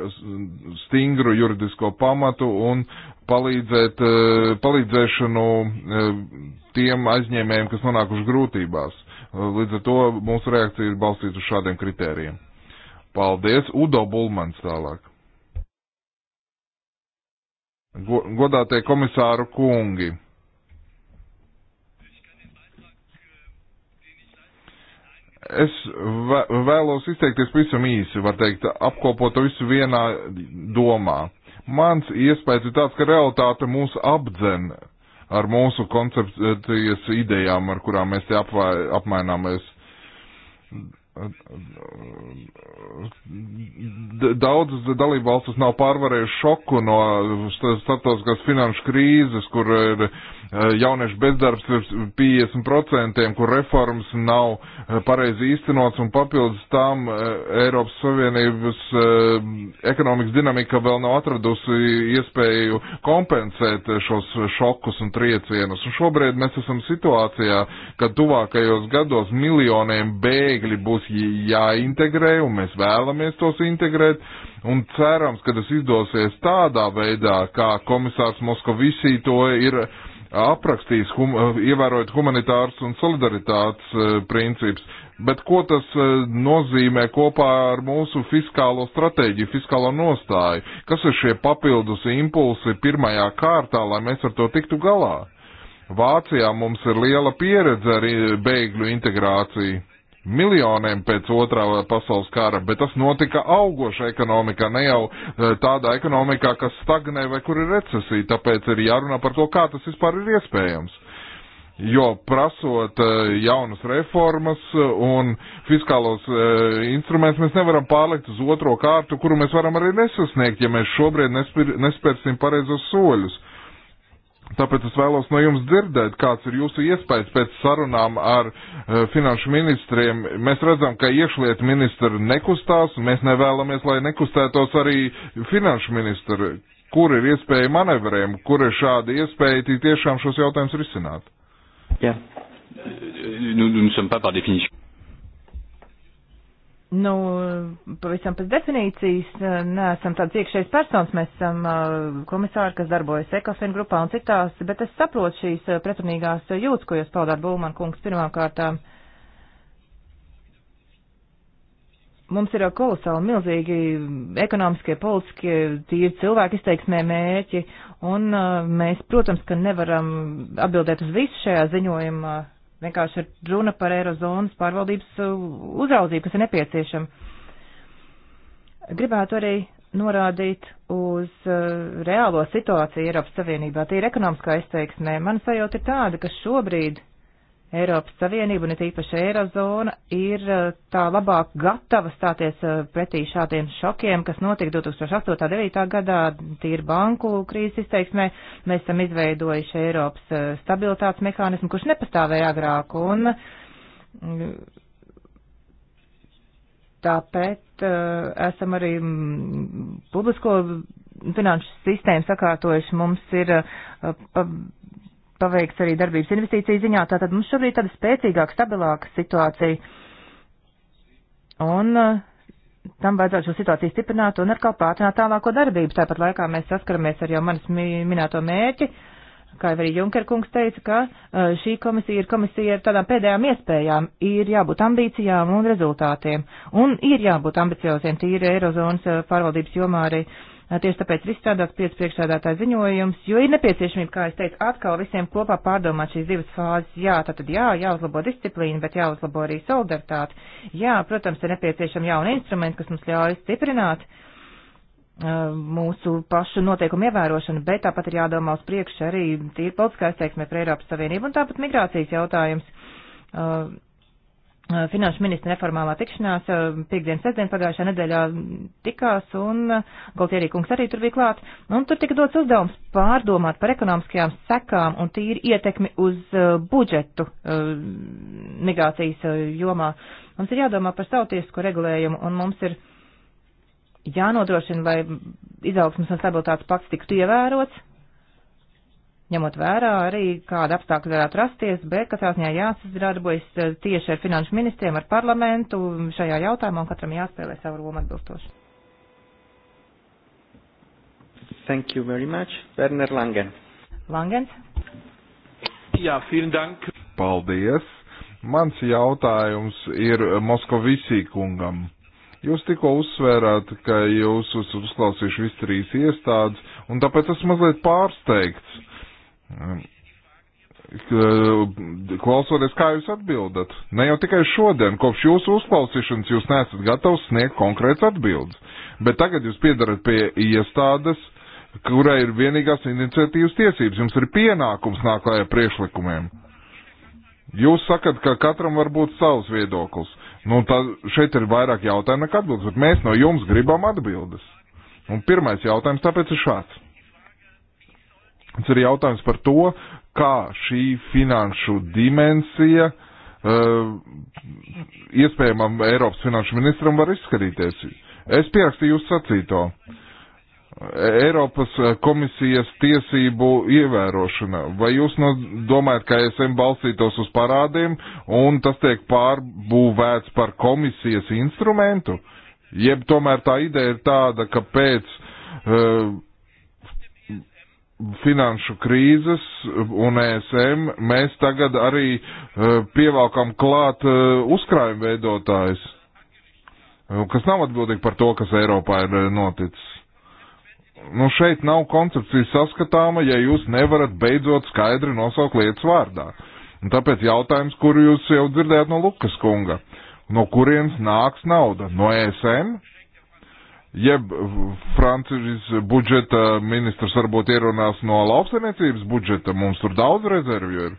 stingru juridisko pamatu un palīdzēt, palīdzēšanu tiem aizņēmējiem, kas nonākuši grūtībās. Līdz ar to mūsu reakcija ir balstīta uz šādiem kritērijiem. Paldies, Udo Bulmans tālāk godātie komisāru kungi. Es vēlos izteikties pavisam īsi, var teikt, apkopot visu vienā domā. Mans iespējas ir tāds, ka realitāte mūs apdzen ar mūsu koncepcijas idejām, ar kurām mēs te apvaināmies Daudzas dalību valstis nav pārvarējuši šoku no starptautiskās finanšu krīzes, kur ir uh, Eh, jauniešu bezdarbs ir 50%, kur reformas nav eh, pareizi īstenots un papildus tam eh, Eiropas Savienības ekonomikas dinamika vēl nav atradusi iespēju kompensēt šos šokus un triecienus. Un šobrīd mēs esam situācijā, ka tuvākajos gados miljoniem bēgļi būs jāintegrē un mēs vēlamies tos integrēt un cerams, ka tas izdosies tādā veidā, kā komisārs Moskovisī to ir aprakstījis, hum, eh, ievērojot humanitārs un solidaritātes uh, princips, bet ko tas uh, nozīmē kopā ar mūsu fiskālo stratēģiju, fiskālo nostāju? Kas ir šie papildus impulsi pirmajā kārtā, lai mēs ar to tiktu galā? Vācijā mums ir liela pieredze ar bēgļu integrāciju miljoniem pēc otrā pasaules kara, bet tas notika augoša ekonomikā, ne jau e, tādā ekonomikā, kas stagnē vai kur ir recesija, tāpēc ir jārunā par to, kā tas vispār ir iespējams. Jo prasot e, jaunas reformas un fiskālos e, instrumentus, mēs nevaram pārlikt uz otro kārtu, kuru mēs varam arī nesasniegt, ja mēs šobrīd nespērsim pareizos soļus. Tāpēc es vēlos no jums dzirdēt, kāds ir jūsu iespējas pēc sarunām ar uh, finanšu ministriem. Mēs redzam, ka iekšlietu ministra nekustās, un mēs nevēlamies, lai nekustētos arī finanšu ministra. Kur ir iespēja manevriem, kur ir šāda iespēja tiešām šos jautājumus risināt? Jā, yeah. nous, nous ne sommes pas par définition nu, pavisam pēc definīcijas eh, neesam tāds iekšējs persons, mēs esam eh, komisāri, kas darbojas ECOFIN grupā un citās, bet es saprotu šīs eh, pretrunīgās jūtas, ko jūs paudāt Būman kungs pirmām kārtām. Mums ir jau kolosāli milzīgi ekonomiskie, politiskie, tīri cilvēki izteiksmē mērķi, un mēs, protams, ka nevaram atbildēt uz visu šajā ziņojumā Vienkārši ir runa par Eirozonas pārvaldības uh, uzraudzību, kas ir nepieciešama. Gribētu arī norādīt uz uh, reālo situāciju Eiropas Savienībā. Tie ir ekonomiskā izteiksmē. Man sajūta ir tāda, ka šobrīd Eiropas Savienība un it īpaši Eirozona ir eh, tā labāk gatava stāties eh, pretī šādiem šokiem, kas notika 2008.9. gadā tīri banku krīzes izteiksmē. Mēs esam izveidojuši Eiropas eh, stabilitātes mehānismu, kurš nepastāvēja agrāk. Un, mm, tāpēc uh, esam arī mm, publisko finanšu sistēmu sakārtojuši. Mums ir uh, paveikts arī darbības investīcija ziņā, tātad mums šobrīd tāda spēcīgāka, stabilāka situācija. Un eh, tam vajadzētu šo situāciju stiprināt un atkal pātrināt tālāko darbību. Tāpat laikā mēs saskaramies ar jau manis minēto mērķi, kā jau arī Junker kungs teica, ka eh, šī komisija ir komisija ar tādām pēdējām iespējām, ir jābūt ambīcijām un rezultātiem, un ir jābūt ambicioziem tīri Eirozonas eh, pārvaldības jomā arī. Uh, Tieši tāpēc ir izstrādāts piec priekšsēdātāja ziņojums, jo ir nepieciešamība, kā es teicu, atkal visiem kopā pārdomāt šīs divas fāzes. Jā, tātad jā, jāuzlabo disciplīna, bet jāuzlabo arī solidaritāte. Jā, protams, ir nepieciešama jauna instrumenta, kas mums ļauj stiprināt mūsu pašu noteikumu ievērošanu, bet tāpat ir jādomā uz priekšu arī tīri politiskā izteiksmē par Eiropas Savienību un tāpat migrācijas jautājums. Uh, Eh, finanšu ministra neformālā tikšanās eh, piekdien, sestdien pagājušā nedēļā tikās un eh, Galtierī kungs arī tur bija klāt. Un tur tika dots uzdevums pārdomāt par ekonomiskajām sekām un tīri ietekmi uz budžetu migrācijas jomā. Mums ir jādomā par savu tiesisko regulējumu un mums ir jānodrošina, lai izaugsmas un stabilitātes pakts tiktu ievērots ņemot vērā arī, kāda apstākļa varētu rasties, bet katrā ziņā jāsadarbojas eh, tieši ar finanšu ministriem, ar parlamentu šajā jautājumā, un katram jāspēlē savu lomu atbilstoši. Thank you very much. Werner Langen. Langens. Jā, vielen dank. Paldies. Mans jautājums ir Moskovisī kungam. Jūs tikko uzsvērāt, ka jūs esat uzklausījuši visu trīs iestādes, un tāpēc esmu mazliet pārsteigts Um, klausoties, kā jūs atbildat? Ne jau tikai šodien, kopš jūsu uzklausīšanas jūs nesat gatavs sniegt konkrēts atbildes, bet tagad jūs piedarat pie iestādes, kurai ir vienīgās iniciatīvas tiesības. Jums ir pienākums nāklājā priešlikumiem. Jūs sakat, ka katram var būt savs viedoklis. Nu, tad šeit ir vairāk jautājumu nekā atbildes, bet mēs no jums gribam atbildes. Un pirmais jautājums tāpēc ir šāds. Tas ir jautājums par to, kā šī finanšu dimensija uh, iespējamam Eiropas finanšu ministram var izskatīties. Es pierakstīju jūs sacīto. Eiropas eh, komisijas tiesību ievērošana. Vai jūs no, domājat, ka ESM balstītos uz parādiem un tas tiek pārbūvēts par komisijas instrumentu? Jeb tomēr tā ideja ir tāda, ka pēc uh, finanšu krīzes un ESM, mēs tagad arī e, pievalkam klāt e, uzkrājumu veidotājus, e, kas nav atbildīgi par to, kas Eiropā ir noticis. Nu, šeit nav koncepcija saskatāma, ja jūs nevarat beidzot skaidri nosaukt lietas vārdā. Un tāpēc jautājums, kuru jūs jau dzirdējāt no Lukas kunga, no kurienes nāks nauda? No ESM? jeb Francijas budžeta ministrs varbūt ierunās no lauksainiecības budžeta, mums tur daudz rezervju ir.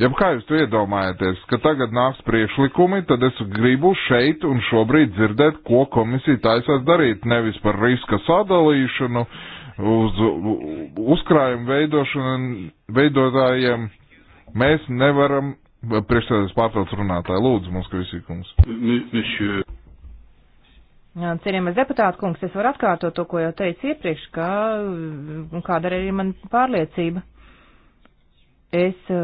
Jeb kā jūs to iedomājaties, ka tagad nāks priekšlikumi, tad es gribu šeit un šobrīd dzirdēt, ko komisija taisās darīt, nevis par riska sadalīšanu, uz uzkrājumu veidošanu, veidotājiem. Mēs nevaram priekšsēdētājs pārtrauc runātāju. Lūdzu, mums, ka visi kungs. Cienījamies deputātu kungs, es varu atkārtot to, ko jau teicu iepriekš, ka kāda arī ir mana pārliecība. Es e,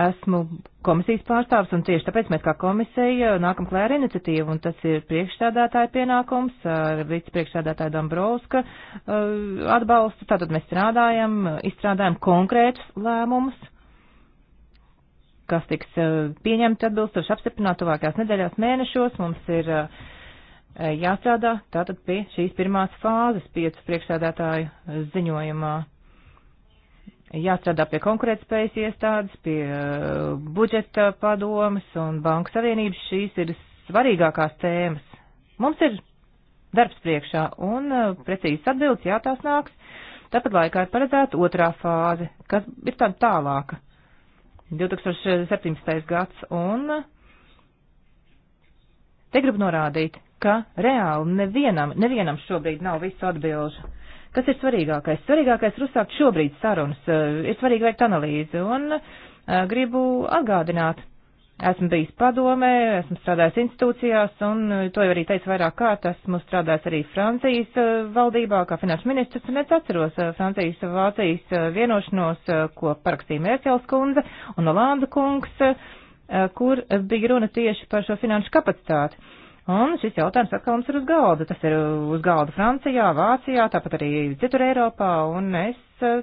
esmu komisijas pārstāvs un tieši tāpēc mēs kā komisija nākam klēr iniciatīvu un tas ir priekšstādātāja pienākums ar vicepriekšstādātāju Dombrovska e, atbalstu. Tātad mēs strādājam, izstrādājam konkrētus lēmumus, kas tiks e, pieņemti atbilstoši apstiprināt tuvākajās nedēļās mēnešos. Mums ir uh, Eh, jāstrādā tātad pie šīs pirmās fāzes piecu priekšsēdētāju eh, ziņojumā. Jāstrādā pie konkurētspējas iestādes, pie eh, budžeta padomas un banku savienības. Šīs ir svarīgākās tēmas. Mums ir darbs priekšā un precīzes atbildes, jā, tās nāks. Tāpat laikā ir paredzēta otrā fāze, kas ir tāda tālāka. 2017. gads un te gribu norādīt, ka reāli nevienam, nevienam šobrīd nav visu atbilžu. Kas ir svarīgākais? Svarīgākais ir uzsākt šobrīd sarunas, eh, ir svarīgi veikt analīzi un eh, gribu atgādināt. Esmu bijis padomē, esmu strādājis institūcijās un eh, to jau arī teicu vairāk kārt, esmu strādājis arī Francijas valdībā kā finanšu ministrs un es atceros Francijas Vācijas vienošanos, ko parakstīja Mērķels kundze un Olanda kungs, kur bija runa tieši par šo finanšu kapacitāti. Un šis jautājums atkal mums ir uz galda. Tas ir uz galda Francijā, Vācijā, tāpat arī citur Eiropā. Un es eh,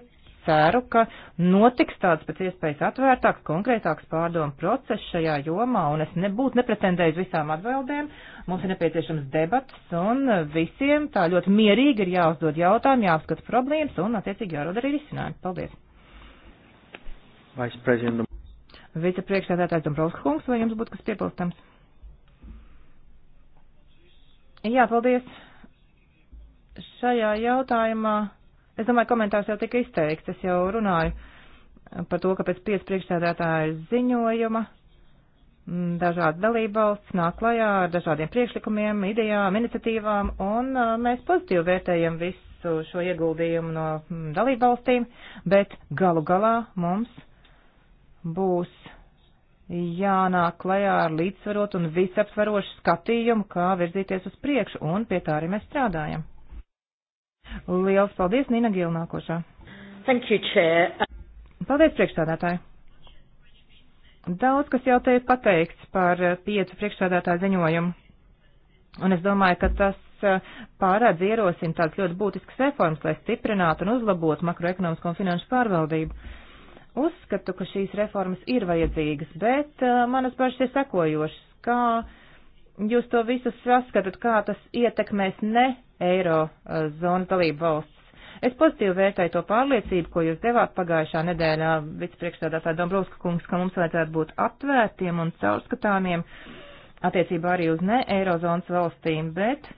ceru, ka notiks tāds pēc iespējas atvērtāks, konkrētāks pārdomu process šajā jomā. Un es nebūtu nepretendējis visām atbildēm. Mums ir nepieciešams debats. Un visiem tā ļoti mierīgi ir jāuzdod jautājumi, jāapskata problēmas un attiecīgi jārod arī risinājumi. Paldies! Vicepriekšsēdētājs Dombrovskis, vai jums būtu kas piebilstams? Jā, paldies. Šajā jautājumā, es domāju, komentārs jau tika izteikts. Es jau runāju par to, ka pēc piec priekšsēdētāja ziņojuma dažādi dalībvalsts nāk klajā ar dažādiem priekšlikumiem, idejām, iniciatīvām, un mēs pozitīvi vērtējam visu šo ieguldījumu no dalībvalstīm, bet galu galā mums būs jānāk klajā ar līdzsvarot un visaptvarošu skatījumu, kā virzīties uz priekšu, un pie tā arī mēs strādājam. Liels paldies, Nina Gil nākošā. Thank you, Chair. Paldies, priekšstādātāji. Daudz, kas jau te ir pateikts par piecu priekšstādātāju ziņojumu, un es domāju, ka tas eh, pārēdz ierosina tādas ļoti būtiskas reformas, lai stiprinātu un uzlabotu makroekonomisko un finanšu pārvaldību. Uzskatu, ka šīs reformas ir vajadzīgas, bet uh, manas bažas ir sekojošas. Kā jūs to visu saskatat, kā tas ietekmēs ne eiro uh, zonas dalību valsts? Es pozitīvi vērtēju to pārliecību, ko jūs devāt pagājušā nedēļā vicepriekšstādātā Dombrovska kungs, ka mums vajadzētu būt atvērtiem un caurskatāmiem attiecībā arī uz ne eirozonas valstīm, bet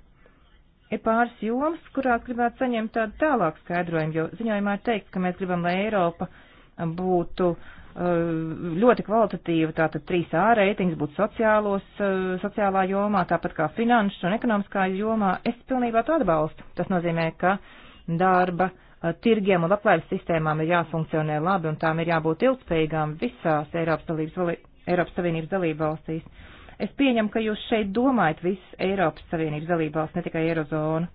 ir pāris jomas, kurās gribētu saņemt tādu tālāku skaidrojumu, jo ziņojumā ir teikts, ka mēs gribam, lai Eiropa uh, būtu eh, ļoti kvalitatīva, tātad 3A reitings būtu sociālos, eh, sociālā jomā, tāpat kā finanšu un ekonomiskā jomā, es pilnībā to atbalstu. Tas nozīmē, ka darba eh, tirgiem un labklājības sistēmām ir jāfunkcionē labi un tām ir jābūt ilgspējīgām visās Eiropas, dalības, Eiropas Savienības dalība valstīs. Es pieņemu, ka jūs šeit domājat visas Eiropas Savienības dalībvalsts, ne tikai Eirozonu.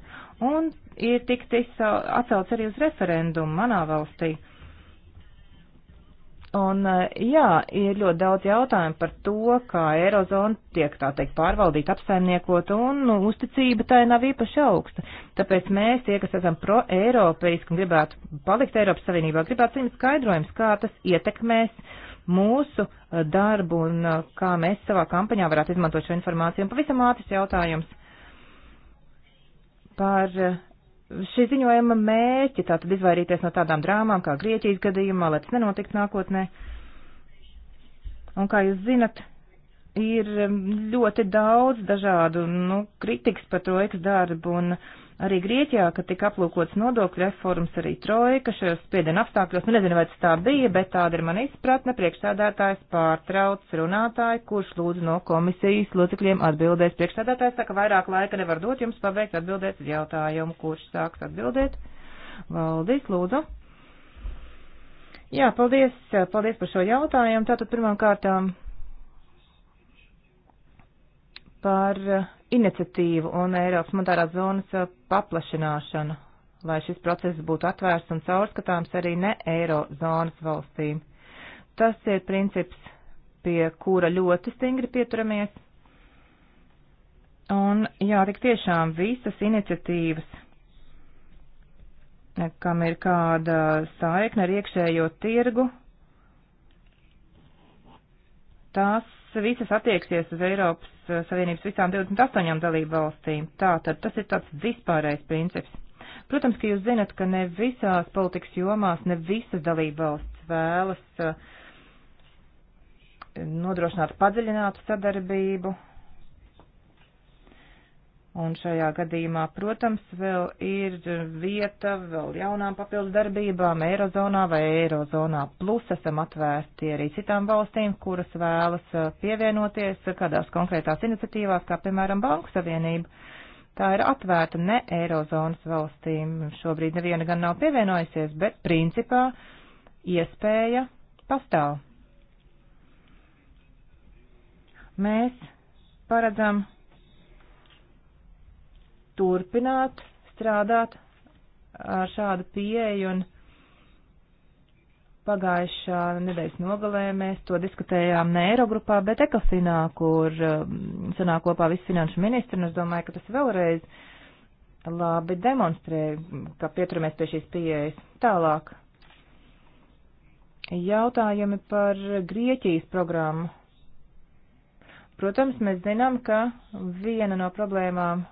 Un ir tik tis atcelts arī uz referendumu manā valstī. Uh, Un, eh, jā, ir ļoti daudz jautājumu par to, kā Eirozona tiek, tā teikt, pārvaldīta, apsaimniekot, un nu, uzticība tai nav īpaši augsta. Tāpēc mēs, tie, kas esam pro-eiropeiski un gribētu palikt Eiropas Savienībā, gribētu saņemt skaidrojums, kā tas ietekmēs mūsu eh, darbu un eh, kā mēs savā kampaņā varētu izmantot šo informāciju. Un pavisam ātrs jautājums par šī ziņojuma mērķi, tātad izvairīties no tādām drāmām kā Grieķijas gadījumā, lai tas nenotiks nākotnē. Un kā jūs zinat, ir mm, ļoti daudz dažādu nu, kritikas par trojkas darbu un uh, Arī Grieķijā, kad tika aplūkots nodokļu reformas, arī trojka šajos spiedienu apstākļos, nu nezinu, vai tas tā bija, bet tāda ir mana izpratne, priekšsādātājs pārtrauc runātāju, kurš lūdzu no komisijas locekļiem atbildēs. Priekšsādātājs saka, vairāk laika nevar dot jums pabeigt atbildēt uz jautājumu, kurš sāks atbildēt. Valdis, lūdzu. Jā, paldies, paldies par šo jautājumu. Tātad pirmām kārtām par iniciatīvu un Eiropas monetārās zonas uh, paplašināšanu, lai šis process būtu atvērts un caurskatāms arī ne eiro zonas valstīm. Tas ir princips, pie kura ļoti stingri pieturamies. Un jā, tik tiešām visas iniciatīvas, kam ir kāda saikne ar iekšējo tirgu, tās visas attieksies uz Eiropas eh, Savienības visām 28 dalību valstīm. Tātad tas ir tāds vispārējais princips. Protams, ka jūs zinat, ka ne visās politikas jomās, ne visas dalību valsts vēlas eh, nodrošināt padziļinātu sadarbību Un šajā gadījumā, protams, vēl ir vieta vēl jaunām papildu darbībām Eirozonā vai Eirozonā. Plus esam atvērti arī citām valstīm, kuras vēlas eh, pievienoties kādās konkrētās iniciatīvās, kā piemēram Banku Savienība. Tā ir atvērta ne Eirozonas valstīm. Šobrīd neviena gan nav pievienojusies, bet principā iespēja pastāv. Mēs paredzam turpināt strādāt ar šādu pieeju un pagājušā nedēļas nogalē mēs to diskutējām ne Eirogrupā, bet Ekofinā, kur um, sanāk kopā visi finanšu ministri, un es domāju, ka tas vēlreiz labi demonstrē, ka pieturamies pie šīs pieejas. Tālāk. Jautājumi par Grieķijas programmu. Protams, mēs zinām, ka viena no problēmām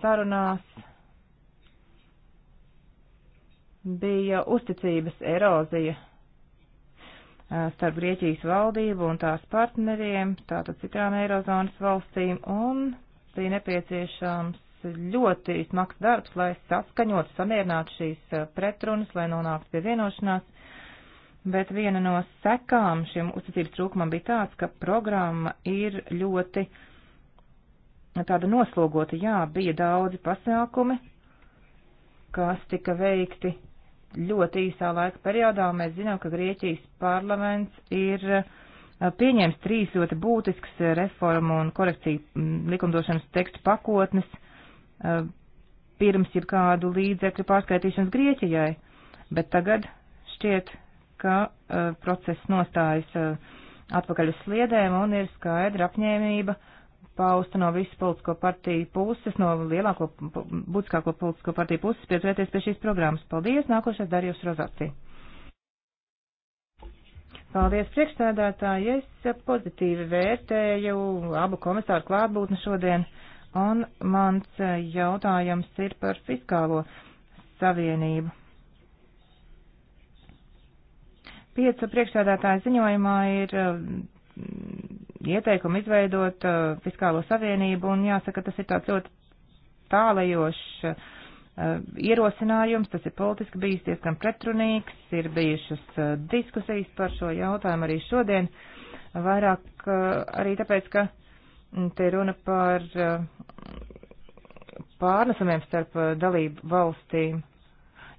sarunās bija uzticības erozija starp Grieķijas valdību un tās partneriem, tātad citām Eirozonas valstīm, un bija nepieciešams ļoti smags darbs, lai saskaņot, samierinātu šīs pretrunas, lai nonāktu pie vienošanās. Bet viena no sekām šim uzticības trūkumam bija tāds, ka programma ir ļoti uh, tāda noslogota. Jā, bija daudzi pasākumi, kas tika veikti ļoti īsā laika periodā. Mēs zinām, ka Grieķijas parlaments ir eh, pieņēmis trīs ļoti būtisks eh, reformu un korekciju mm, likumdošanas tekstu pakotnes eh, pirms jebkādu līdzekļu pārskaitīšanas Grieķijai, bet tagad šķiet, ka process nostājas atpakaļ uz sliedēm un ir skaidra apņēmība uh, pausta no visu politisko partiju puses, no lielāko, būtiskāko politisko partiju puses pieturēties pie šīs programmas. Paldies, nākošais Darījus Rozāci. Paldies, priekšstādātāji, es pozitīvi vērtēju abu komisāru klātbūtni šodien, un mans jautājums ir par fiskālo savienību. Piecu priekšstādātāju ziņojumā ir ieteikumu izveidot uh, fiskālo savienību, un jāsaka, tas ir tāds ļoti tālajošs uh, ierosinājums, tas ir politiski bijis diezgan pretrunīgs, ir bijušas uh, diskusijas par šo jautājumu arī šodien, vairāk uh, arī tāpēc, ka mm, te runa par uh, pārnesumiem starp uh, dalību valstīm.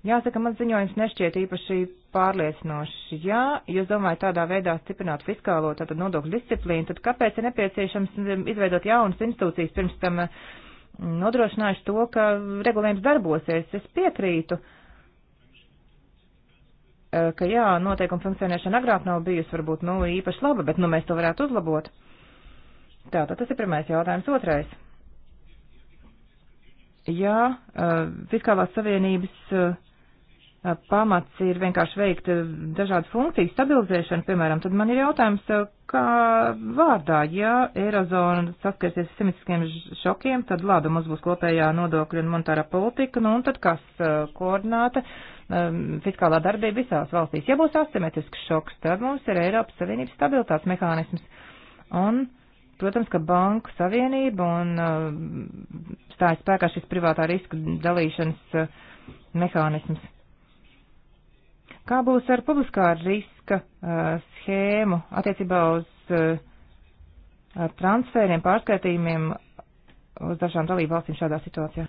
Jāsaka, man ziņojums nešķiet īpaši pārliecinoši. Ja jūs domājat tādā veidā stiprināt fiskālo tātad nodokļu disciplīnu, tad kāpēc ir nepieciešams um, izveidot jaunas institūcijas pirms tam uh, nodrošinājuši to, ka regulējums darbosies? Es piekrītu, uh, ka jā, noteikuma funkcionēšana agrāk nav bijusi varbūt nu, īpaši laba, bet nu, mēs to varētu uzlabot. Tātad tas ir pirmais jautājums. Otrais. Jā, uh, Fiskālās savienības pamats ir vienkārši veikt eh, dažādas funkcijas, stabilizēšanu, piemēram, tad man ir jautājums, eh, kā vārdā, ja Eirozona saskarsies ar simetiskiem šokiem, tad labi, mums būs kopējā nodokļa un monetārā politika, nu un tad kas eh, koordināta ehm, fiskālā darbība visās valstīs. Ja būs asimetrisks šoks, tad mums ir Eiropas Savienības stabilitātes mehānisms. Un, protams, ka banku savienība un ehm, stājas spēkā šis privātā riska dalīšanas mehānisms. Kā būs ar publiskā riska uh, schēmu attiecībā uz uh, transfēriem, pārskaitījumiem uz dažām dalību valstīm šādā situācijā?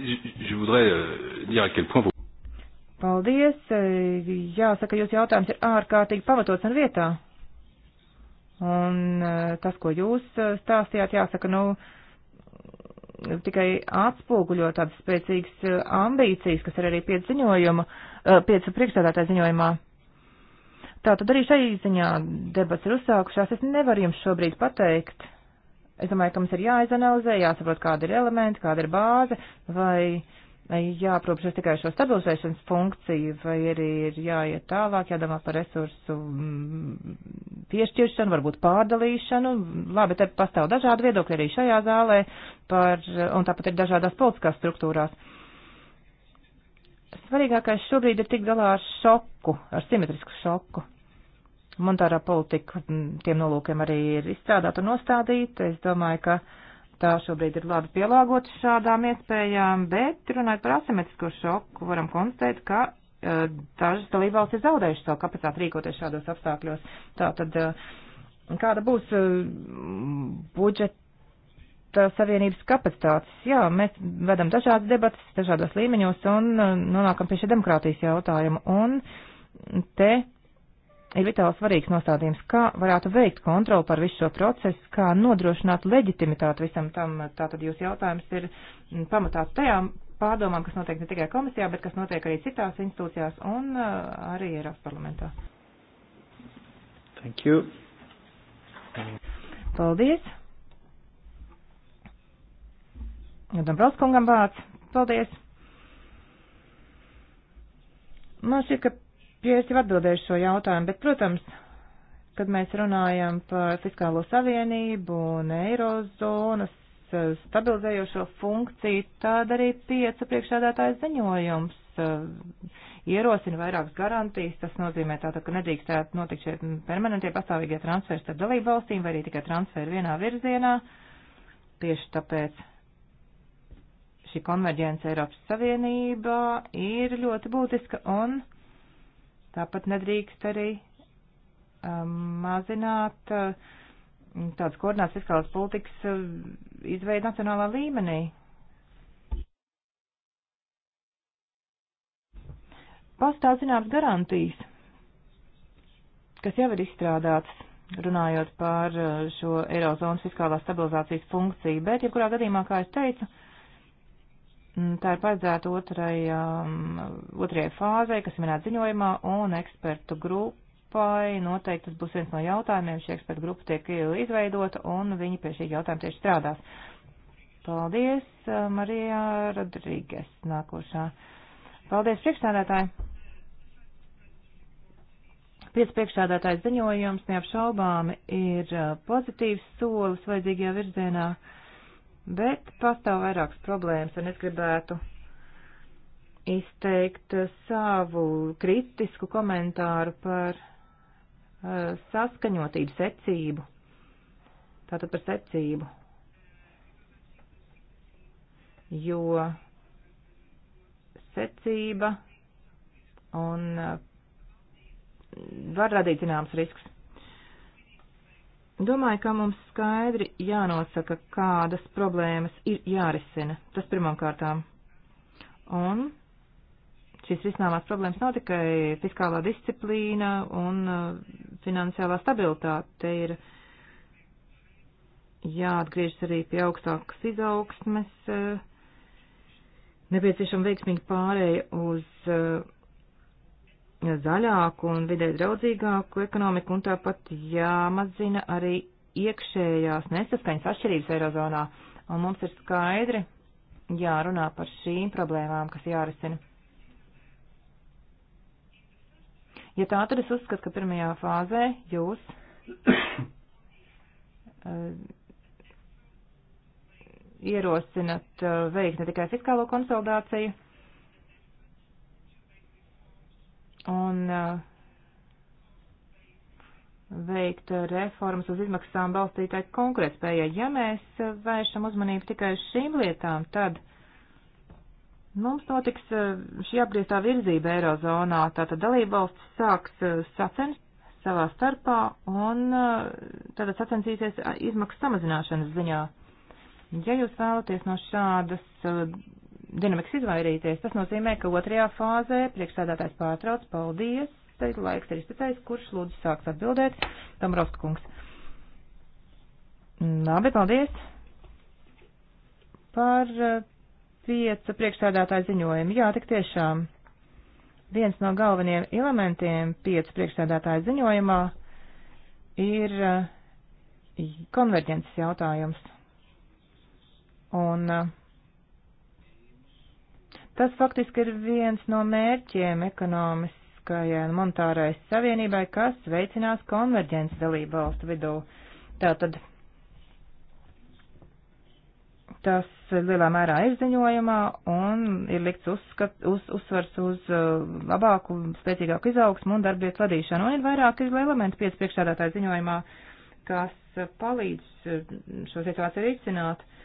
Je voudrais dire à quel point vous... Paldies. Jāsaka, jūs jautājums ir ārkārtīgi pamatots un vietā. Un tas, ko jūs stāstījāt, jāsaka, nu, uh, tikai atspoguļo tādas spēcīgas eh, ambīcijas, kas ir arī piecu ziņojuma, eh, piecu priekšstādātā ziņojumā. Tā tad arī šai ziņā debats ir uzsākušās. Es nevaru jums šobrīd pateikt. Es domāju, ka mums ir jāizanalizē, jāsaprot, kāda ir elementi, kāda ir bāze, vai uh, jāaprobežas tikai šo stabilizēšanas funkciju, vai arī ir jāiet tālāk, jādomā par resursu mm, piešķiršanu, varbūt pārdalīšanu. Labi, te pastāv dažādi viedokļi arī šajā zālē, par, un tāpat ir dažādās politiskās struktūrās. Svarīgākais šobrīd ir tikt galā ar šoku, ar simetrisku šoku. Monetārā politika mm, tiem nolūkiem arī ir izstrādāta un nostādīta. Es domāju, ka uh, tā šobrīd ir labi pielāgotas šādām iespējām, bet runājot par asimetrisko šoku, varam konstatēt, ka uh, dažas dalībvalstis ir zaudējušas savu kapacitāti rīkoties šādos apstākļos. Tātad, uh, kāda būs uh, budžeta savienības kapacitātes? Jā, mēs vedam dažādas debatas, dažādos līmeņos un uh, nonākam pie šī demokrātijas jautājuma. Un te ir vitāli svarīgs nostādījums, kā varētu veikt kontroli par visu šo procesu, kā nodrošināt leģitimitāti visam tam. Tātad jūs jautājums ir mm, pamatāts tajām pārdomām, kas notiek ne tikai komisijā, bet kas notiek arī citās institūcijās un uh, arī Eiropas parlamentā. Thank you. Paldies. Dombrauskungam vārds. Paldies. Man šķiet, ka Pie es jau atbildēju šo jautājumu, bet, protams, kad mēs runājam par fiskālo savienību un eirozonas eh, stabilizējošo funkciju, tad arī pieca priekšādātājs ziņojums eh, ierosina vairākas garantijas. Tas nozīmē tātad, ka nedrīkstētu notikt šie permanentie pastāvīgie transferi starp dalību valstīm vai arī tikai transferi vienā virzienā. Tieši tāpēc šī konverģence Eiropas Savienībā ir ļoti būtiska un. Uh, Tāpat nedrīkst arī um, mazināt uh, tādas koordinācijas fiskālās politikas uh, izveidu nacionālā līmenī. Pastāv zināmas garantijas, kas jau ir izstrādātas, runājot par uh, šo Eirozonas fiskālās stabilizācijas funkciju, bet, ja kurā gadījumā, kā es teicu, uh, Mm, tā ir paredzēta otrai, um, otrajai fāzei, kas ir minēta ziņojumā, un ekspertu grupai noteikti tas būs viens no jautājumiem. Šī ekspertu grupa tiek izveidota, un viņi pie šī jautājuma tieši strādās. Paldies, uh, Marijā Rodrīgas nākošā. Paldies, priekšstādātāji! Piec priekšstādātājs ziņojums neapšaubāmi ir uh, pozitīvs solis vajadzīgajā virzienā. Uh, bet pastāv vairākas problēmas, un es gribētu izteikt eh, savu kritisku komentāru par uh, saskaņotību, secību. Tātad par secību. Jo secība un uh, var radīt zināms risks. Domāju, ka mums skaidri jānosaka, kādas problēmas ir jārisina. Tas pirmām kārtām. Un šīs risināmās problēmas nav tikai fiskālā disciplīna un uh, finansiālā stabilitāte. Te ir jāatgriežas arī pie augstākas izaugsmes, uh, nepieciešama veiksmīga pārēja uz uh, zaļāku un vidē draudzīgāku ekonomiku un tāpat jāmazina arī iekšējās nesaskaņas atšķirības Eirozonā. Un mums ir skaidri jārunā par šīm problēmām, kas jārisina. Ja tā tad es uzskatu, ka pirmajā fāzē jūs eh, ierosinat eh, veikt ne tikai fiskālo konsolidāciju, un uh, veikt reformas uz izmaksām balstītai konkurētspējai. Ja mēs vēršam uzmanību tikai uz šīm lietām, tad mums notiks uh, šī apgrieztā virzība Eirozonā, tātad dalībvalsts sāks uh, sacenst savā starpā un tātad sacensīsies izmaksu samazināšanas ziņā. Ja jūs vēlaties no šādas dinamikas izvairīties. Tas nozīmē, ka otrajā fāzē priekšsēdētājs pārtrauc. Paldies! Tad laiks ir izticējis, kurš lūdzu sāks atbildēt. Tamrovska kungs. Labi, paldies! Par eh, pieca priekšsēdētāja ziņojumu. Jā, tik tiešām. Viens no galvenajiem elementiem pieca priekšsēdētāja ziņojumā ir eh, konverģences jautājums. Un uh, Tas faktiski ir viens no mērķiem ekonomiskajai un monetārai savienībai, kas veicinās konverģences dalību valstu vidū. Tātad tas lielā mērā ir ziņojumā un ir likts uzskat, uz, uzsvars uz uh, labāku, spēcīgāku izaugsmu un darbietu vadīšanu. Un ir vairāk elementi piec priekšādātāja ziņojumā, kas palīdz uh, šo situāciju risināt. Uh,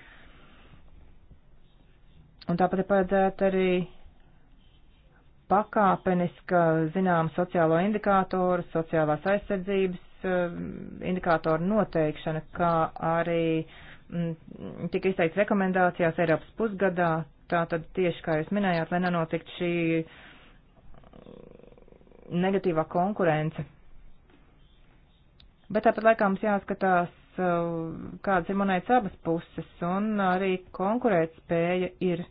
Un tāpat ir paredzēta arī pakāpeniska, zinām, sociālo indikātoru, sociālās aizsardzības um, indikātoru noteikšana, kā arī mm, tika izteikts rekomendācijās Eiropas pusgadā, tātad tieši kā jūs minējāt, lai nenotikt šī negatīvā konkurence. Bet tāpat laikā mums jāskatās, uh, kādas ir monētas abas puses, un arī konkurētspēja ir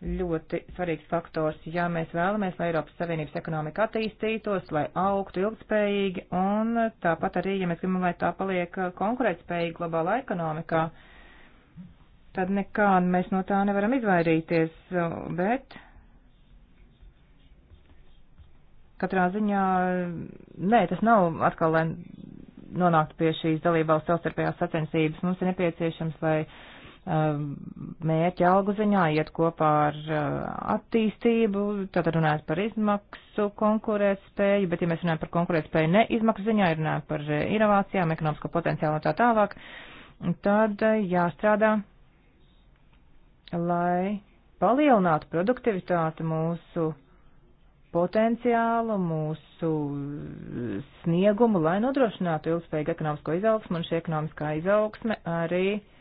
ļoti svarīgs faktors, ja mēs vēlamies, lai Eiropas Savienības ekonomika attīstītos, lai augtu ilgspējīgi, un tāpat arī, ja mēs gribam, lai tā paliek konkurētspējīga globālā ekonomikā, tad nekādi mēs no tā nevaram izvairīties, bet katrā ziņā, nē, tas nav atkal, lai nonāktu pie šīs dalībvalsts savstarpējās sacensības, mums ir nepieciešams, lai Ehm, mērķi algu ziņā iet kopā ar eh, attīstību, tātad runājot par izmaksu konkurētspēju, bet ja mēs runājam par konkurētspēju ne izmaksu ziņā, ja runājam par eh, inovācijām, ekonomisko potenciālu un tā tālāk, tad eh, jāstrādā, lai palielinātu produktivitāti mūsu potenciālu, mūsu sniegumu, lai nodrošinātu ilgspējīgu ekonomisko izaugsmu, un šī ekonomiskā izaugsme arī uh,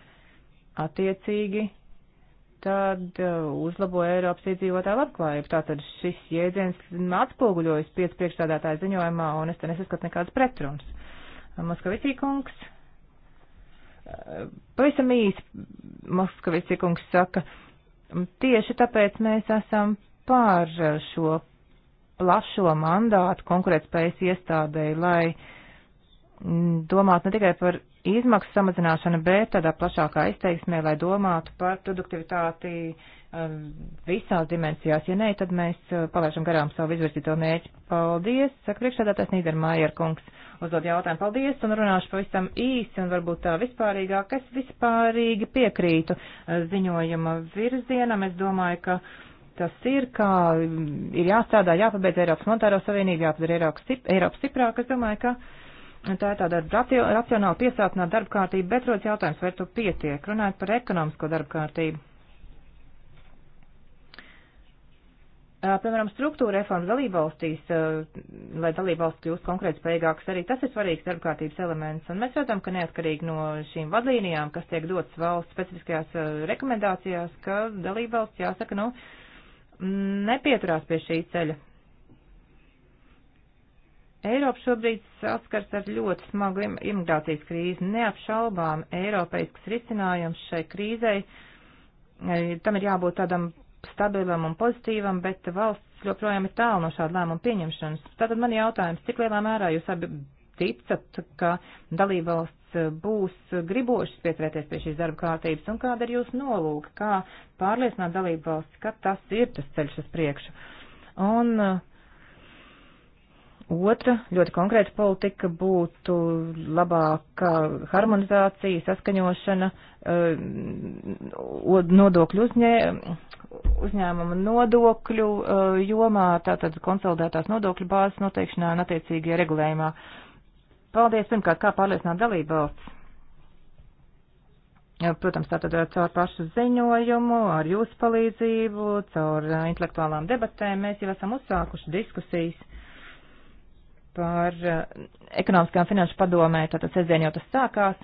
attiecīgi tad uh, uzlabo Eiropas iedzīvotāju labklājību. Tātad šis jēdziens atspoguļojas piec priekšstādātāja ziņojumā, un es te nesaskatu nekādas pretrunas. Moskavicī kungs. Uh, pavisam īsi Moskavicī kungs saka, tieši tāpēc mēs esam pār šo plašo mandātu konkurētspējas iestādēji, lai mm, domāt ne tikai par izmaksu samazināšana, bet tādā plašākā izteiksmē, lai domātu par produktivitāti um, visās dimensijās. Ja nē, tad mēs uh, palaišam garām savu izvirzīto mērķi. Paldies, saka priekšsēdētājs Nīdermājer kungs. Uzdod jautājumu, paldies, un runāšu pavisam īsi un varbūt tā vispārīgāk. Es vispārīgi piekrītu uh, ziņojuma virzienam. Es domāju, ka tas ir, kā ir jāstrādā, jāpabeidz Eiropas Monetāro Savienību, jāpadara Eiropas, Eiropas stiprāk. Es domāju, ka Tā ir tāda racionāla piesātināta darba kārtība, bet rodas jautājums, vai to pietiek, runājot par ekonomisko darba kārtību. Piemēram, struktūra reforma dalībvalstīs, lai dalībvalsts kļūst konkrēti spējīgākas, arī tas ir svarīgs darbkārtības elements. Un mēs redzam, ka neatkarīgi no šīm vadlīnijām, kas tiek dotas valsts specifiskajās rekomendācijās, ka dalībvalsts jāsaka, nu, nepieturās pie šī ceļa. Eiropa šobrīd saskars ar ļoti smagu imigrācijas krīzi. Neapšaubām Eiropaisks risinājums šai krīzei, e, tam ir jābūt tādam stabilam un pozitīvam, bet valsts joprojām ir tālu no šāda lēmuma pieņemšanas. Tātad man jautājums, cik lielā mērā jūs abi ticat, ka dalībvalsts būs gribošas pieturēties pie šīs darba kārtības un kāda ir jūsu nolūka, kā pārliecināt dalībvalsts, ka tas ir tas ceļš uz priekšu. Un uh, Otra ļoti konkrēta politika būtu labāka harmonizācija, saskaņošana, eh, nodokļu uzņē, uzņēmuma nodokļu eh, jomā, tātad konsolidētās nodokļu bāzes noteikšanā un attiecīgajā regulējumā. Paldies pirmkārt, kā pārliecināt dalību valsts. Protams, tātad eh, caur pašu ziņojumu, ar jūsu palīdzību, caur intelektuālām debatēm mēs jau esam uzsākuši diskusijas par eh, ekonomiskām finanšu padomē, tātad sestdien jau tas sākās.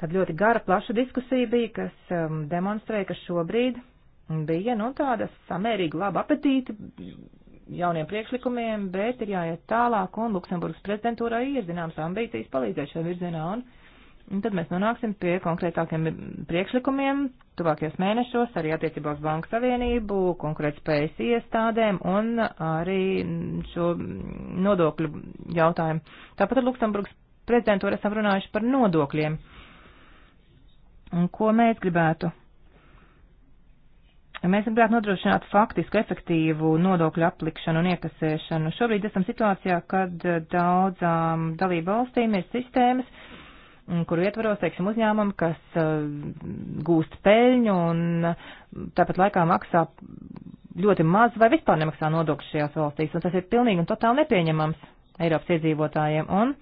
Tad ļoti gara, plaša diskusija bija, kas um, demonstrēja, ka šobrīd bija, nu, tāda samērīga laba apetīta jauniem priekšlikumiem, bet ir jāiet tālāk, un Luksemburgas prezidentūrā ir zināmas ambīcijas palīdzēt šajā virzienā, un Un tad mēs nonāksim pie konkrētākiem priekšlikumiem tuvākajos mēnešos, arī attiecībā uz Banku Savienību, konkrēt spējas iestādēm un arī šo nodokļu jautājumu. Tāpat ar Luksemburgas prezidentūru esam runājuši par nodokļiem. Un ko mēs gribētu? Mēs gribētu nodrošināt faktisku, efektīvu nodokļu aplikšanu un iekasēšanu. Šobrīd esam situācijā, kad daudzām dalību valstīm ir sistēmas, kuru ietvaros, teiksim, uzņēmumi, kas eh, gūst peļņu un eh, tāpat laikā maksā ļoti maz vai vispār nemaksā nodokļus šajās valstīs, un tas ir pilnīgi un totāli nepieņemams Eiropas iedzīvotājiem. Un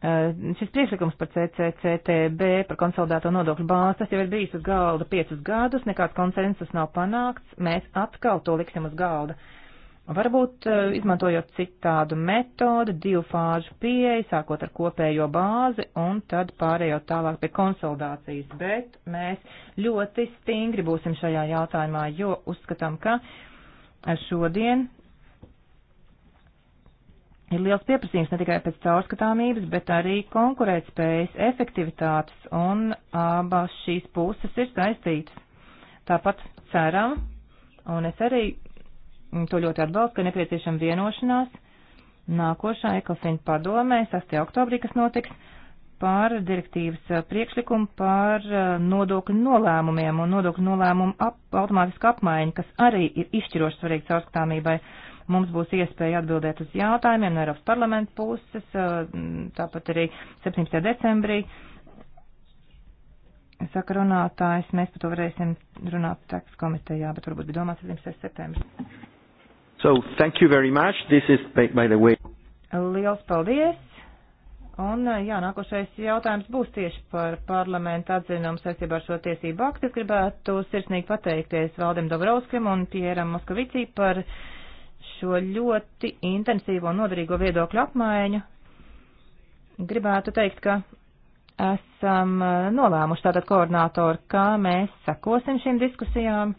eh, šis priekšlikums par CCCTB, par konsolidēto nodokļu bāzi, tas jau ir bijis uz galda piecus gadus, nekāds konsensus nav panākts, mēs atkal to liksim uz galda. Uh, Varbūt eh, izmantojot citādu metodu, divu fāžu pieeju, sākot ar kopējo bāzi un tad pārējot tālāk pie konsolidācijas. Bet mēs ļoti stingri būsim šajā jautājumā, jo uzskatām, ka šodien ir liels pieprasījums ne tikai pēc caurskatāmības, bet arī konkurētspējas, efektivitātes, un abas šīs puses ir saistītas. Tāpat ceram, un es arī Mm, to ļoti atbalsta, ka nepieciešama vienošanās nākošā ekofina padomē 6. oktobrī, kas notiks par direktīvas eh, priekšlikumu par eh, nodokļu nolēmumiem un nodokļu nolēmumu ap, automātisku apmaiņu, kas arī ir izšķiroši svarīgi caurskatāmībai. Mums būs iespēja atbildēt uz jautājumiem no Eiropas parlamenta puses, eh, mm, tāpat arī 17. decembrī. Saka runātājs, mēs par to varēsim runāt tekstu komitejā, bet varbūt bija domāts 17. septembris. So, thank you very much. This is, by, by the way. Liels paldies. Un, uh, jā, nākošais jautājums būs tieši par parlamentu atzinumu saistībā ar šo tiesību aktu. Gribētu sirsnīgi pateikties Valdim Dobrovskim un Pieram Moskavici par šo ļoti intensīvo un noderīgo viedokļu apmaiņu. Gribētu teikt, ka esam uh, nolēmuši tātad koordinātori, kā mēs sekosim šīm diskusijām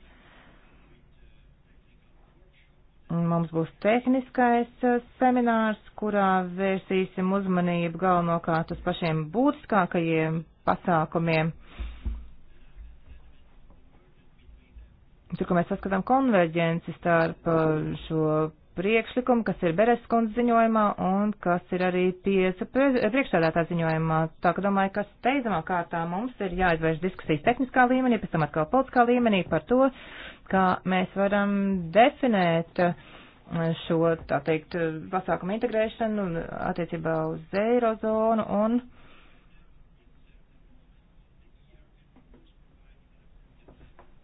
Mums būs tehniskais eh, seminārs, kurā vērsīsim uzmanību galvenokārt uz pašiem būtiskākajiem pasākumiem. Tur, kur mēs saskatām konverģenci starp eh, šo priekšlikumu, kas ir Bereskundas ziņojumā un kas ir arī piesa priekšstādātā ziņojumā. Tā ka domāju, ka steidzamā kārtā mums ir jāizvērš diskusijas tehniskā līmenī, pēc tam atkal politiskā līmenī par to, kā mēs varam definēt uh, šo, tā teikt, uh, pasākumu integrēšanu uh, attiecībā uz eirozonu un.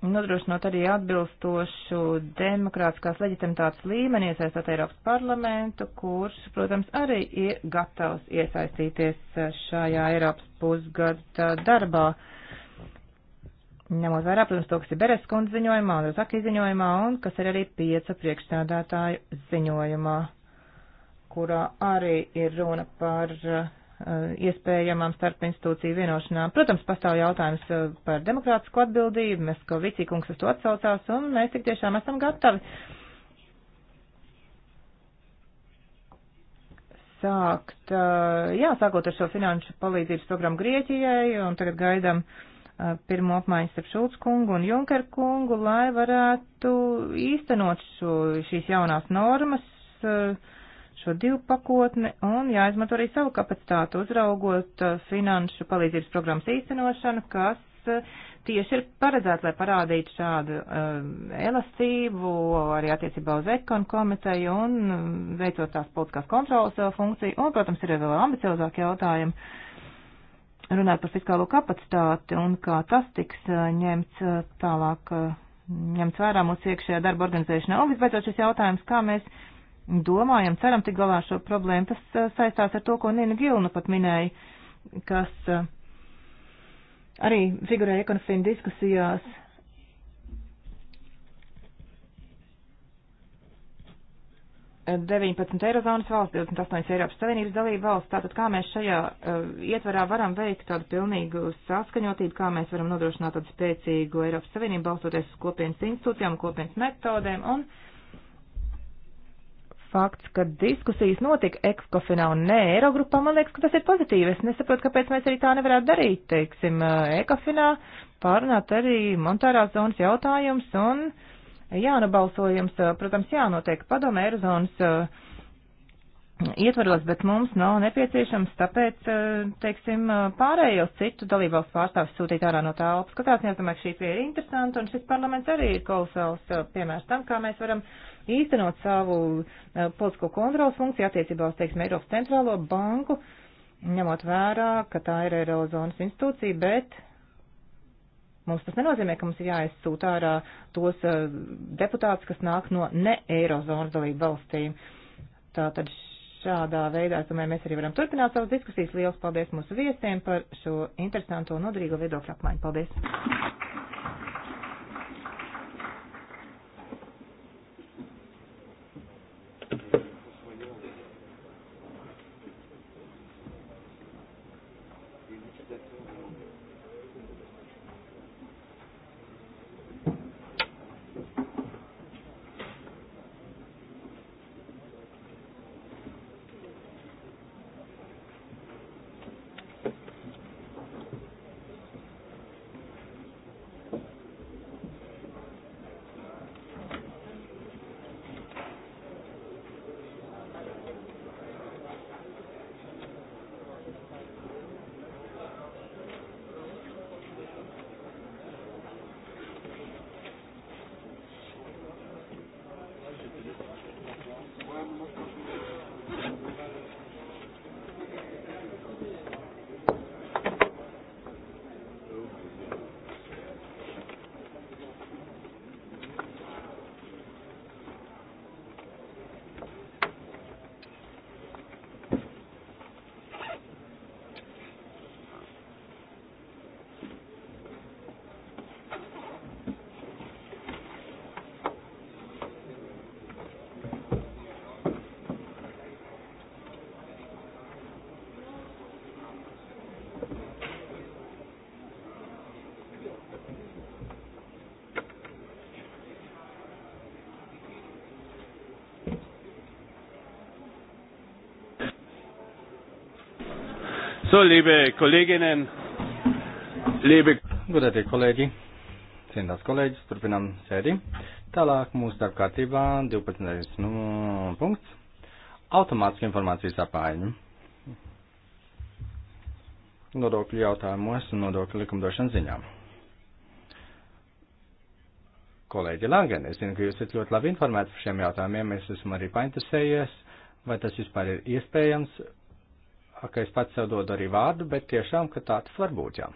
Nodrošinot arī atbilstošu demokrātiskās leģitimitātes līmeni, iesaistot Eiropas parlamentu, kurš, protams, arī ir gatavs iesaistīties šajā Eiropas pusgada darbā. Uh, ņemot vērā, protams, to, kas ir Beres kundze ziņojumā un Rozaki ziņojumā, un kas ir arī pieca priekšstādātāju ziņojumā, kurā arī ir runa par uh, iespējamām starp institūciju vienošanām. Protams, pastāv jautājums eh, par demokrātisku atbildību, mēs, ko vicīkungs uz to atsaucās, un mēs tik tiešām esam gatavi. Sākt, uh, jā, sākot ar šo finanšu palīdzības programmu Grieķijai, un tagad gaidam uh, pirmo apmaiņas ar Šulc kungu un Junker kungu, lai varētu īstenot šo, šīs jaunās normas, šo divu pakotni un jāizmanto arī savu kapacitātu uzraugot finanšu palīdzības programmas īstenošanu, kas tieši ir paredzēts, lai parādītu šādu um, elastību arī attiecībā uz ekonu komiteju un veicot tās politiskās kontrolas funkciju. Un, protams, ir vēl ambiciozāki jautājumi runāt par fiskālo kapacitāti un kā tas tiks eh, ņemts eh, tālāk, eh, ņemts vērā mūsu iekšējā darba organizēšanā. Un visbeidzot šis jautājums, kā mēs domājam, ceram tik galā šo problēmu, tas saistās ar to, ko Nina Gilna pat minēja, kas arī figurēja ECONFIN diskusijās 19 Eirozonas valsts, 28 Eiropas Savienības dalība valsts. Tātad kā mēs šajā uh, ietvarā varam veikt tādu pilnīgu saskaņotību, kā mēs varam nodrošināt tādu spēcīgu Eiropas Savienību balstoties uz kopienas institūcijām, kopienas metodēm un fakts, ka diskusijas notika ekskofinā un ne Eirogrupā, man liekas, ka tas ir pozitīvi. Es nesaprotu, kāpēc mēs arī tā nevarētu darīt, teiksim, ekofinā, pārunāt arī monetārās zonas jautājums un uh, Jāna balsojums, protams, jānotiek padome Eirozonas ietvaros, bet mums nav nepieciešams, tāpēc, teiksim, pārējos citu dalībvalstu pārstāvis sūtīt ārā no telpas. Katrās ziņā, domāju, šī pieeja ir interesanta, un šis parlaments arī ir kolosāls piemērs tam, kā mēs varam īstenot savu politisko kontrolas funkciju attiecībā uz, teiksim, Eiropas centrālo banku, ņemot vērā, ka tā ir Eirozonas institūcija, bet Mums tas nenozīmē, ka mums ir jāizsūt ārā tos uh, deputātus, kas nāk no ne eirozonas dalību valstīm. Tātad šādā veidā, es domāju, mēs arī varam turpināt savas diskusijas. Lielas paldies mūsu viesiem par šo interesanto un noderīgo viedokļu apmaiņu. Paldies! So, liebe Kolleginnen, liebe Godātie kolēģi, cienās kolēģis, turpinām sēdi. Tālāk mūsu darba kārtībā 12. Nu, punkts - automātiska informācijas apmaiņa. Nodokļu jautājumos un nodokļu likumdošanas ziņām. Kolēģi Langen, es zinu, ka jūs esat ļoti labi informēti par šiem jautājumiem. Es esmu arī painteresējies, vai tas vispār ir iespējams ka es pats sev dodu arī vārdu, bet tiešām, ka tā tas var būt, jā.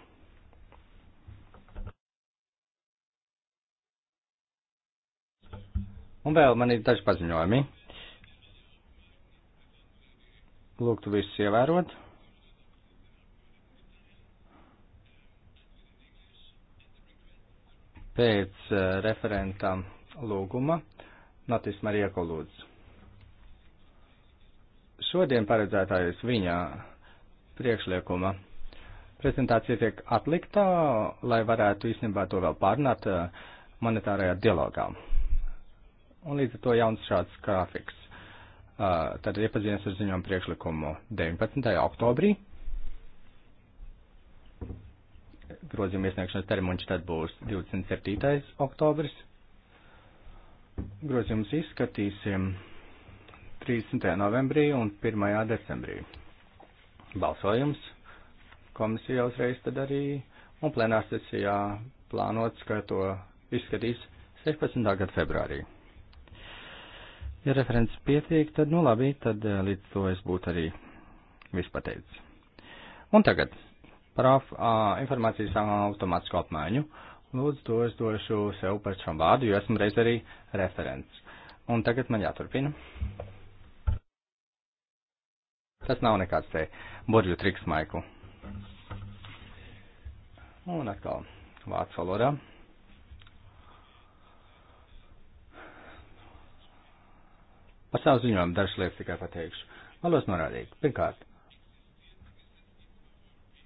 Un vēl man ir daži paziņojumi. Lūgtu visus ievērot. Pēc eh, referenta lūguma Natis Marija Kolūdzu šodien paredzētājs viņa priekšliekuma prezentācija tiek atliktā, lai varētu īstenībā to vēl pārnāt eh, monetārajā dialogā. Un līdz ar to jauns šāds grafiks. Eh, tad iepazinies ar ziņojumu priekšlikumu 19. oktobrī. Grozījuma iesniegšanas termiņš tad būs 27. oktobris. Grozījumus izskatīsim. 30. novembrī un 1. decembrī. Balsojums komisijā uzreiz tad arī un plenārsesijā plānots, ka to izskatīs 16. gada februārī. Ja referents pietiek, tad nu labi, tad eh, līdz to es būtu arī vispateicis. Un tagad par uh, informācijas automātisku apmaiņu. Lūdzu, to es došu sev par šam vārdu, jo esmu reiz arī referents. Un tagad man jāturpina. Tas nav nekāds te burļu triks, Maikl. Un atkal vācu valodā. Par savu ziņojumu dažas lietas tikai pateikšu. Vēlos norādīt. Pirmkārt,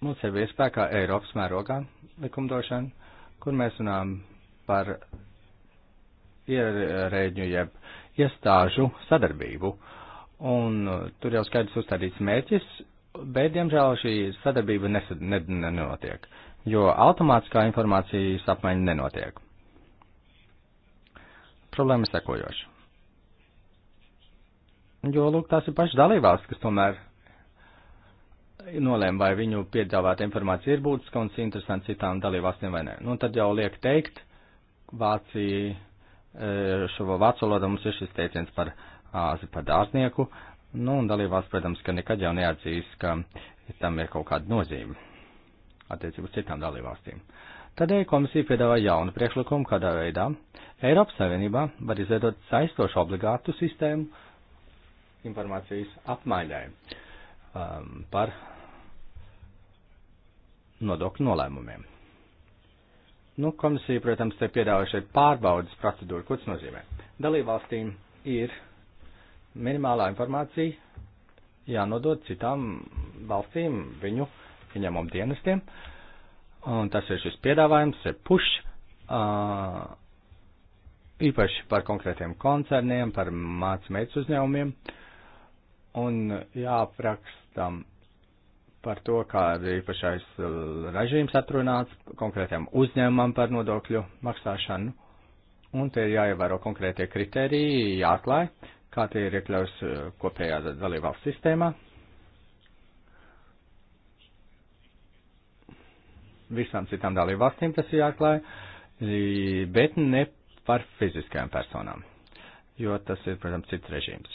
mums ir viespēkā Eiropas mērogā likumdošana, kur mēs runājam par ierēģu jeb iestāžu sadarbību. Uh, Un uh, tur jau skaidrs uzstādīts mērķis, bet, diemžēl, šī sadarbība nesad, ne, nenotiek, jo automātiskā informācijas apmaiņa nenotiek. Problēma ir sekojoša. Jo, lūk, tās ir pašas dalībvalsts, kas tomēr nolēma, vai viņu piedāvāta informācija ir būtiska un interesanta citām dalībvalstīm vai nē. Nu, tad jau liek teikt, Vācija, e, šo vācu valodu mums ir šis teiciens par par dārznieku, nu, un dalībās, protams, ka nekad jau neatzīs, ka tam ir kaut kāda nozīme attiecībā uz citām dalībvalstīm. Tādēļ eh, komisija piedāvā jaunu priekšlikumu, kādā veidā Eiropas Savienībā var izveidot saistošu obligātu sistēmu informācijas apmaiņai um, par nodokļu nolēmumiem. Nu, komisija, protams, te piedāvā šeit pārbaudas procedūru, ko tas nozīmē. Dalībvalstīm ir minimālā informācija jānodod citām valstīm, viņu ieņēmumu dienestiem. Un tas ir šis piedāvājums, ir pušs, īpaši par konkrētiem koncerniem, par mācmeitas uzņēmumiem. Un jāaprakstam par to, kā īpašais režīms atrunāts konkrētiem uzņēmumam par nodokļu maksāšanu. Un te ir jāievēro konkrētie kriteriji, jāatklāj, kā tie ir iekļaus eh, kopējā dalībvalsts sistēmā. Visām citām dalībvalstīm tas ir jāklāj, bet ne par fiziskajām personām, jo tas ir, protams, cits režīms.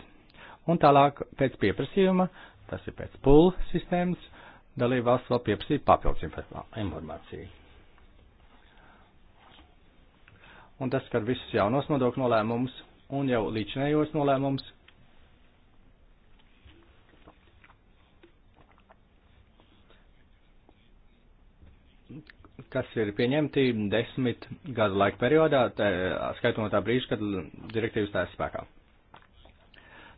Un tālāk pēc pieprasījuma, tas ir pēc pūlu sistēmas, dalībvalsts vēl pieprasīja papildus informāciju. Un tas skar visus jaunos nodokļu nolēmumus un jau līdzinējos nolēmums. kas ir pieņemti desmit gadu laika periodā, tā, skaitot no tā brīža, kad direktīvas tā ir spēkā.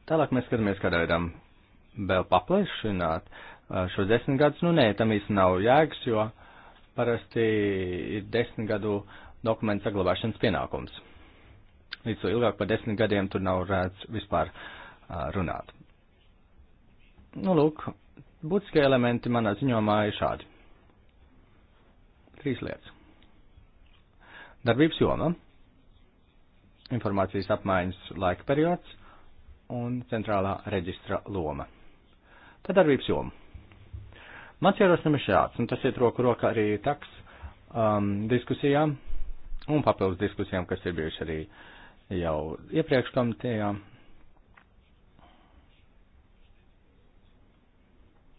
Tālāk mēs skatāmies, kādā veidā vēl paplašināt šos desmit gadus. Nu, nē, tam īsti nav jēgas, jo parasti ir desmit gadu dokumentu saglabāšanas pienākums līdz ilgāk par desmit gadiem tur nav rēts vispār uh, runāt. Nu, lūk, būtiskie elementi manā ziņomā ir šādi. Trīs lietas. Darbības joma, informācijas apmaiņas laika periods un centrālā reģistra loma. Tad darbības joma. Mans ierosinājums ir šāds, un tas iet roku rokā arī taks um, diskusijām un papildus diskusijām, kas ir bijuši arī jau iepriekš komitejā.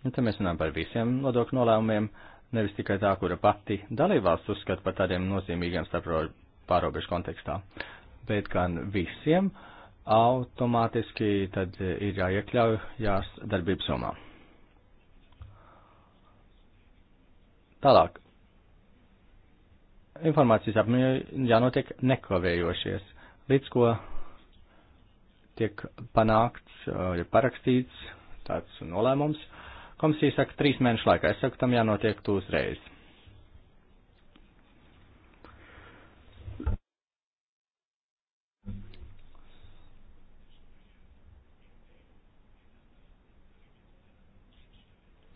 Un te mēs runājam par visiem nodokļu nolēmumiem, nevis tikai tā, kura pati dalībvalsts uzskata par tādiem nozīmīgiem starp pārobežu kontekstā, bet gan visiem automātiski tad ir jāiekļauj jās darbības somā. Tālāk. Informācijas apmaiņai jānotiek nekavējošies līdz ko tiek panākts, uh, ir parakstīts tāds nolēmums. Komisija saka, trīs mēnešu laikā. Es saku, tam jānotiek tu uzreiz.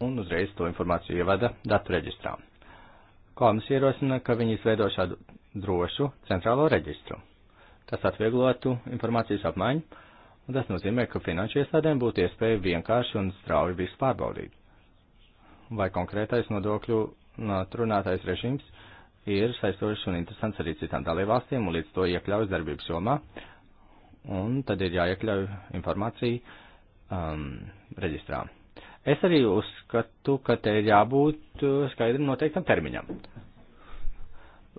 Un uzreiz to informāciju ievada datu reģistrā. Komisija ierosina, ka viņi izveido šādu drošu centrālo reģistru. Tas atvieglotu informācijas apmaiņu, un tas nozīmē, ka finanšu iestādēm būtu iespēja vienkārši un strauji visu pārbaudīt. Vai konkrētais nodokļu runātais režīms ir saistošs un interesants arī citām dalībvalstīm, un līdz to iekļaujas darbības jomā, un tad ir jāiekļauj informācija um, reģistrā. Es arī uzskatu, ka te ir jābūt uh, skaidri noteiktam termiņam. Uh,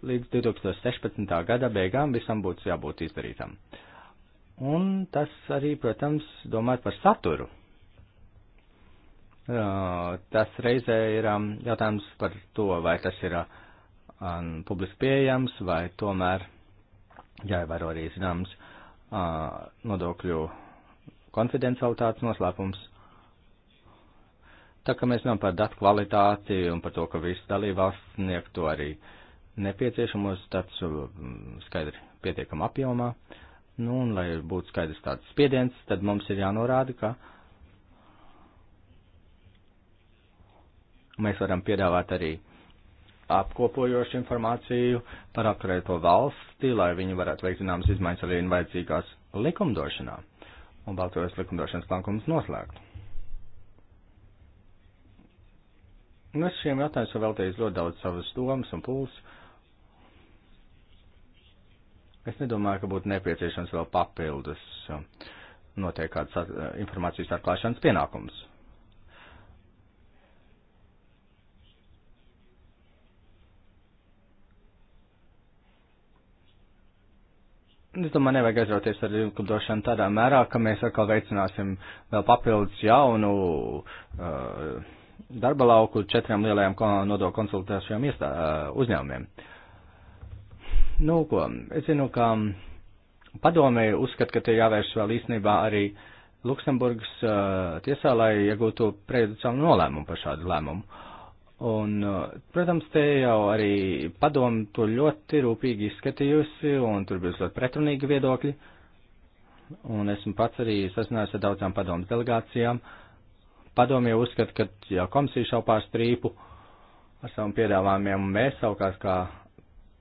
līdz 2016. gada beigām visam būtu jābūt izdarītam. Un tas arī, protams, domāt par saturu. Tas reizē ir um, jautājums par to, vai tas ir um, publiski pieejams, vai tomēr jāievēro arī zināms uh, nodokļu konfidencialitātes noslēpums. Tā kā mēs runājam par datu kvalitāti un par to, ka visas dalībvalsts sniegtu arī uh, nepieciešamos tāds mm, skaidri pietiekam apjomā, nu, un lai būtu skaidrs tāds spiediens, tad mums ir jānorāda, ka mēs varam piedāvāt arī apkopojošu informāciju par apturēto valsti, lai viņi varētu veikt zināmas izmaiņas arī vajadzīgās likumdošanā un Baltojas likumdošanas plankums noslēgt. Un nu, es šiem jautājumiem vēl teicu ļoti daudz savas domas un pūles, Es nedomāju, ka būtu nepieciešams vēl papildus um, notiek kāds at, uh, informācijas atklāšanas pienākums. Es domāju, nevajag aizrauties ar likumdošanu tādā mērā, ka mēs atkal veicināsim vēl papildus jaunu uh, darba lauku četrām lielajām nodokļu konsultācijām iestā, uh, uzņēmumiem. Uh, Nu, ko, es zinu, ka padomēji uzskat, ka te jāvērš vēl īstenībā arī Luksemburgas uh, tiesā, lai iegūtu prejudiciālu nolēmumu par šādu lēmumu. Un, uh, protams, te jau arī padomu to ļoti rūpīgi izskatījusi, un tur bija ļoti pretrunīgi viedokļi. Un esmu pats arī sasinājies ar daudzām padomas delegācijām. Padomi jau uzskata, ka jau komisija šaupā strīpu ar saviem piedāvājumiem, un mēs savukārt kā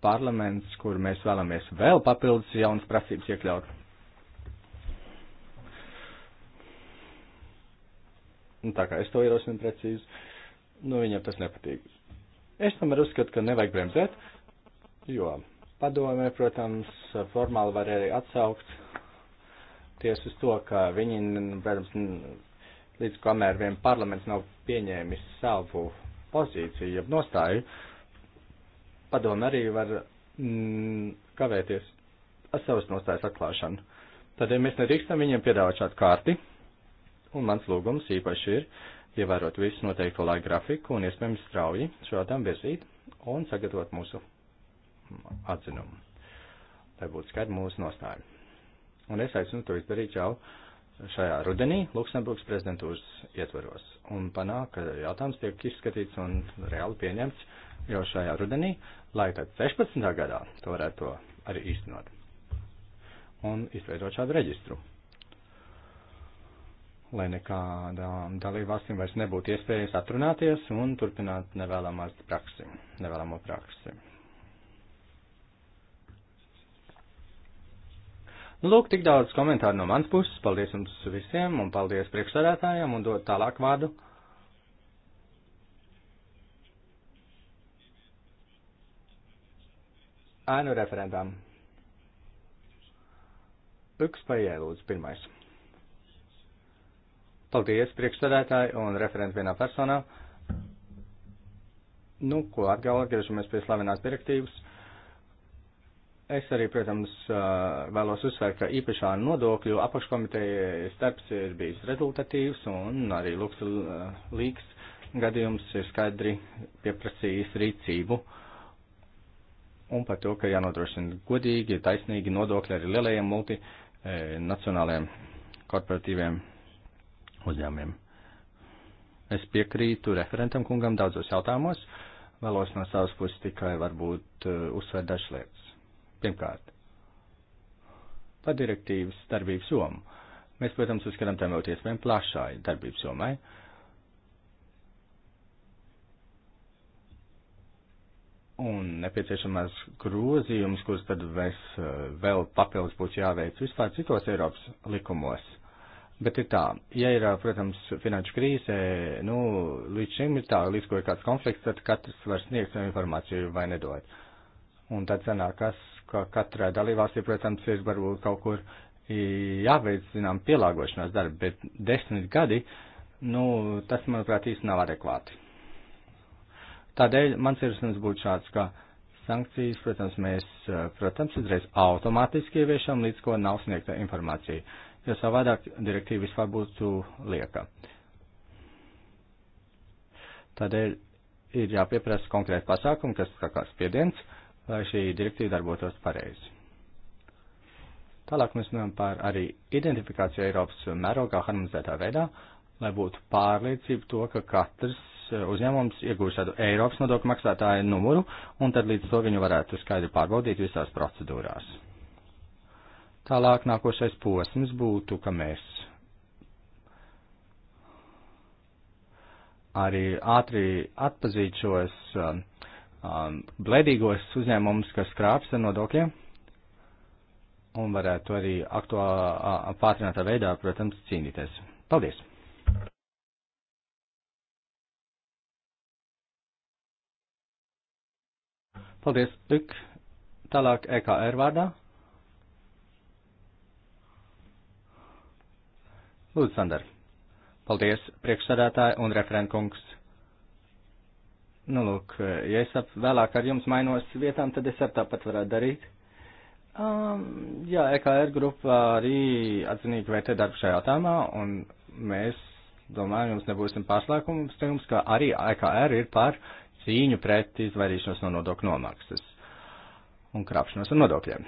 parlaments, kur mēs vēlamies vēl papildus jaunas prasības iekļaut. Nu, tā kā es to ierosinu precīzi, nu viņam tas nepatīk. Es tomēr uzskatu, ka nevajag bremzēt, jo padomē, protams, formāli var arī atsaukt tiesu uz to, ka viņi, protams, līdz kamēr vien parlaments nav pieņēmis savu pozīciju, jeb nostāju, uh, padome arī var mm, kavēties ar savas nostājas atklāšanu. Tādēļ ja mēs nedrīkstam viņiem piedāvāt šādu kārti, un mans lūgums īpaši ir ievērot visu noteikto laika grafiku un iespējams strauji šādām virzīt un sagatavot mūsu atzinumu, lai būtu skaidri mūsu nostāja. Un es aicinu to izdarīt jau šajā rudenī Luksemburgas prezidentūras ietvaros un panāk, ka jautājums tiek izskatīts un reāli pieņemts jau šajā rudenī, lai tad 16. gadā to varētu to arī īstenot un izveidot šādu reģistru. Lai nekādām dalībvalstīm vairs nebūtu iespējas atrunāties un turpināt nevēlamās praksi, nevēlamo praksi. Nu, lūk, tik daudz komentāru no mans puses. Paldies jums visiem un paldies priekšsādātājiem un dod tālāk vārdu ēnu referentām. Uks paiet, lūdzu, pirmais. Paldies, priekšstādētāji un referenti vienā personā. Nu, ko atkal atgriežamies pie slavenās direktīvas. Es arī, protams, vēlos uzsvērt, ka īpašā nodokļu apakškomitejas darbs ir bijis rezultatīvs un arī Luksa Līks gadījums ir skaidri pieprasījis rīcību. Uh, un par to, ka jānodrošina godīgi, taisnīgi nodokļi arī lielajiem multinacionālajiem e, korporatīviem uzņēmumiem. Es piekrītu referentam kungam daudzos jautājumos, vēlos no savas puses tikai varbūt e, uzsvērt dažas lietas. Pirmkārt, par direktīvas darbības jomu. Mēs, protams, uzskatām tam vēl iespējami plašai darbības jomai. Eh? un nepieciešamās grozījumus, kurus tad mēs eh, vēl papildus būtu jāveic vispār citos Eiropas likumos. Bet ir tā, ja ir, eh, protams, finanšu krīze, nu, līdz šim ir tā, līdz ko ir kāds konflikts, tad katrs var sniegt savu informāciju vai nedod. Un tad sanāk, kas, ka katrai dalībvalstī, protams, ir varbūt kaut kur jāveic, zinām, pielāgošanās darbi, bet desmit gadi, nu, tas, manuprāt, īsti nav adekvāti. Tādēļ mans ierosinājums būtu šāds, ka sankcijas, protams, mēs, eh, protams, uzreiz automātiski ieviešam, līdz ko nav sniegta informācija, jo savādāk direktīva vispār būtu lieka. Tādēļ ir jāpieprasa konkrēti pasākumi, kas kā kāds spiediens, lai šī direktīva darbotos pareizi. Tālāk mēs runājam par arī identifikāciju Eiropas mērogā harmonizētā veidā, lai būtu pārliecība to, ka katrs Eh, uzņēmums iegūst šādu Eiropas nodokļu maksātāju numuru, un tad līdz to viņu varētu skaidri pārbaudīt visās procedūrās. Tālāk nākošais posms būtu, ka mēs arī ātri atpazīt šos um, bledīgos uzņēmumus, kas krāps ar nodokļiem, un varētu arī aktuāli pātrinātā veidā, protams, cīnīties. Paldies! Paldies. Ik tālāk EKR vārdā. Lūdzu, Sandar. Paldies, priekšsādātāji un referentkungs. Nu, lūk, ja es ap vēlāk ar jums mainos vietām, tad es ap tāpat varētu darīt. Um, jā, EKR grupa arī atzinīgi vērtē darbu šajā jautājumā, un mēs, domājam, jums nebūsim pārslēgums, jums, ka arī EKR ir par uh, cīņu pret izvairīšanos no nodokļu nomaksas un krāpšanos ar nodokļiem.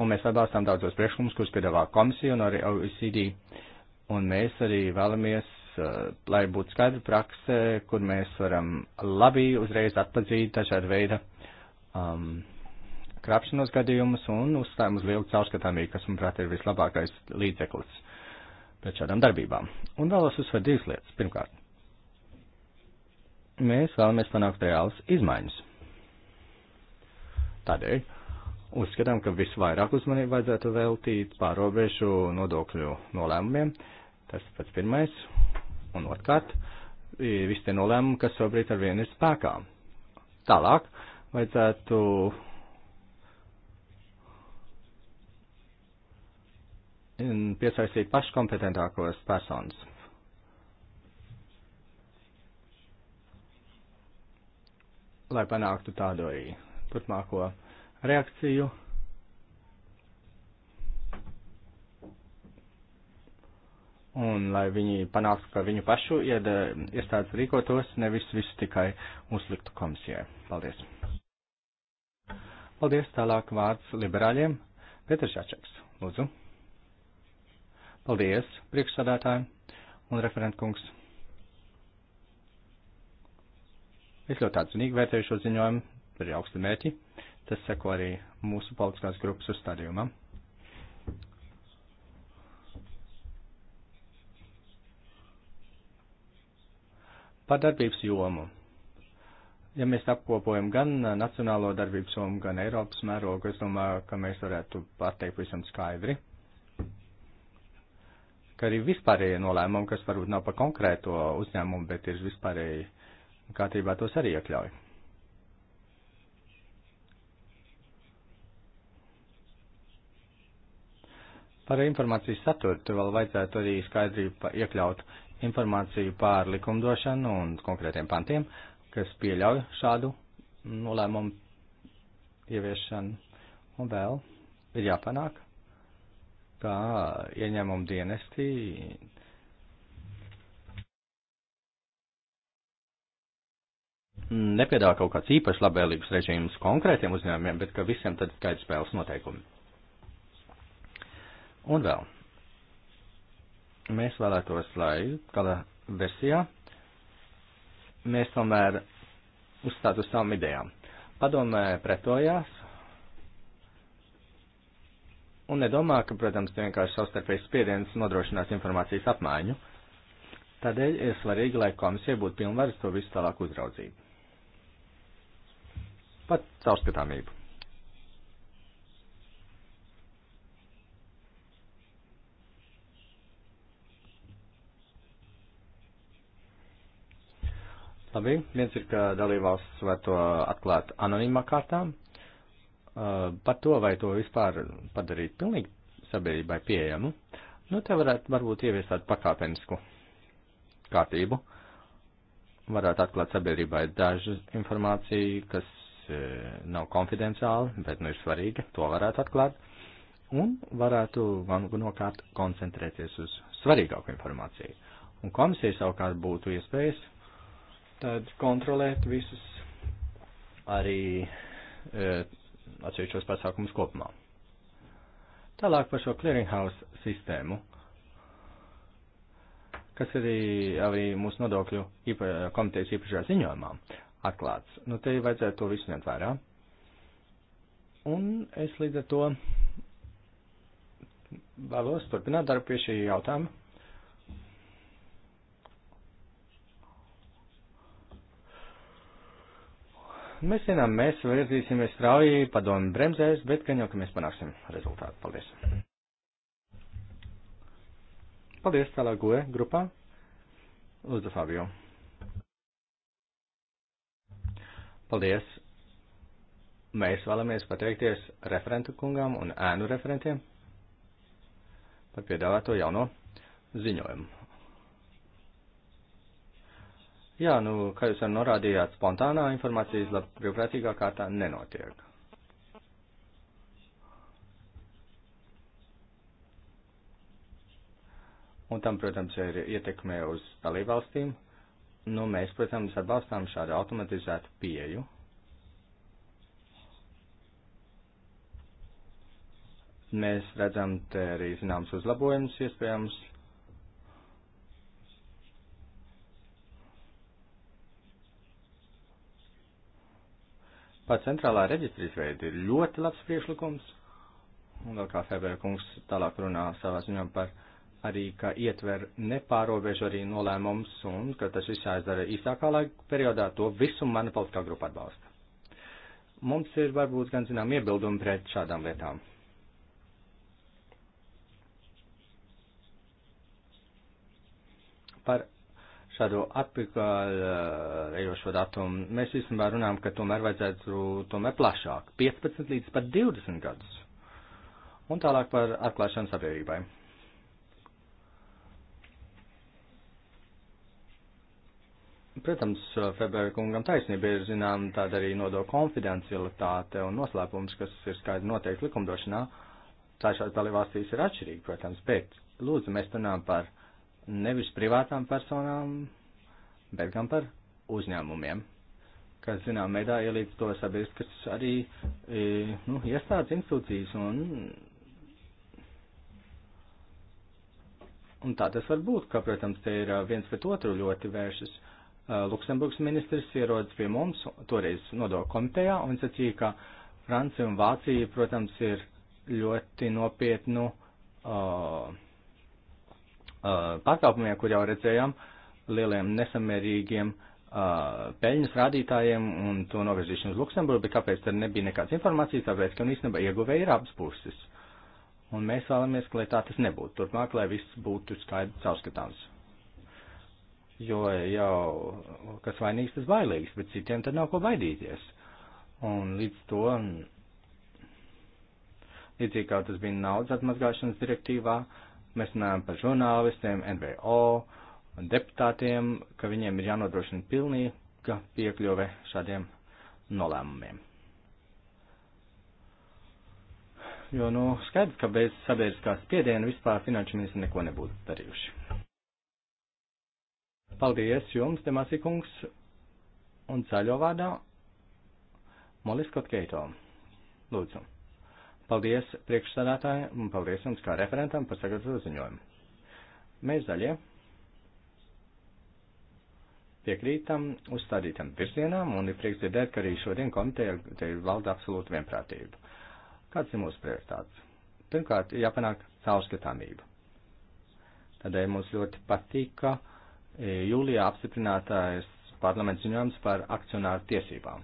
Un mēs atbalstām daudzos priekšlikumus, kurus piedāvā komisija un arī OECD. Un mēs arī vēlamies, eh, lai būtu skaidra prakse, kur mēs varam labi uzreiz atpazīt dažādu veidu um, krāpšanos gadījumus un uzstājam uz lielu caurskatāmību, kas, manuprāt, ir vislabākais līdzeklis pret šādām darbībām. Un vēlos uzsvērt divas lietas. Pirmkārt, mēs vēlamies panākt reālas izmaiņas. Tādēļ uzskatām, ka visvairāk uzmanību vajadzētu veltīt pārobežu nodokļu nolēmumiem. Tas pats pirmais. Un otrkārt, visi tie nolēmumi, kas šobrīd ar vienu ir spēkā. Tālāk vajadzētu piesaistīt paškompetentākos personas lai panāktu tādu arī turpmāko reakciju. Un lai viņi panāktu, ka viņu pašu iestādes rīkotos, nevis visu tikai uzliktu komisijai. Paldies. Paldies. Tālāk vārds liberāļiem. Pēters Šačeks, lūdzu. Paldies, priekšsādātāji un referentkungs. Es ļoti atzinīgi vērtēju šo ziņojumu, tur ir augsti mērķi. Tas seko arī mūsu politiskās grupas uzstādījumam. Par darbības jomu. Ja mēs apkopojam gan nacionālo darbības jomu, gan Eiropas mērogu, es domāju, ka mēs varētu pateikt visam skaidri ka arī vispārējie nolēmumi, kas varbūt nav par konkrēto uzņēmumu, bet ir vispārēji kārtībā tos arī iekļauj. Par informācijas saturu vēl vajadzētu arī skaidrību iekļaut informāciju pār likumdošanu un konkrētiem pantiem, kas pieļauj šādu nolēmumu ieviešanu. Un vēl ir jāpanāk, ka ieņēmumu dienestī nepiedāvā kaut kāds īpaši labvēlīgs režīms konkrētiem uzņēmumiem, bet ka visiem tad skaidrs spēles noteikumi. Un vēl. Mēs vēlētos, lai kādā versijā mēs tomēr uzstātu uz savām idejām. Padomē pretojās un nedomā, ka, protams, vienkārši savstarpējas spiediens nodrošinās informācijas apmaiņu. Tādēļ ir svarīgi, lai komisija būtu pilnvaras to visu tālāk uzraudzību. Pat caurskatāmību. Labi, viens ir, ka dalībvalsts var to atklāt anonīmā kārtā. Uh, par to, vai to vispār padarīt pilnīgi sabiedrībai pieejamu, nu, te varētu varbūt ieviest tādu pakāpenisku kārtību. Varētu atklāt sabiedrībai dažu informāciju, kas E, nav konfidenciāli, bet nu ir svarīgi, to varētu atklāt. Un varētu galvenokārt koncentrēties uz svarīgāku informāciju. Un komisija savukārt būtu iespējas tad kontrolēt visus arī e, atsevišķos pasākumus kopumā. Tālāk par šo clearinghouse sistēmu, kas arī, arī mūsu nodokļu īpa, komitejas īpašajā ziņojumā atklāts. Nu, te vajadzētu to visu ņemt vērā. Un es līdz ar to vēlos turpināt darbu pie šī jautājuma. Mēs zinām, mēs virzīsimies strauji, padomu bremzēs, bet gan jau, ka mēs panāksim rezultātu. Paldies! Paldies, tālāk, Goe, grupā. Lūdzu, Fabio. Paldies! Mēs vēlamies pateikties referentu kungam un ēnu referentiem par piedāvāto jauno ziņojumu. Jā, nu, kā jūs jau norādījāt, spontānā informācijas brīvprātīgā kārtā nenotiek. Un tam, protams, ir ietekme uz dalībvalstīm. valstīm Nu, mēs, protams, atbalstām šādu automatizētu pieju. Mēs redzam te arī zināms uzlabojums iespējams. Pat centrālā reģistrīs veida ir ļoti labs priešlikums. Un vēl kā Febera kungs tālāk runā savā ziņā par arī, ka ietver nepārobežu arī nolēmums un ka tas viss aizdara īsākā laika periodā, to visu mana politiskā grupa atbalsta. Mums ir varbūt gan zinām iebildumi pret šādām lietām. Par šādu atpakaļ ejošo datumu mēs īstenībā runājam, ka tomēr vajadzētu tomēr plašāk - 15 līdz pat 20 gadus. Un tālāk par atklāšanu sabiedrībai. Protams, uh, Februāra kungam taisnība ir, zinām, tāda arī nodo konfidencialitāte un noslēpums, kas ir skaidri noteikti likumdošanā. Tāšās dalībvalstīs ir atšķirīgi, protams, bet lūdzu, mēs runājam par nevis privātām personām, bet gan par uzņēmumiem, kas, zinām, veidā ielīdz to sabiedriskas arī, e, nu, iestādes institūcijas un Un tā tas var būt, ka, protams, te ir uh, viens pret otru ļoti vēršas. Uh, Uh, Luksemburgas ministrs ierodas pie mums, toreiz nodoja komitejā, un sacīja, ka Francija un Vācija, protams, ir ļoti nopietnu uh, uh pārkāpumiem, kur jau redzējām, lieliem nesamērīgiem uh, peļņas rādītājiem un to novirzīšanu uz Luksemburgu, bet kāpēc tad nebija nekādas informācijas, tāpēc, ka un nu īstenībā ieguvēja ir abas puses. Un mēs vēlamies, lai tā tas nebūtu. Turpmāk, lai viss būtu skaidrs, caurskatāms jo jau kas vainīgs, tas bailīgs, bet citiem tad nav ko baidīties. Un līdz to, līdzīgi kā tas bija naudas atmazgāšanas direktīvā, mēs runājam par žurnālistiem, NVO un deputātiem, ka viņiem ir jānodrošina pilnīga piekļuve šādiem nolēmumiem. Jo, nu, skaidrs, ka bez sabiedriskās spiediena vispār finanšu ministri neko nebūtu darījuši. Paldies jums, Demasikungs, un ceļo vārdā Moliskot Keito. Lūdzu. Paldies priekšsādātāji un paldies jums kā referentam par sagatavotu ziņojumu. Mēs zaļie piekrītam uzstādītam virzienām un ir prieks dzirdēt, ka arī šodien komiteja te valda absolūta vienprātība. Kāds ir mūsu prioritāts? Pirmkārt, jāpanāk caurskatāmība. Tādēļ mums ļoti patīk, ka E, jūlijā apstiprinātais parlaments ziņojums par akcionāru tiesībām.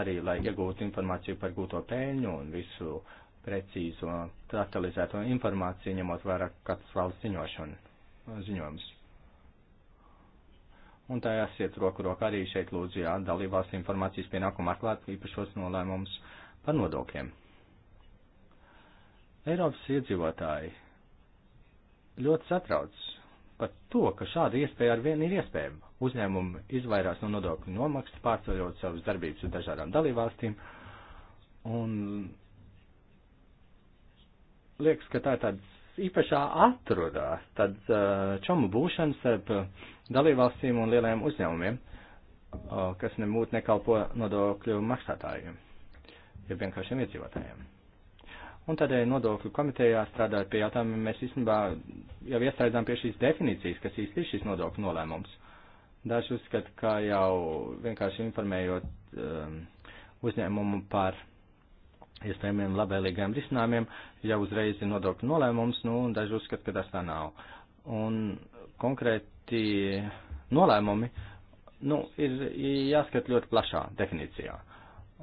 Arī, lai iegūtu informāciju par gūto peļņu un visu precīzo aktualizēto informāciju, ņemot vērā katras valsts ziņošanu, ziņojums. Un tā jāsiet roku rokā arī šeit lūdzu jādalībās informācijas pienākumu atklāt īpašos nolēmumus par nodokļiem. Eiropas iedzīvotāji ļoti satrauc par to, ka šāda iespēja ar vienu ir iespējama. Uzņēmumi izvairās no nodokļu nomaksas, pārceļot savas darbības uz dažādām dalībvalstīm, un liekas, ka tā ir tāds īpašā atrurā, tāds uh, čomu būšanas starp dalībvalstīm un lielajiem uzņēmumiem, uh, kas nebūtu nekalpo nodokļu maksātājiem, ja vienkāršiem iedzīvotājiem. Un tādēļ nodokļu komitejā strādājot pie jautājumiem, mēs īstenībā jau iestrādājām pie šīs definīcijas, kas īsti ir šis nodokļu nolēmums. Daži uzskata, ka jau vienkārši informējot um, uzņēmumu par iespējamiem labvēlīgiem risinājumiem, jau uzreiz ir nodokļu nolēmums, nu, un daži uzskata, ka tas tā nav. Un konkrēti nolēmumi, nu, ir jāskat ļoti plašā definīcijā.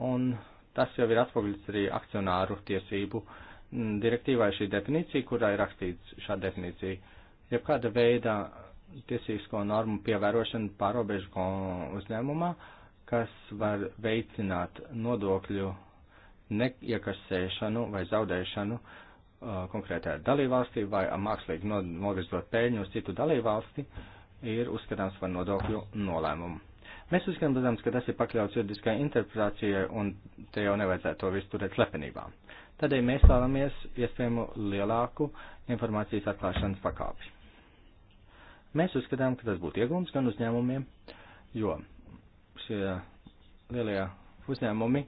Un Tas jau ir atspoguļots arī akcionāru tiesību mm, direktīvā šī definīcija, kurā ir rakstīts šāda definīcija. Ja kāda veida tiesīsko normu pievērošana pārobežu uzņēmumā, kas var veicināt nodokļu neiekasēšanu vai zaudēšanu uh, konkrētajā dalībvalstī vai uh, mākslīgi novirzot peļņu uz citu dalībvalsti, ir uzskatāms par nodokļu nolēmumu. Mēs uzskatām, protams, ka tas ir pakļauts juridiskai interpretācijai un te jau nevajadzētu to visu turēt slepenībā. Tādēļ mēs vēlamies iespējamu lielāku informācijas atklāšanas pakāpi. Mēs uzskatām, ka tas būtu iegums gan uzņēmumiem, jo šie lielie uzņēmumi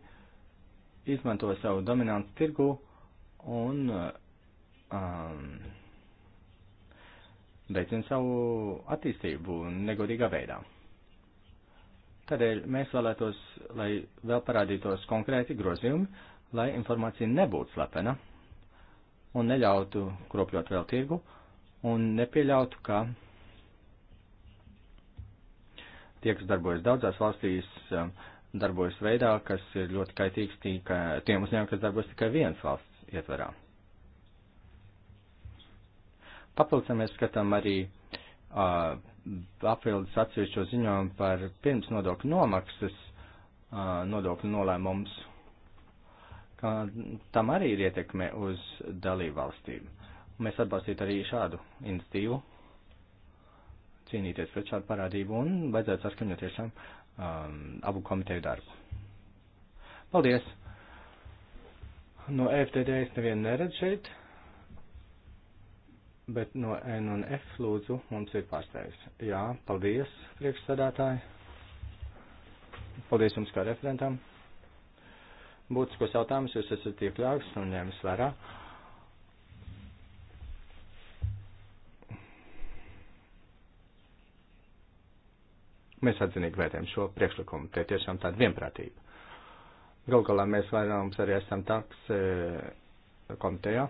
izmanto savu dominantu tirgu un um, veicina savu attīstību negodīgā veidā. Tādēļ mēs vēlētos, lai vēl parādītos konkrēti grozījumi, lai informācija nebūtu slepena un neļautu kropļot vēl tirgu un nepieļautu, ka tie, kas darbojas daudzās valstīs, um, darbojas veidā, kas ir ļoti kaitīgs tika, tiem uzņēmumiem, kas darbojas tikai vienas valsts ietverā. Papildus mēs skatām arī uh, papildus atsevišķo ziņojumu par pirms nodokļu nomaksas nodokļu nolēmums, ka tam arī ir ietekme uz dalību valstīm. Mēs atbalstītu arī šādu institīvu, cīnīties pret šādu parādību un vajadzētu saskaņot tiešām um, abu komiteju darbu. Paldies! No FTD es nevienu neredzu šeit bet no N un F lūdzu mums ir pārstāvis. Jā, paldies, priekšsādātāji. Paldies jums kā referentam. Būtiskos jautājumus jūs esat iekļāvis un ņēmis vērā. Mēs atzinīgi vērtējam šo priekšlikumu, te tiešām tāda vienprātība. Galu galā mēs vairums arī esam taks e, komitejā,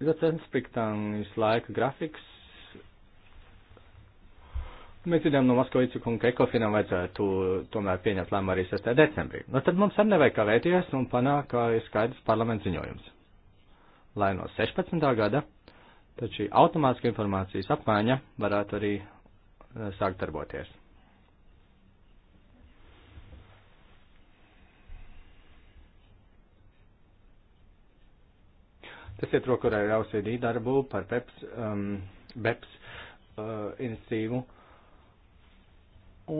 ļoti respektāms laika grafiks. Mēs dzirdējām no Maskavīcu kunga, ka ekofinam vajadzētu tomēr pieņemt lēmumu arī 6. decembrī. Nu, tad mums arī nevajag kavēties un panākt, ka ir skaidrs parlaments ziņojums. Lai no 16. gada, tad šī automātiska informācijas apmaiņa varētu arī eh, sākt darboties. Tas iet roku ar OCD darbu par PEPS, um, BEPS uh, iniciatīvu.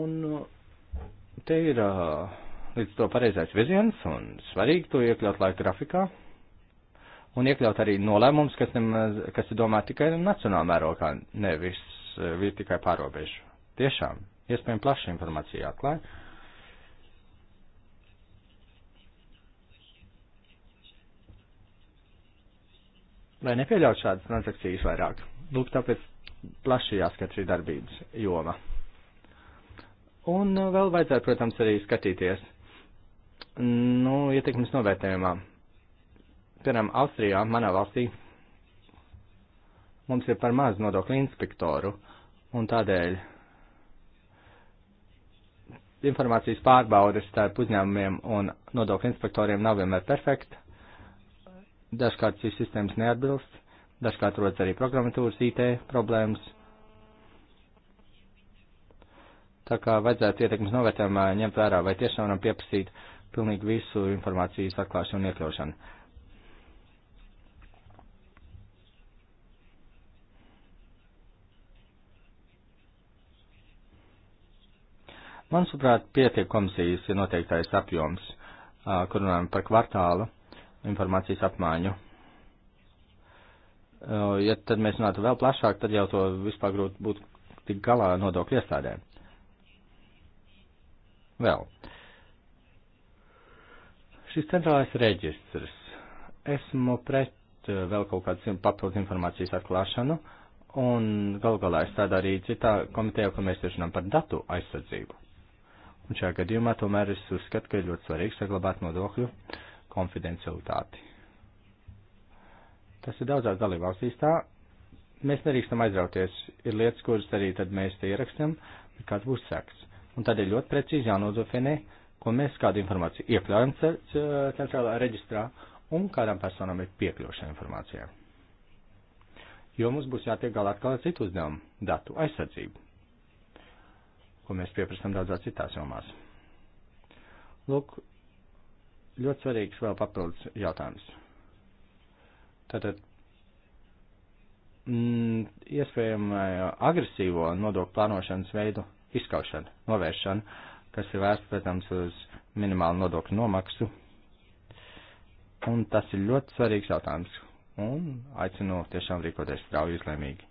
Un uh, te ir uh, līdz to pareizais virziens un svarīgi to iekļaut laika grafikā. Un iekļaut arī nolēmums, kas, nemaz, kas ir domāti tikai nacionālā mērogā, nevis uh, tikai pārobežu. Tiešām, iespējami plaša informācija atklāja lai nepieļaut šādas transakcijas vairāk. Lūk, tāpēc plaši jāskat šī darbības joma. Un vēl vajadzētu, protams, arī skatīties, nu, ietekmes novērtējumā. Piemēram, Austrijā, manā valstī, mums ir par maz nodokļu inspektoru, un tādēļ informācijas pārbaudes starp uzņēmumiem un nodokļu inspektoriem nav vienmēr perfekta dažkārt šīs sistēmas neatbilst, dažkārt rodas arī programmatūras IT problēmas. Tā kā vajadzētu ietekmes novērtējumā ņemt vērā, vai tiešām varam pieprasīt pilnīgi visu informācijas atklāšanu un iekļaušanu. Manuprāt, pietiek komisijas ir noteiktais apjoms, kur runājam par kvartālu informācijas apmaiņu. Ja tad mēs runātu vēl plašāk, tad jau to vispār grūti būtu tik galā nodokļu iestādēm. Vēl. Šis centrālais reģistrs. Esmu pret vēl kaut kādas papildus informācijas atklāšanu, un gal galā es tādā arī citā komitejā, kur ko mēs runājam par datu aizsardzību. Un šajā gadījumā tomēr es uzskatu, ka ir ļoti svarīgi saglabāt nodokļu uh, konfidencialitāti. Tas ir daudzās dalībvalstīs tā. Mēs nedrīkstam aizrauties. Ir lietas, kuras arī tad mēs te ierakstam, bet kāds būs seks. Un tad ir ļoti precīzi jānodofinē, ko mēs kādu informāciju iekļaujam centrālā reģistrā un kādām personām ir piekļuvušā informācijā. Jo mums būs jātiek galā atkal ar citu uzdevumu - datu aizsardzību, ko mēs pieprasām daudzās citās jomās. Lūk, Ļoti svarīgs vēl papildus jautājums. Tātad mm, iespējama eh, agresīvo nodokļu plānošanas veidu izskaušana, novēršana, kas ir vērsts, protams, uz minimālu nodokļu nomaksu. Un tas ir ļoti svarīgs jautājums. Un aicinu tiešām rīkoties strauji izlēmīgi.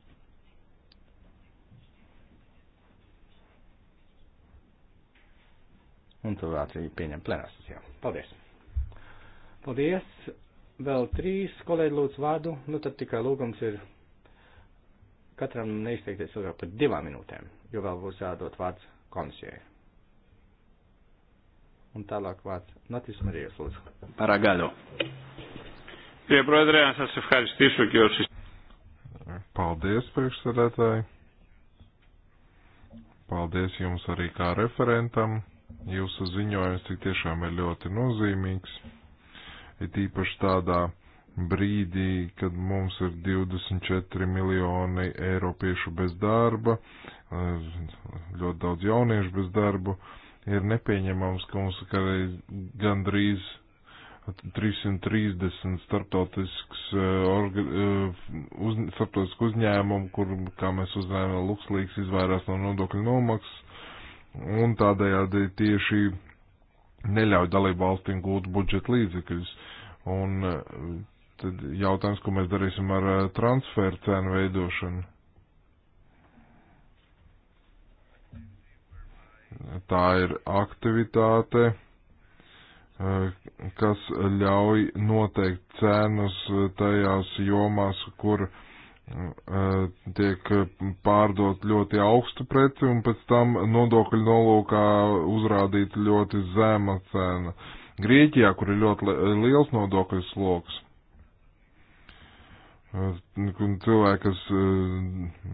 Un to vēl arī pieņem plenārs. Paldies! Paldies! Vēl trīs kolēģi lūdz vārdu, nu tad tikai lūgums ir katram neizteikties ilgāk par divām minūtēm, jo vēl būs jādod vārds komisijai. Un tālāk vārds Natis Marijas lūdzu. Paragado. Κύριε Πρόεδρε, να σας ευχαριστήσω και όσοι... Paldies, priekšsēdētāji. Paldies jums arī kā referentam. Jūsu ziņojums tik tiešām ir ļoti nozīmīgs ir tīpaši tādā brīdī, kad mums ir 24 miljoni eiropiešu bez darba, ļoti daudz jauniešu bez darbu, ir nepieņemams, ka mums ir gandrīz 330 starptautisks, eh, orga, eh, uz, starptautisks uzņēmumu, kur, kā mēs uzzinājām, Luxlīks izvairās no nodokļu nomaksas, un tādējādi tieši neļauj dalību valstīm gūt budžeta līdzekļus. Un eh, tad jautājums, ko mēs darīsim ar eh, transferu cēnu veidošanu. Tā ir aktivitāte, eh, kas ļauj noteikt cenas tajās jomās, kur uh, Eh, tiek pārdot ļoti augstu preci un pēc tam nodokļu nolūkā uzrādīt ļoti zema cena. Grieķijā, kur ir ļoti liels nodokļu sloks, eh, cilvēki, kas eh,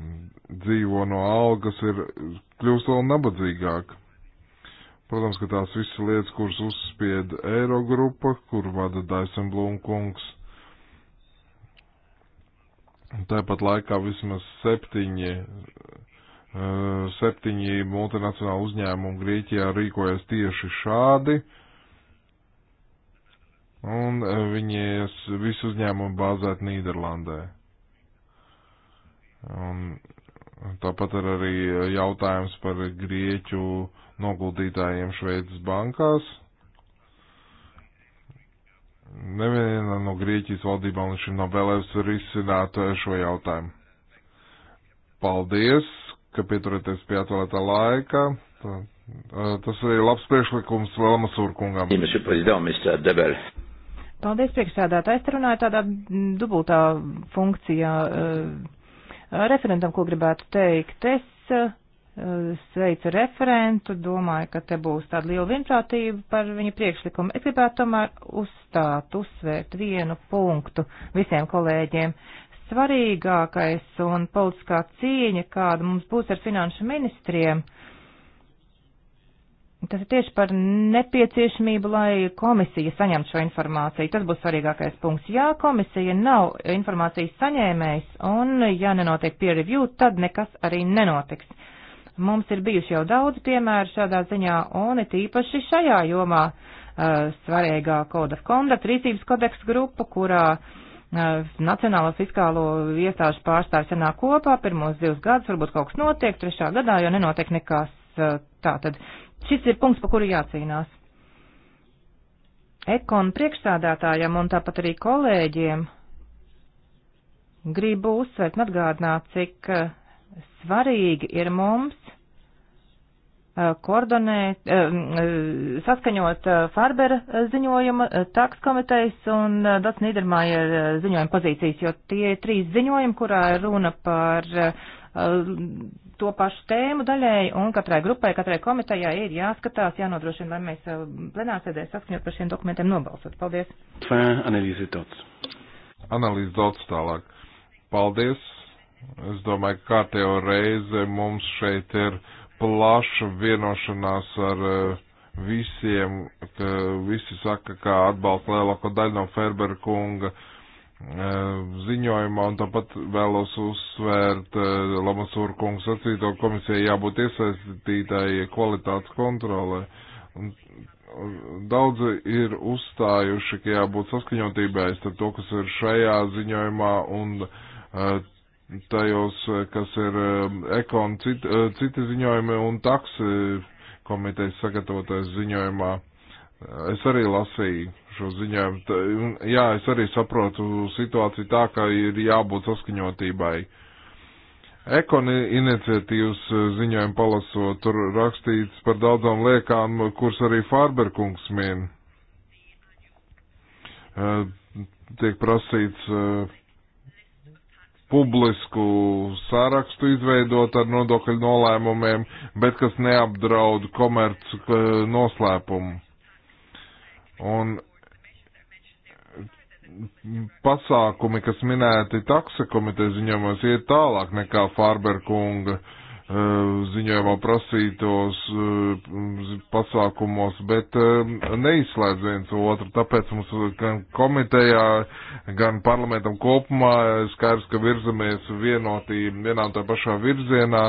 dzīvo no algas, ir kļūst vēl nabadzīgāk. Protams, ka tās visas lietas, kuras uzspied Eirogrupa, kur vada Daisenblūm kungs, Tāpat laikā vismaz septiņi, eh, septiņi multinacionāli uzņēmumi Grieķijā rīkojas tieši šādi. Un eh, viņas visu uzņēmumu bāzēt Nīderlandē. Un tāpat ir arī jautājums par Grieķu noguldītājiem Šveices bankās. Neviena no Grieķijas valdībām līdz šim nav vēlējusi risināt šo jautājumu. Paldies, ka pieturēties pie atvēlētā laika. Tas ir labs priekšlikums Vēlamas Urkungam. Paldies, priekšsēdētājs. Te runāju tādā dubultā funkcijā referentam, ko gribētu teikt. Es sveicu referentu, domāju, ka te būs tāda liela vienprātība par viņa priekšlikumu. Es gribētu tomēr uzstāt, uzsvērt vienu punktu visiem kolēģiem. Svarīgākais un politiskā cīņa, kāda mums būs ar finanšu ministriem, tas ir tieši par nepieciešamību, lai komisija saņemtu šo informāciju. Tas būs svarīgākais punkts. Ja komisija nav informācijas saņēmējs un ja nenotiek peer review, tad nekas arī nenotiks Mums ir bijuši jau daudz piemēru šādā ziņā, un it īpaši šajā jomā uh, svarīgā Code of Conduct rīcības kodeksa grupa, kurā uh, Nacionālo fiskālo iestāžu pārstāvji sanāk kopā, pirmos divus gadus varbūt kaut kas notiek, trešā gadā jau nenotiek nekas. Uh, tātad šis ir punkts, pa kuru jācīnās. Ekon priekšsādātājam un tāpat arī kolēģiem gribu uzsvērt un atgādināt, cik uh, svarīgi ir mums eh, koordinēt, eh, eh, saskaņot Farbera ziņojuma taks komitejas un Dats Nīdermāja ziņojuma pozīcijas, jo tie ir trīs ziņojumi, kurā ir runa par to pašu tēmu daļēji, un katrai grupai, katrai komitejai ir jāskatās, jānodrošina, lai mēs plenārsēdē saskaņot par šiem dokumentiem nobalsot. Paldies! Analīze dots. Analīze dots tālāk. Paldies! Es domāju, ka kārtējo reizi mums šeit ir plaša vienošanās ar eh, visiem, ka visi saka, ka atbalsta lielāko daļu no Ferbera kunga eh, ziņojumā, un tāpat vēlos uzsvērt eh, Lamasūra kungs sacīto komisijai jābūt iesaistītāji kvalitātes kontrolē. Un daudzi ir uzstājuši, ka jābūt saskaņotībai starp to, kas ir šajā ziņojumā un uh, tajos, eh, kas ir eh, ekon cit, eh, citi ziņojumi un taksi komitejas sagatavotais ziņojumā. Es arī lasīju šo ziņojumu. Jā, es arī saprotu situāciju tā, ka ir jābūt saskaņotībai. Ekoni iniciatīvas ziņojumu palasot, tur rakstīts par daudzām liekām, kuras arī Fārberkungs min. Tiek prasīts uh, publisku sarakstu izveidot ar nodokļu nolēmumiem, bet kas neapdraud komercu noslēpumu. Un pasākumi, kas minēti taksa komiteja ziņojumos, iet tālāk nekā Farberkunga uh, Um, ziņojumā prasītos um, pasākumos, bet um, neizslēdz viens otru. Tāpēc mums gan komitejā, gan parlamentam kopumā skaidrs, ka virzamies vienotī vienā un tā pašā virzienā.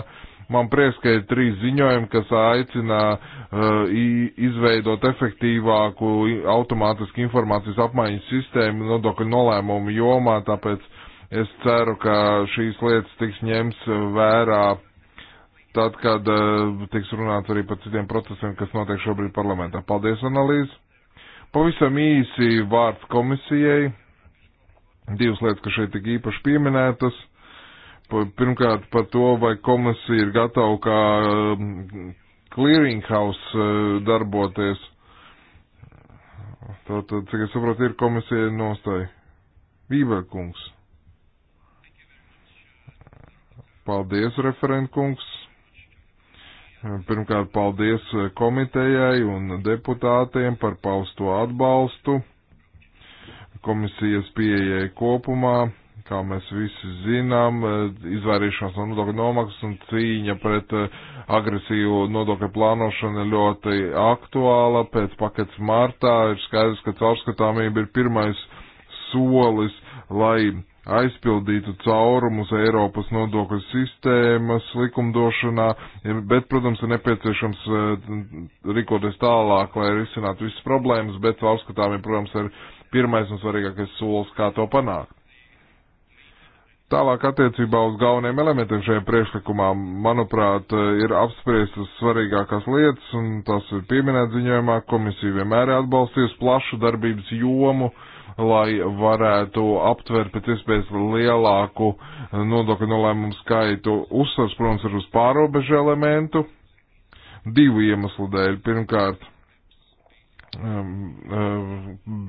Man prieks, ka ir trīs ziņojumi, kas aicina uh, izveidot efektīvāku automātisku informācijas apmaiņas sistēmu nodokļu nolēmumu jomā, tāpēc es ceru, ka šīs lietas tiks ņemts vērā uh, tad, kad eh, tiks runāts arī par citiem procesiem, kas notiek šobrīd parlamentā. Paldies, analīze! Pavisam īsi vārds komisijai. Divas lietas, kas šeit tik īpaši pieminētas. Pirmkārt, par to, vai komisija ir gatava kā eh, clearinghouse eh, darboties. Tātad, cik es saprotu, ir komisija nostāja. Vīverkungs. Paldies, referentkungs Pirmkārt, paldies eh, komitejai un deputātiem par pausto atbalstu komisijas pieejai kopumā. Kā mēs visi zinām, eh, izvairīšanās no nodokļu nomaksas un cīņa pret eh, agresīvu nodokļu plānošanu ir ļoti aktuāla. Pēc paketes martā ir skaidrs, ka caurskatāmība ir pirmais solis, lai aizpildītu caurumus Eiropas nodokļu sistēmas likumdošanā, bet, protams, ir nepieciešams eh, rīkoties tālāk, lai risinātu visas problēmas, bet uzskatām, ja, protams, ir pirmais un svarīgākais solis, kā to panākt. Tālāk attiecībā uz galveniem elementiem šajā priekšlikumā, manuprāt, ir apspriestas svarīgākās lietas, un tas ir pieminēt ziņojumā, komisija vienmēr atbalstīs plašu darbības jomu, uh, lai varētu aptvert pēc iespējas lielāku nodokļu nolēmumu skaitu. Uzsvars, protams, ir uz pārobežu elementu divu iemeslu dēļ. Pirmkārt, um, um,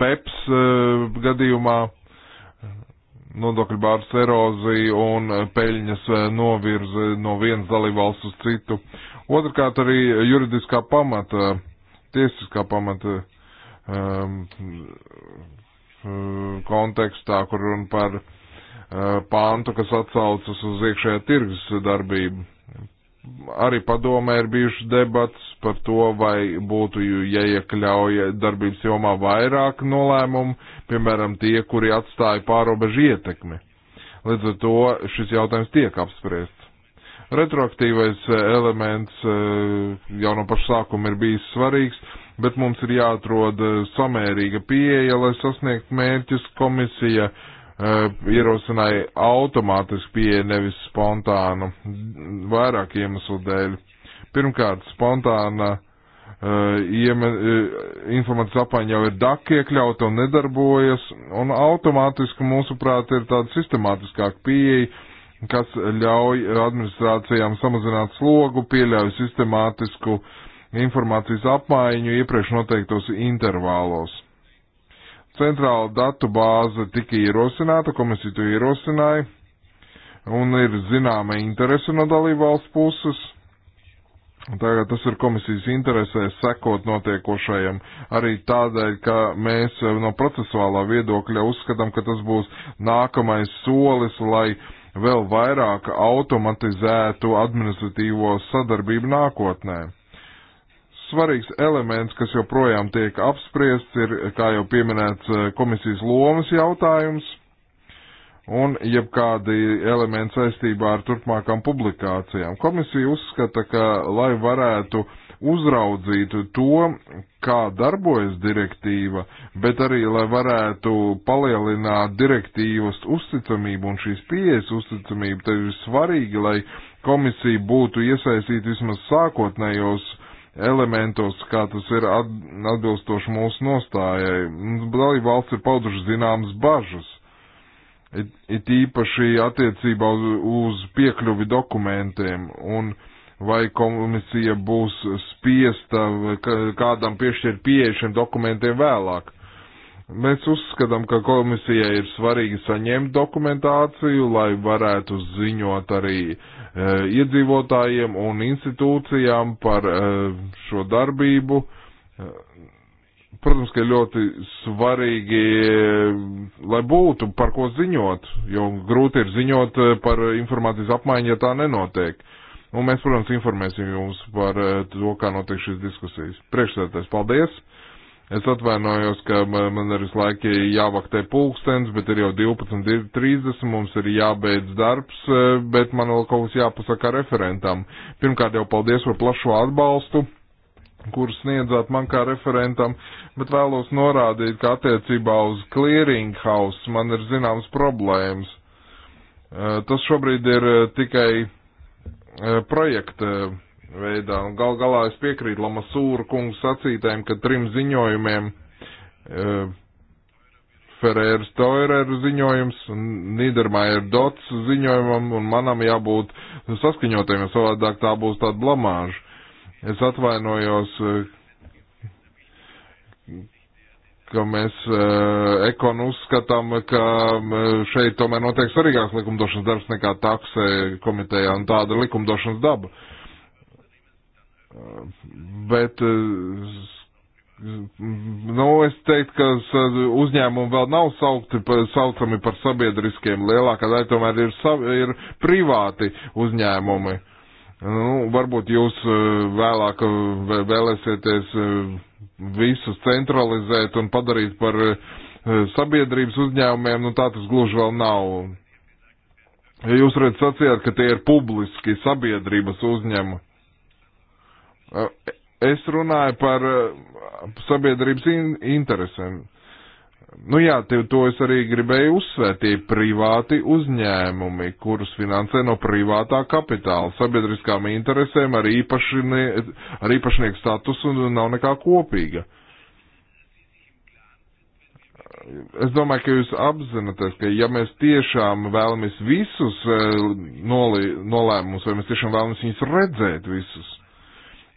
BEPS uh, gadījumā nodokļu bārs erozija un peļņas uh, novirze no vienas dalībvalsts uz citu. Otrakārt arī juridiskā pamata, tiesiskā pamata um, Mm, kontekstā, kur runa par eh, pāntu, kas atsaucas uz iekšējā tirgus darbību. Arī padomē ir bijuši debats par to, vai būtu jāiekļauj darbības jomā vairāk nolēmumu, piemēram, tie, kuri atstāja pārobežu ietekmi. Līdz ar to šis jautājums tiek apspriests. Retroaktīvais eh, elements eh, jau no paša sākuma ir bijis svarīgs bet mums ir jāatrod eh, samērīga pieeja, lai sasniegtu mērķus. Komisija uh, ierosināja automātisku pieeju, nevis spontānu, vairāk iemeslu dēļ. Pirmkārt, spontāna uh, ieme, uh, informācijas apaņa jau ir DAK iekļauta un nedarbojas, un automātiski, mūsuprāt, ir tāda sistemātiskāka pieeja, kas ļauj administrācijām samazināt slogu, pieļauj sistemātisku uh, informācijas apmaiņu iepriekš noteiktos intervālos. Centrāla datu bāze tika ierosināta, komisija to ierosināja, un ir zināma interese no dalībvalsts puses. Tagad tas ir komisijas interesēs sekot notiekošajam, arī tādēļ, ka mēs no procesuālā viedokļa uzskatām, ka tas būs nākamais solis, lai vēl vairāk automatizētu administratīvo sadarbību nākotnē svarīgs elements, kas joprojām tiek apspriests, ir, kā jau pieminēts, eh, komisijas lomas jautājums un jebkādi elementi saistībā ar turpmākām publikācijām. Komisija uzskata, ka, lai varētu uzraudzīt to, kā darbojas direktīva, bet arī, lai varētu palielināt direktīvas uzticamību un šīs pieejas uzticamību, tad ir svarīgi, lai komisija būtu iesaistīta vismaz sākotnējos elementos, kā tas ir atbilstoši mūsu nostājai. Dalība valsts ir pauduši zināmas bažas, it, it īpaši attiecībā uz, uz piekļuvi dokumentiem un vai komisija būs spiesta kādam piešķirt pieejušiem dokumentiem vēlāk. Mēs uzskatām, ka komisijai ir svarīgi saņemt dokumentāciju, lai varētu ziņot arī uh, Eh, iedzīvotājiem un institūcijām par eh, šo darbību. Eh, protams, ka ļoti svarīgi, lai būtu par ko ziņot, jo grūti ir ziņot par informācijas apmaiņu, ja tā nenotiek. Un mēs, protams, informēsim jums par to, kā notiek šīs diskusijas. Priekšsēdētājs, paldies! Es atvainojos, ka man ir visu laiku jāvaktē pulkstens, bet ir jau 12.30, mums ir jābeidz darbs, e, bet man vēl kaut kas jāpasaka referentam. Pirmkārt jau paldies par plašo atbalstu kur sniedzāt man kā referentam, bet vēlos norādīt, ka attiecībā uz clearing house man ir zināms problēmas. E, tas šobrīd ir tikai e, projekta veidā. Un gal galā es piekrītu Lamasūra kungu sacītēm, ka trim ziņojumiem uh, Ferēras Toireru ziņojums un Nīdermajer Dots ziņojumam un manam jābūt nu, saskaņotiem, jo savādāk tā būs tāda blamāža. Es atvainojos, e, ka mēs e, ekonu uzskatām, ka šeit tomēr notiek svarīgāks likumdošanas darbs nekā taksē komitejā un tāda likumdošanas daba. Uh, Bet, eh, nu, es teiktu, ka uzņēmumi vēl nav saukti, saucami par sabiedriskiem. Lielākā daļa tomēr ir, ir privāti uzņēmumi. Nu, varbūt jūs eh, vēlāk vēlēsieties eh, visus centralizēt un padarīt par sabiedrības uzņēmumiem, nu tā tas gluži vēl nav. Jūs redzat, sacījāt, ka tie ir publiski sabiedrības uzņēmumi. Eh, es runāju par eh, sabiedrības interesēm. Nu jā, tev to es arī gribēju uzsvērt, tie privāti uzņēmumi, kurus finansē no privātā kapitāla, sabiedriskām interesēm ar, īpašini, ar īpašnieku statusu nav nekā kopīga. Es domāju, ka jūs apzināties, ka ja mēs tiešām vēlamies visus eh, nolēmumus, vai mēs tiešām vēlamies viņus redzēt visus,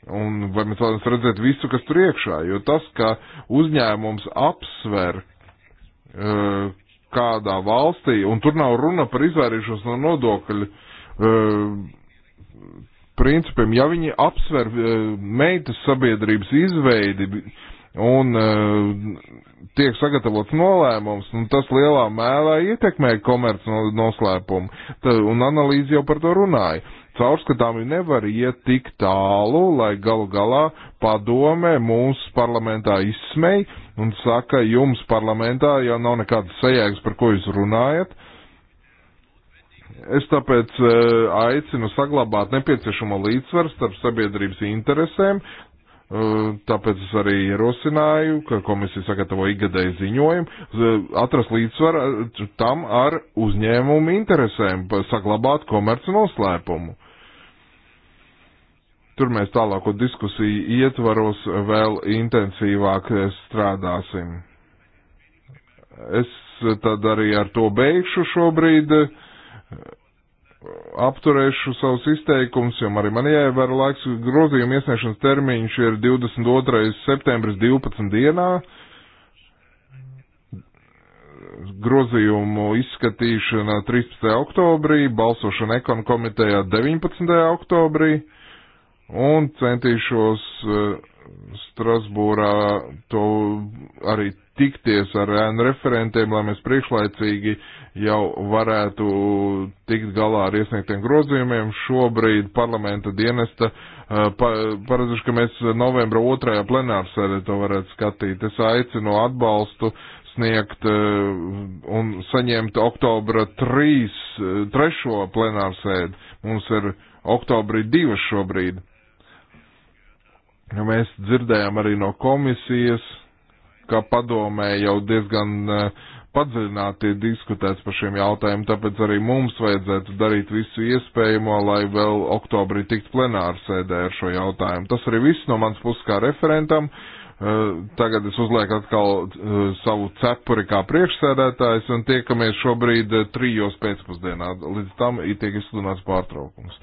Un vai mēs vēlamies redzēt visu, kas tur iekšā, jo tas, ka uzņēmums apsver uh, kādā valstī, un tur nav runa par izvairīšanos no nodokļu uh, eh, principiem, ja viņi apsver uh, meitas sabiedrības izveidi un tiek sagatavots nolēmums, un nu, tas lielā mērā ietekmē komerc noslēpumu, un analīze jau par to runāja Caurskatāmi nevar iet tik tālu, lai galu galā padome mūsu parlamentā izsmei un saka, jums parlamentā jau nav nekādas sajēgas, par ko jūs runājat. Es tāpēc eh, aicinu saglabāt nepieciešamo līdzsvaru starp sabiedrības interesēm, Eh, tāpēc es arī ierosināju, ka komisija sagatavo ikgadēju ziņojumu, eh, atrast līdzsvaru eh, tam ar uzņēmumu interesēm, saglabāt komercu noslēpumu. Tur mēs tālāko diskusiju ietvaros vēl intensīvāk strādāsim. Es tad arī ar to beigšu šobrīd. Uh, apturēšu savus izteikumus, jo arī man jāievēro laiks grozījuma iesniegšanas termiņš ir 22. septembris 12. dienā. Grozījumu izskatīšana 13. oktobrī, balsošana ekonu komitejā 19. oktobrī un centīšos uh, Strasbūrā to arī tikties ar ēnu referentiem, lai mēs priekšlaicīgi jau varētu tikt galā ar iesniegtiem grozījumiem. Šobrīd parlamenta dienesta pa, paredzuši, ka mēs novembra otrajā plenārsēdē to varētu skatīt. Es aicinu atbalstu sniegt un saņemt oktobra 3. trešo plenārsēdi. Mums ir oktobrī divas šobrīd Mēs dzirdējām arī no komisijas, ka padomē jau diezgan e, padziļināti diskutēts par šiem jautājumiem, tāpēc arī mums vajadzētu darīt visu iespējamo, lai vēl oktobrī tikt plenāru sēdē ar šo jautājumu. Tas arī viss no mans puses kā referentam. E, tagad es uzlieku atkal e, savu cepuri kā priekšsēdētājs un tiekamies šobrīd trijos pēcpusdienā. Līdz tam ir tiek izsludināts pārtraukums.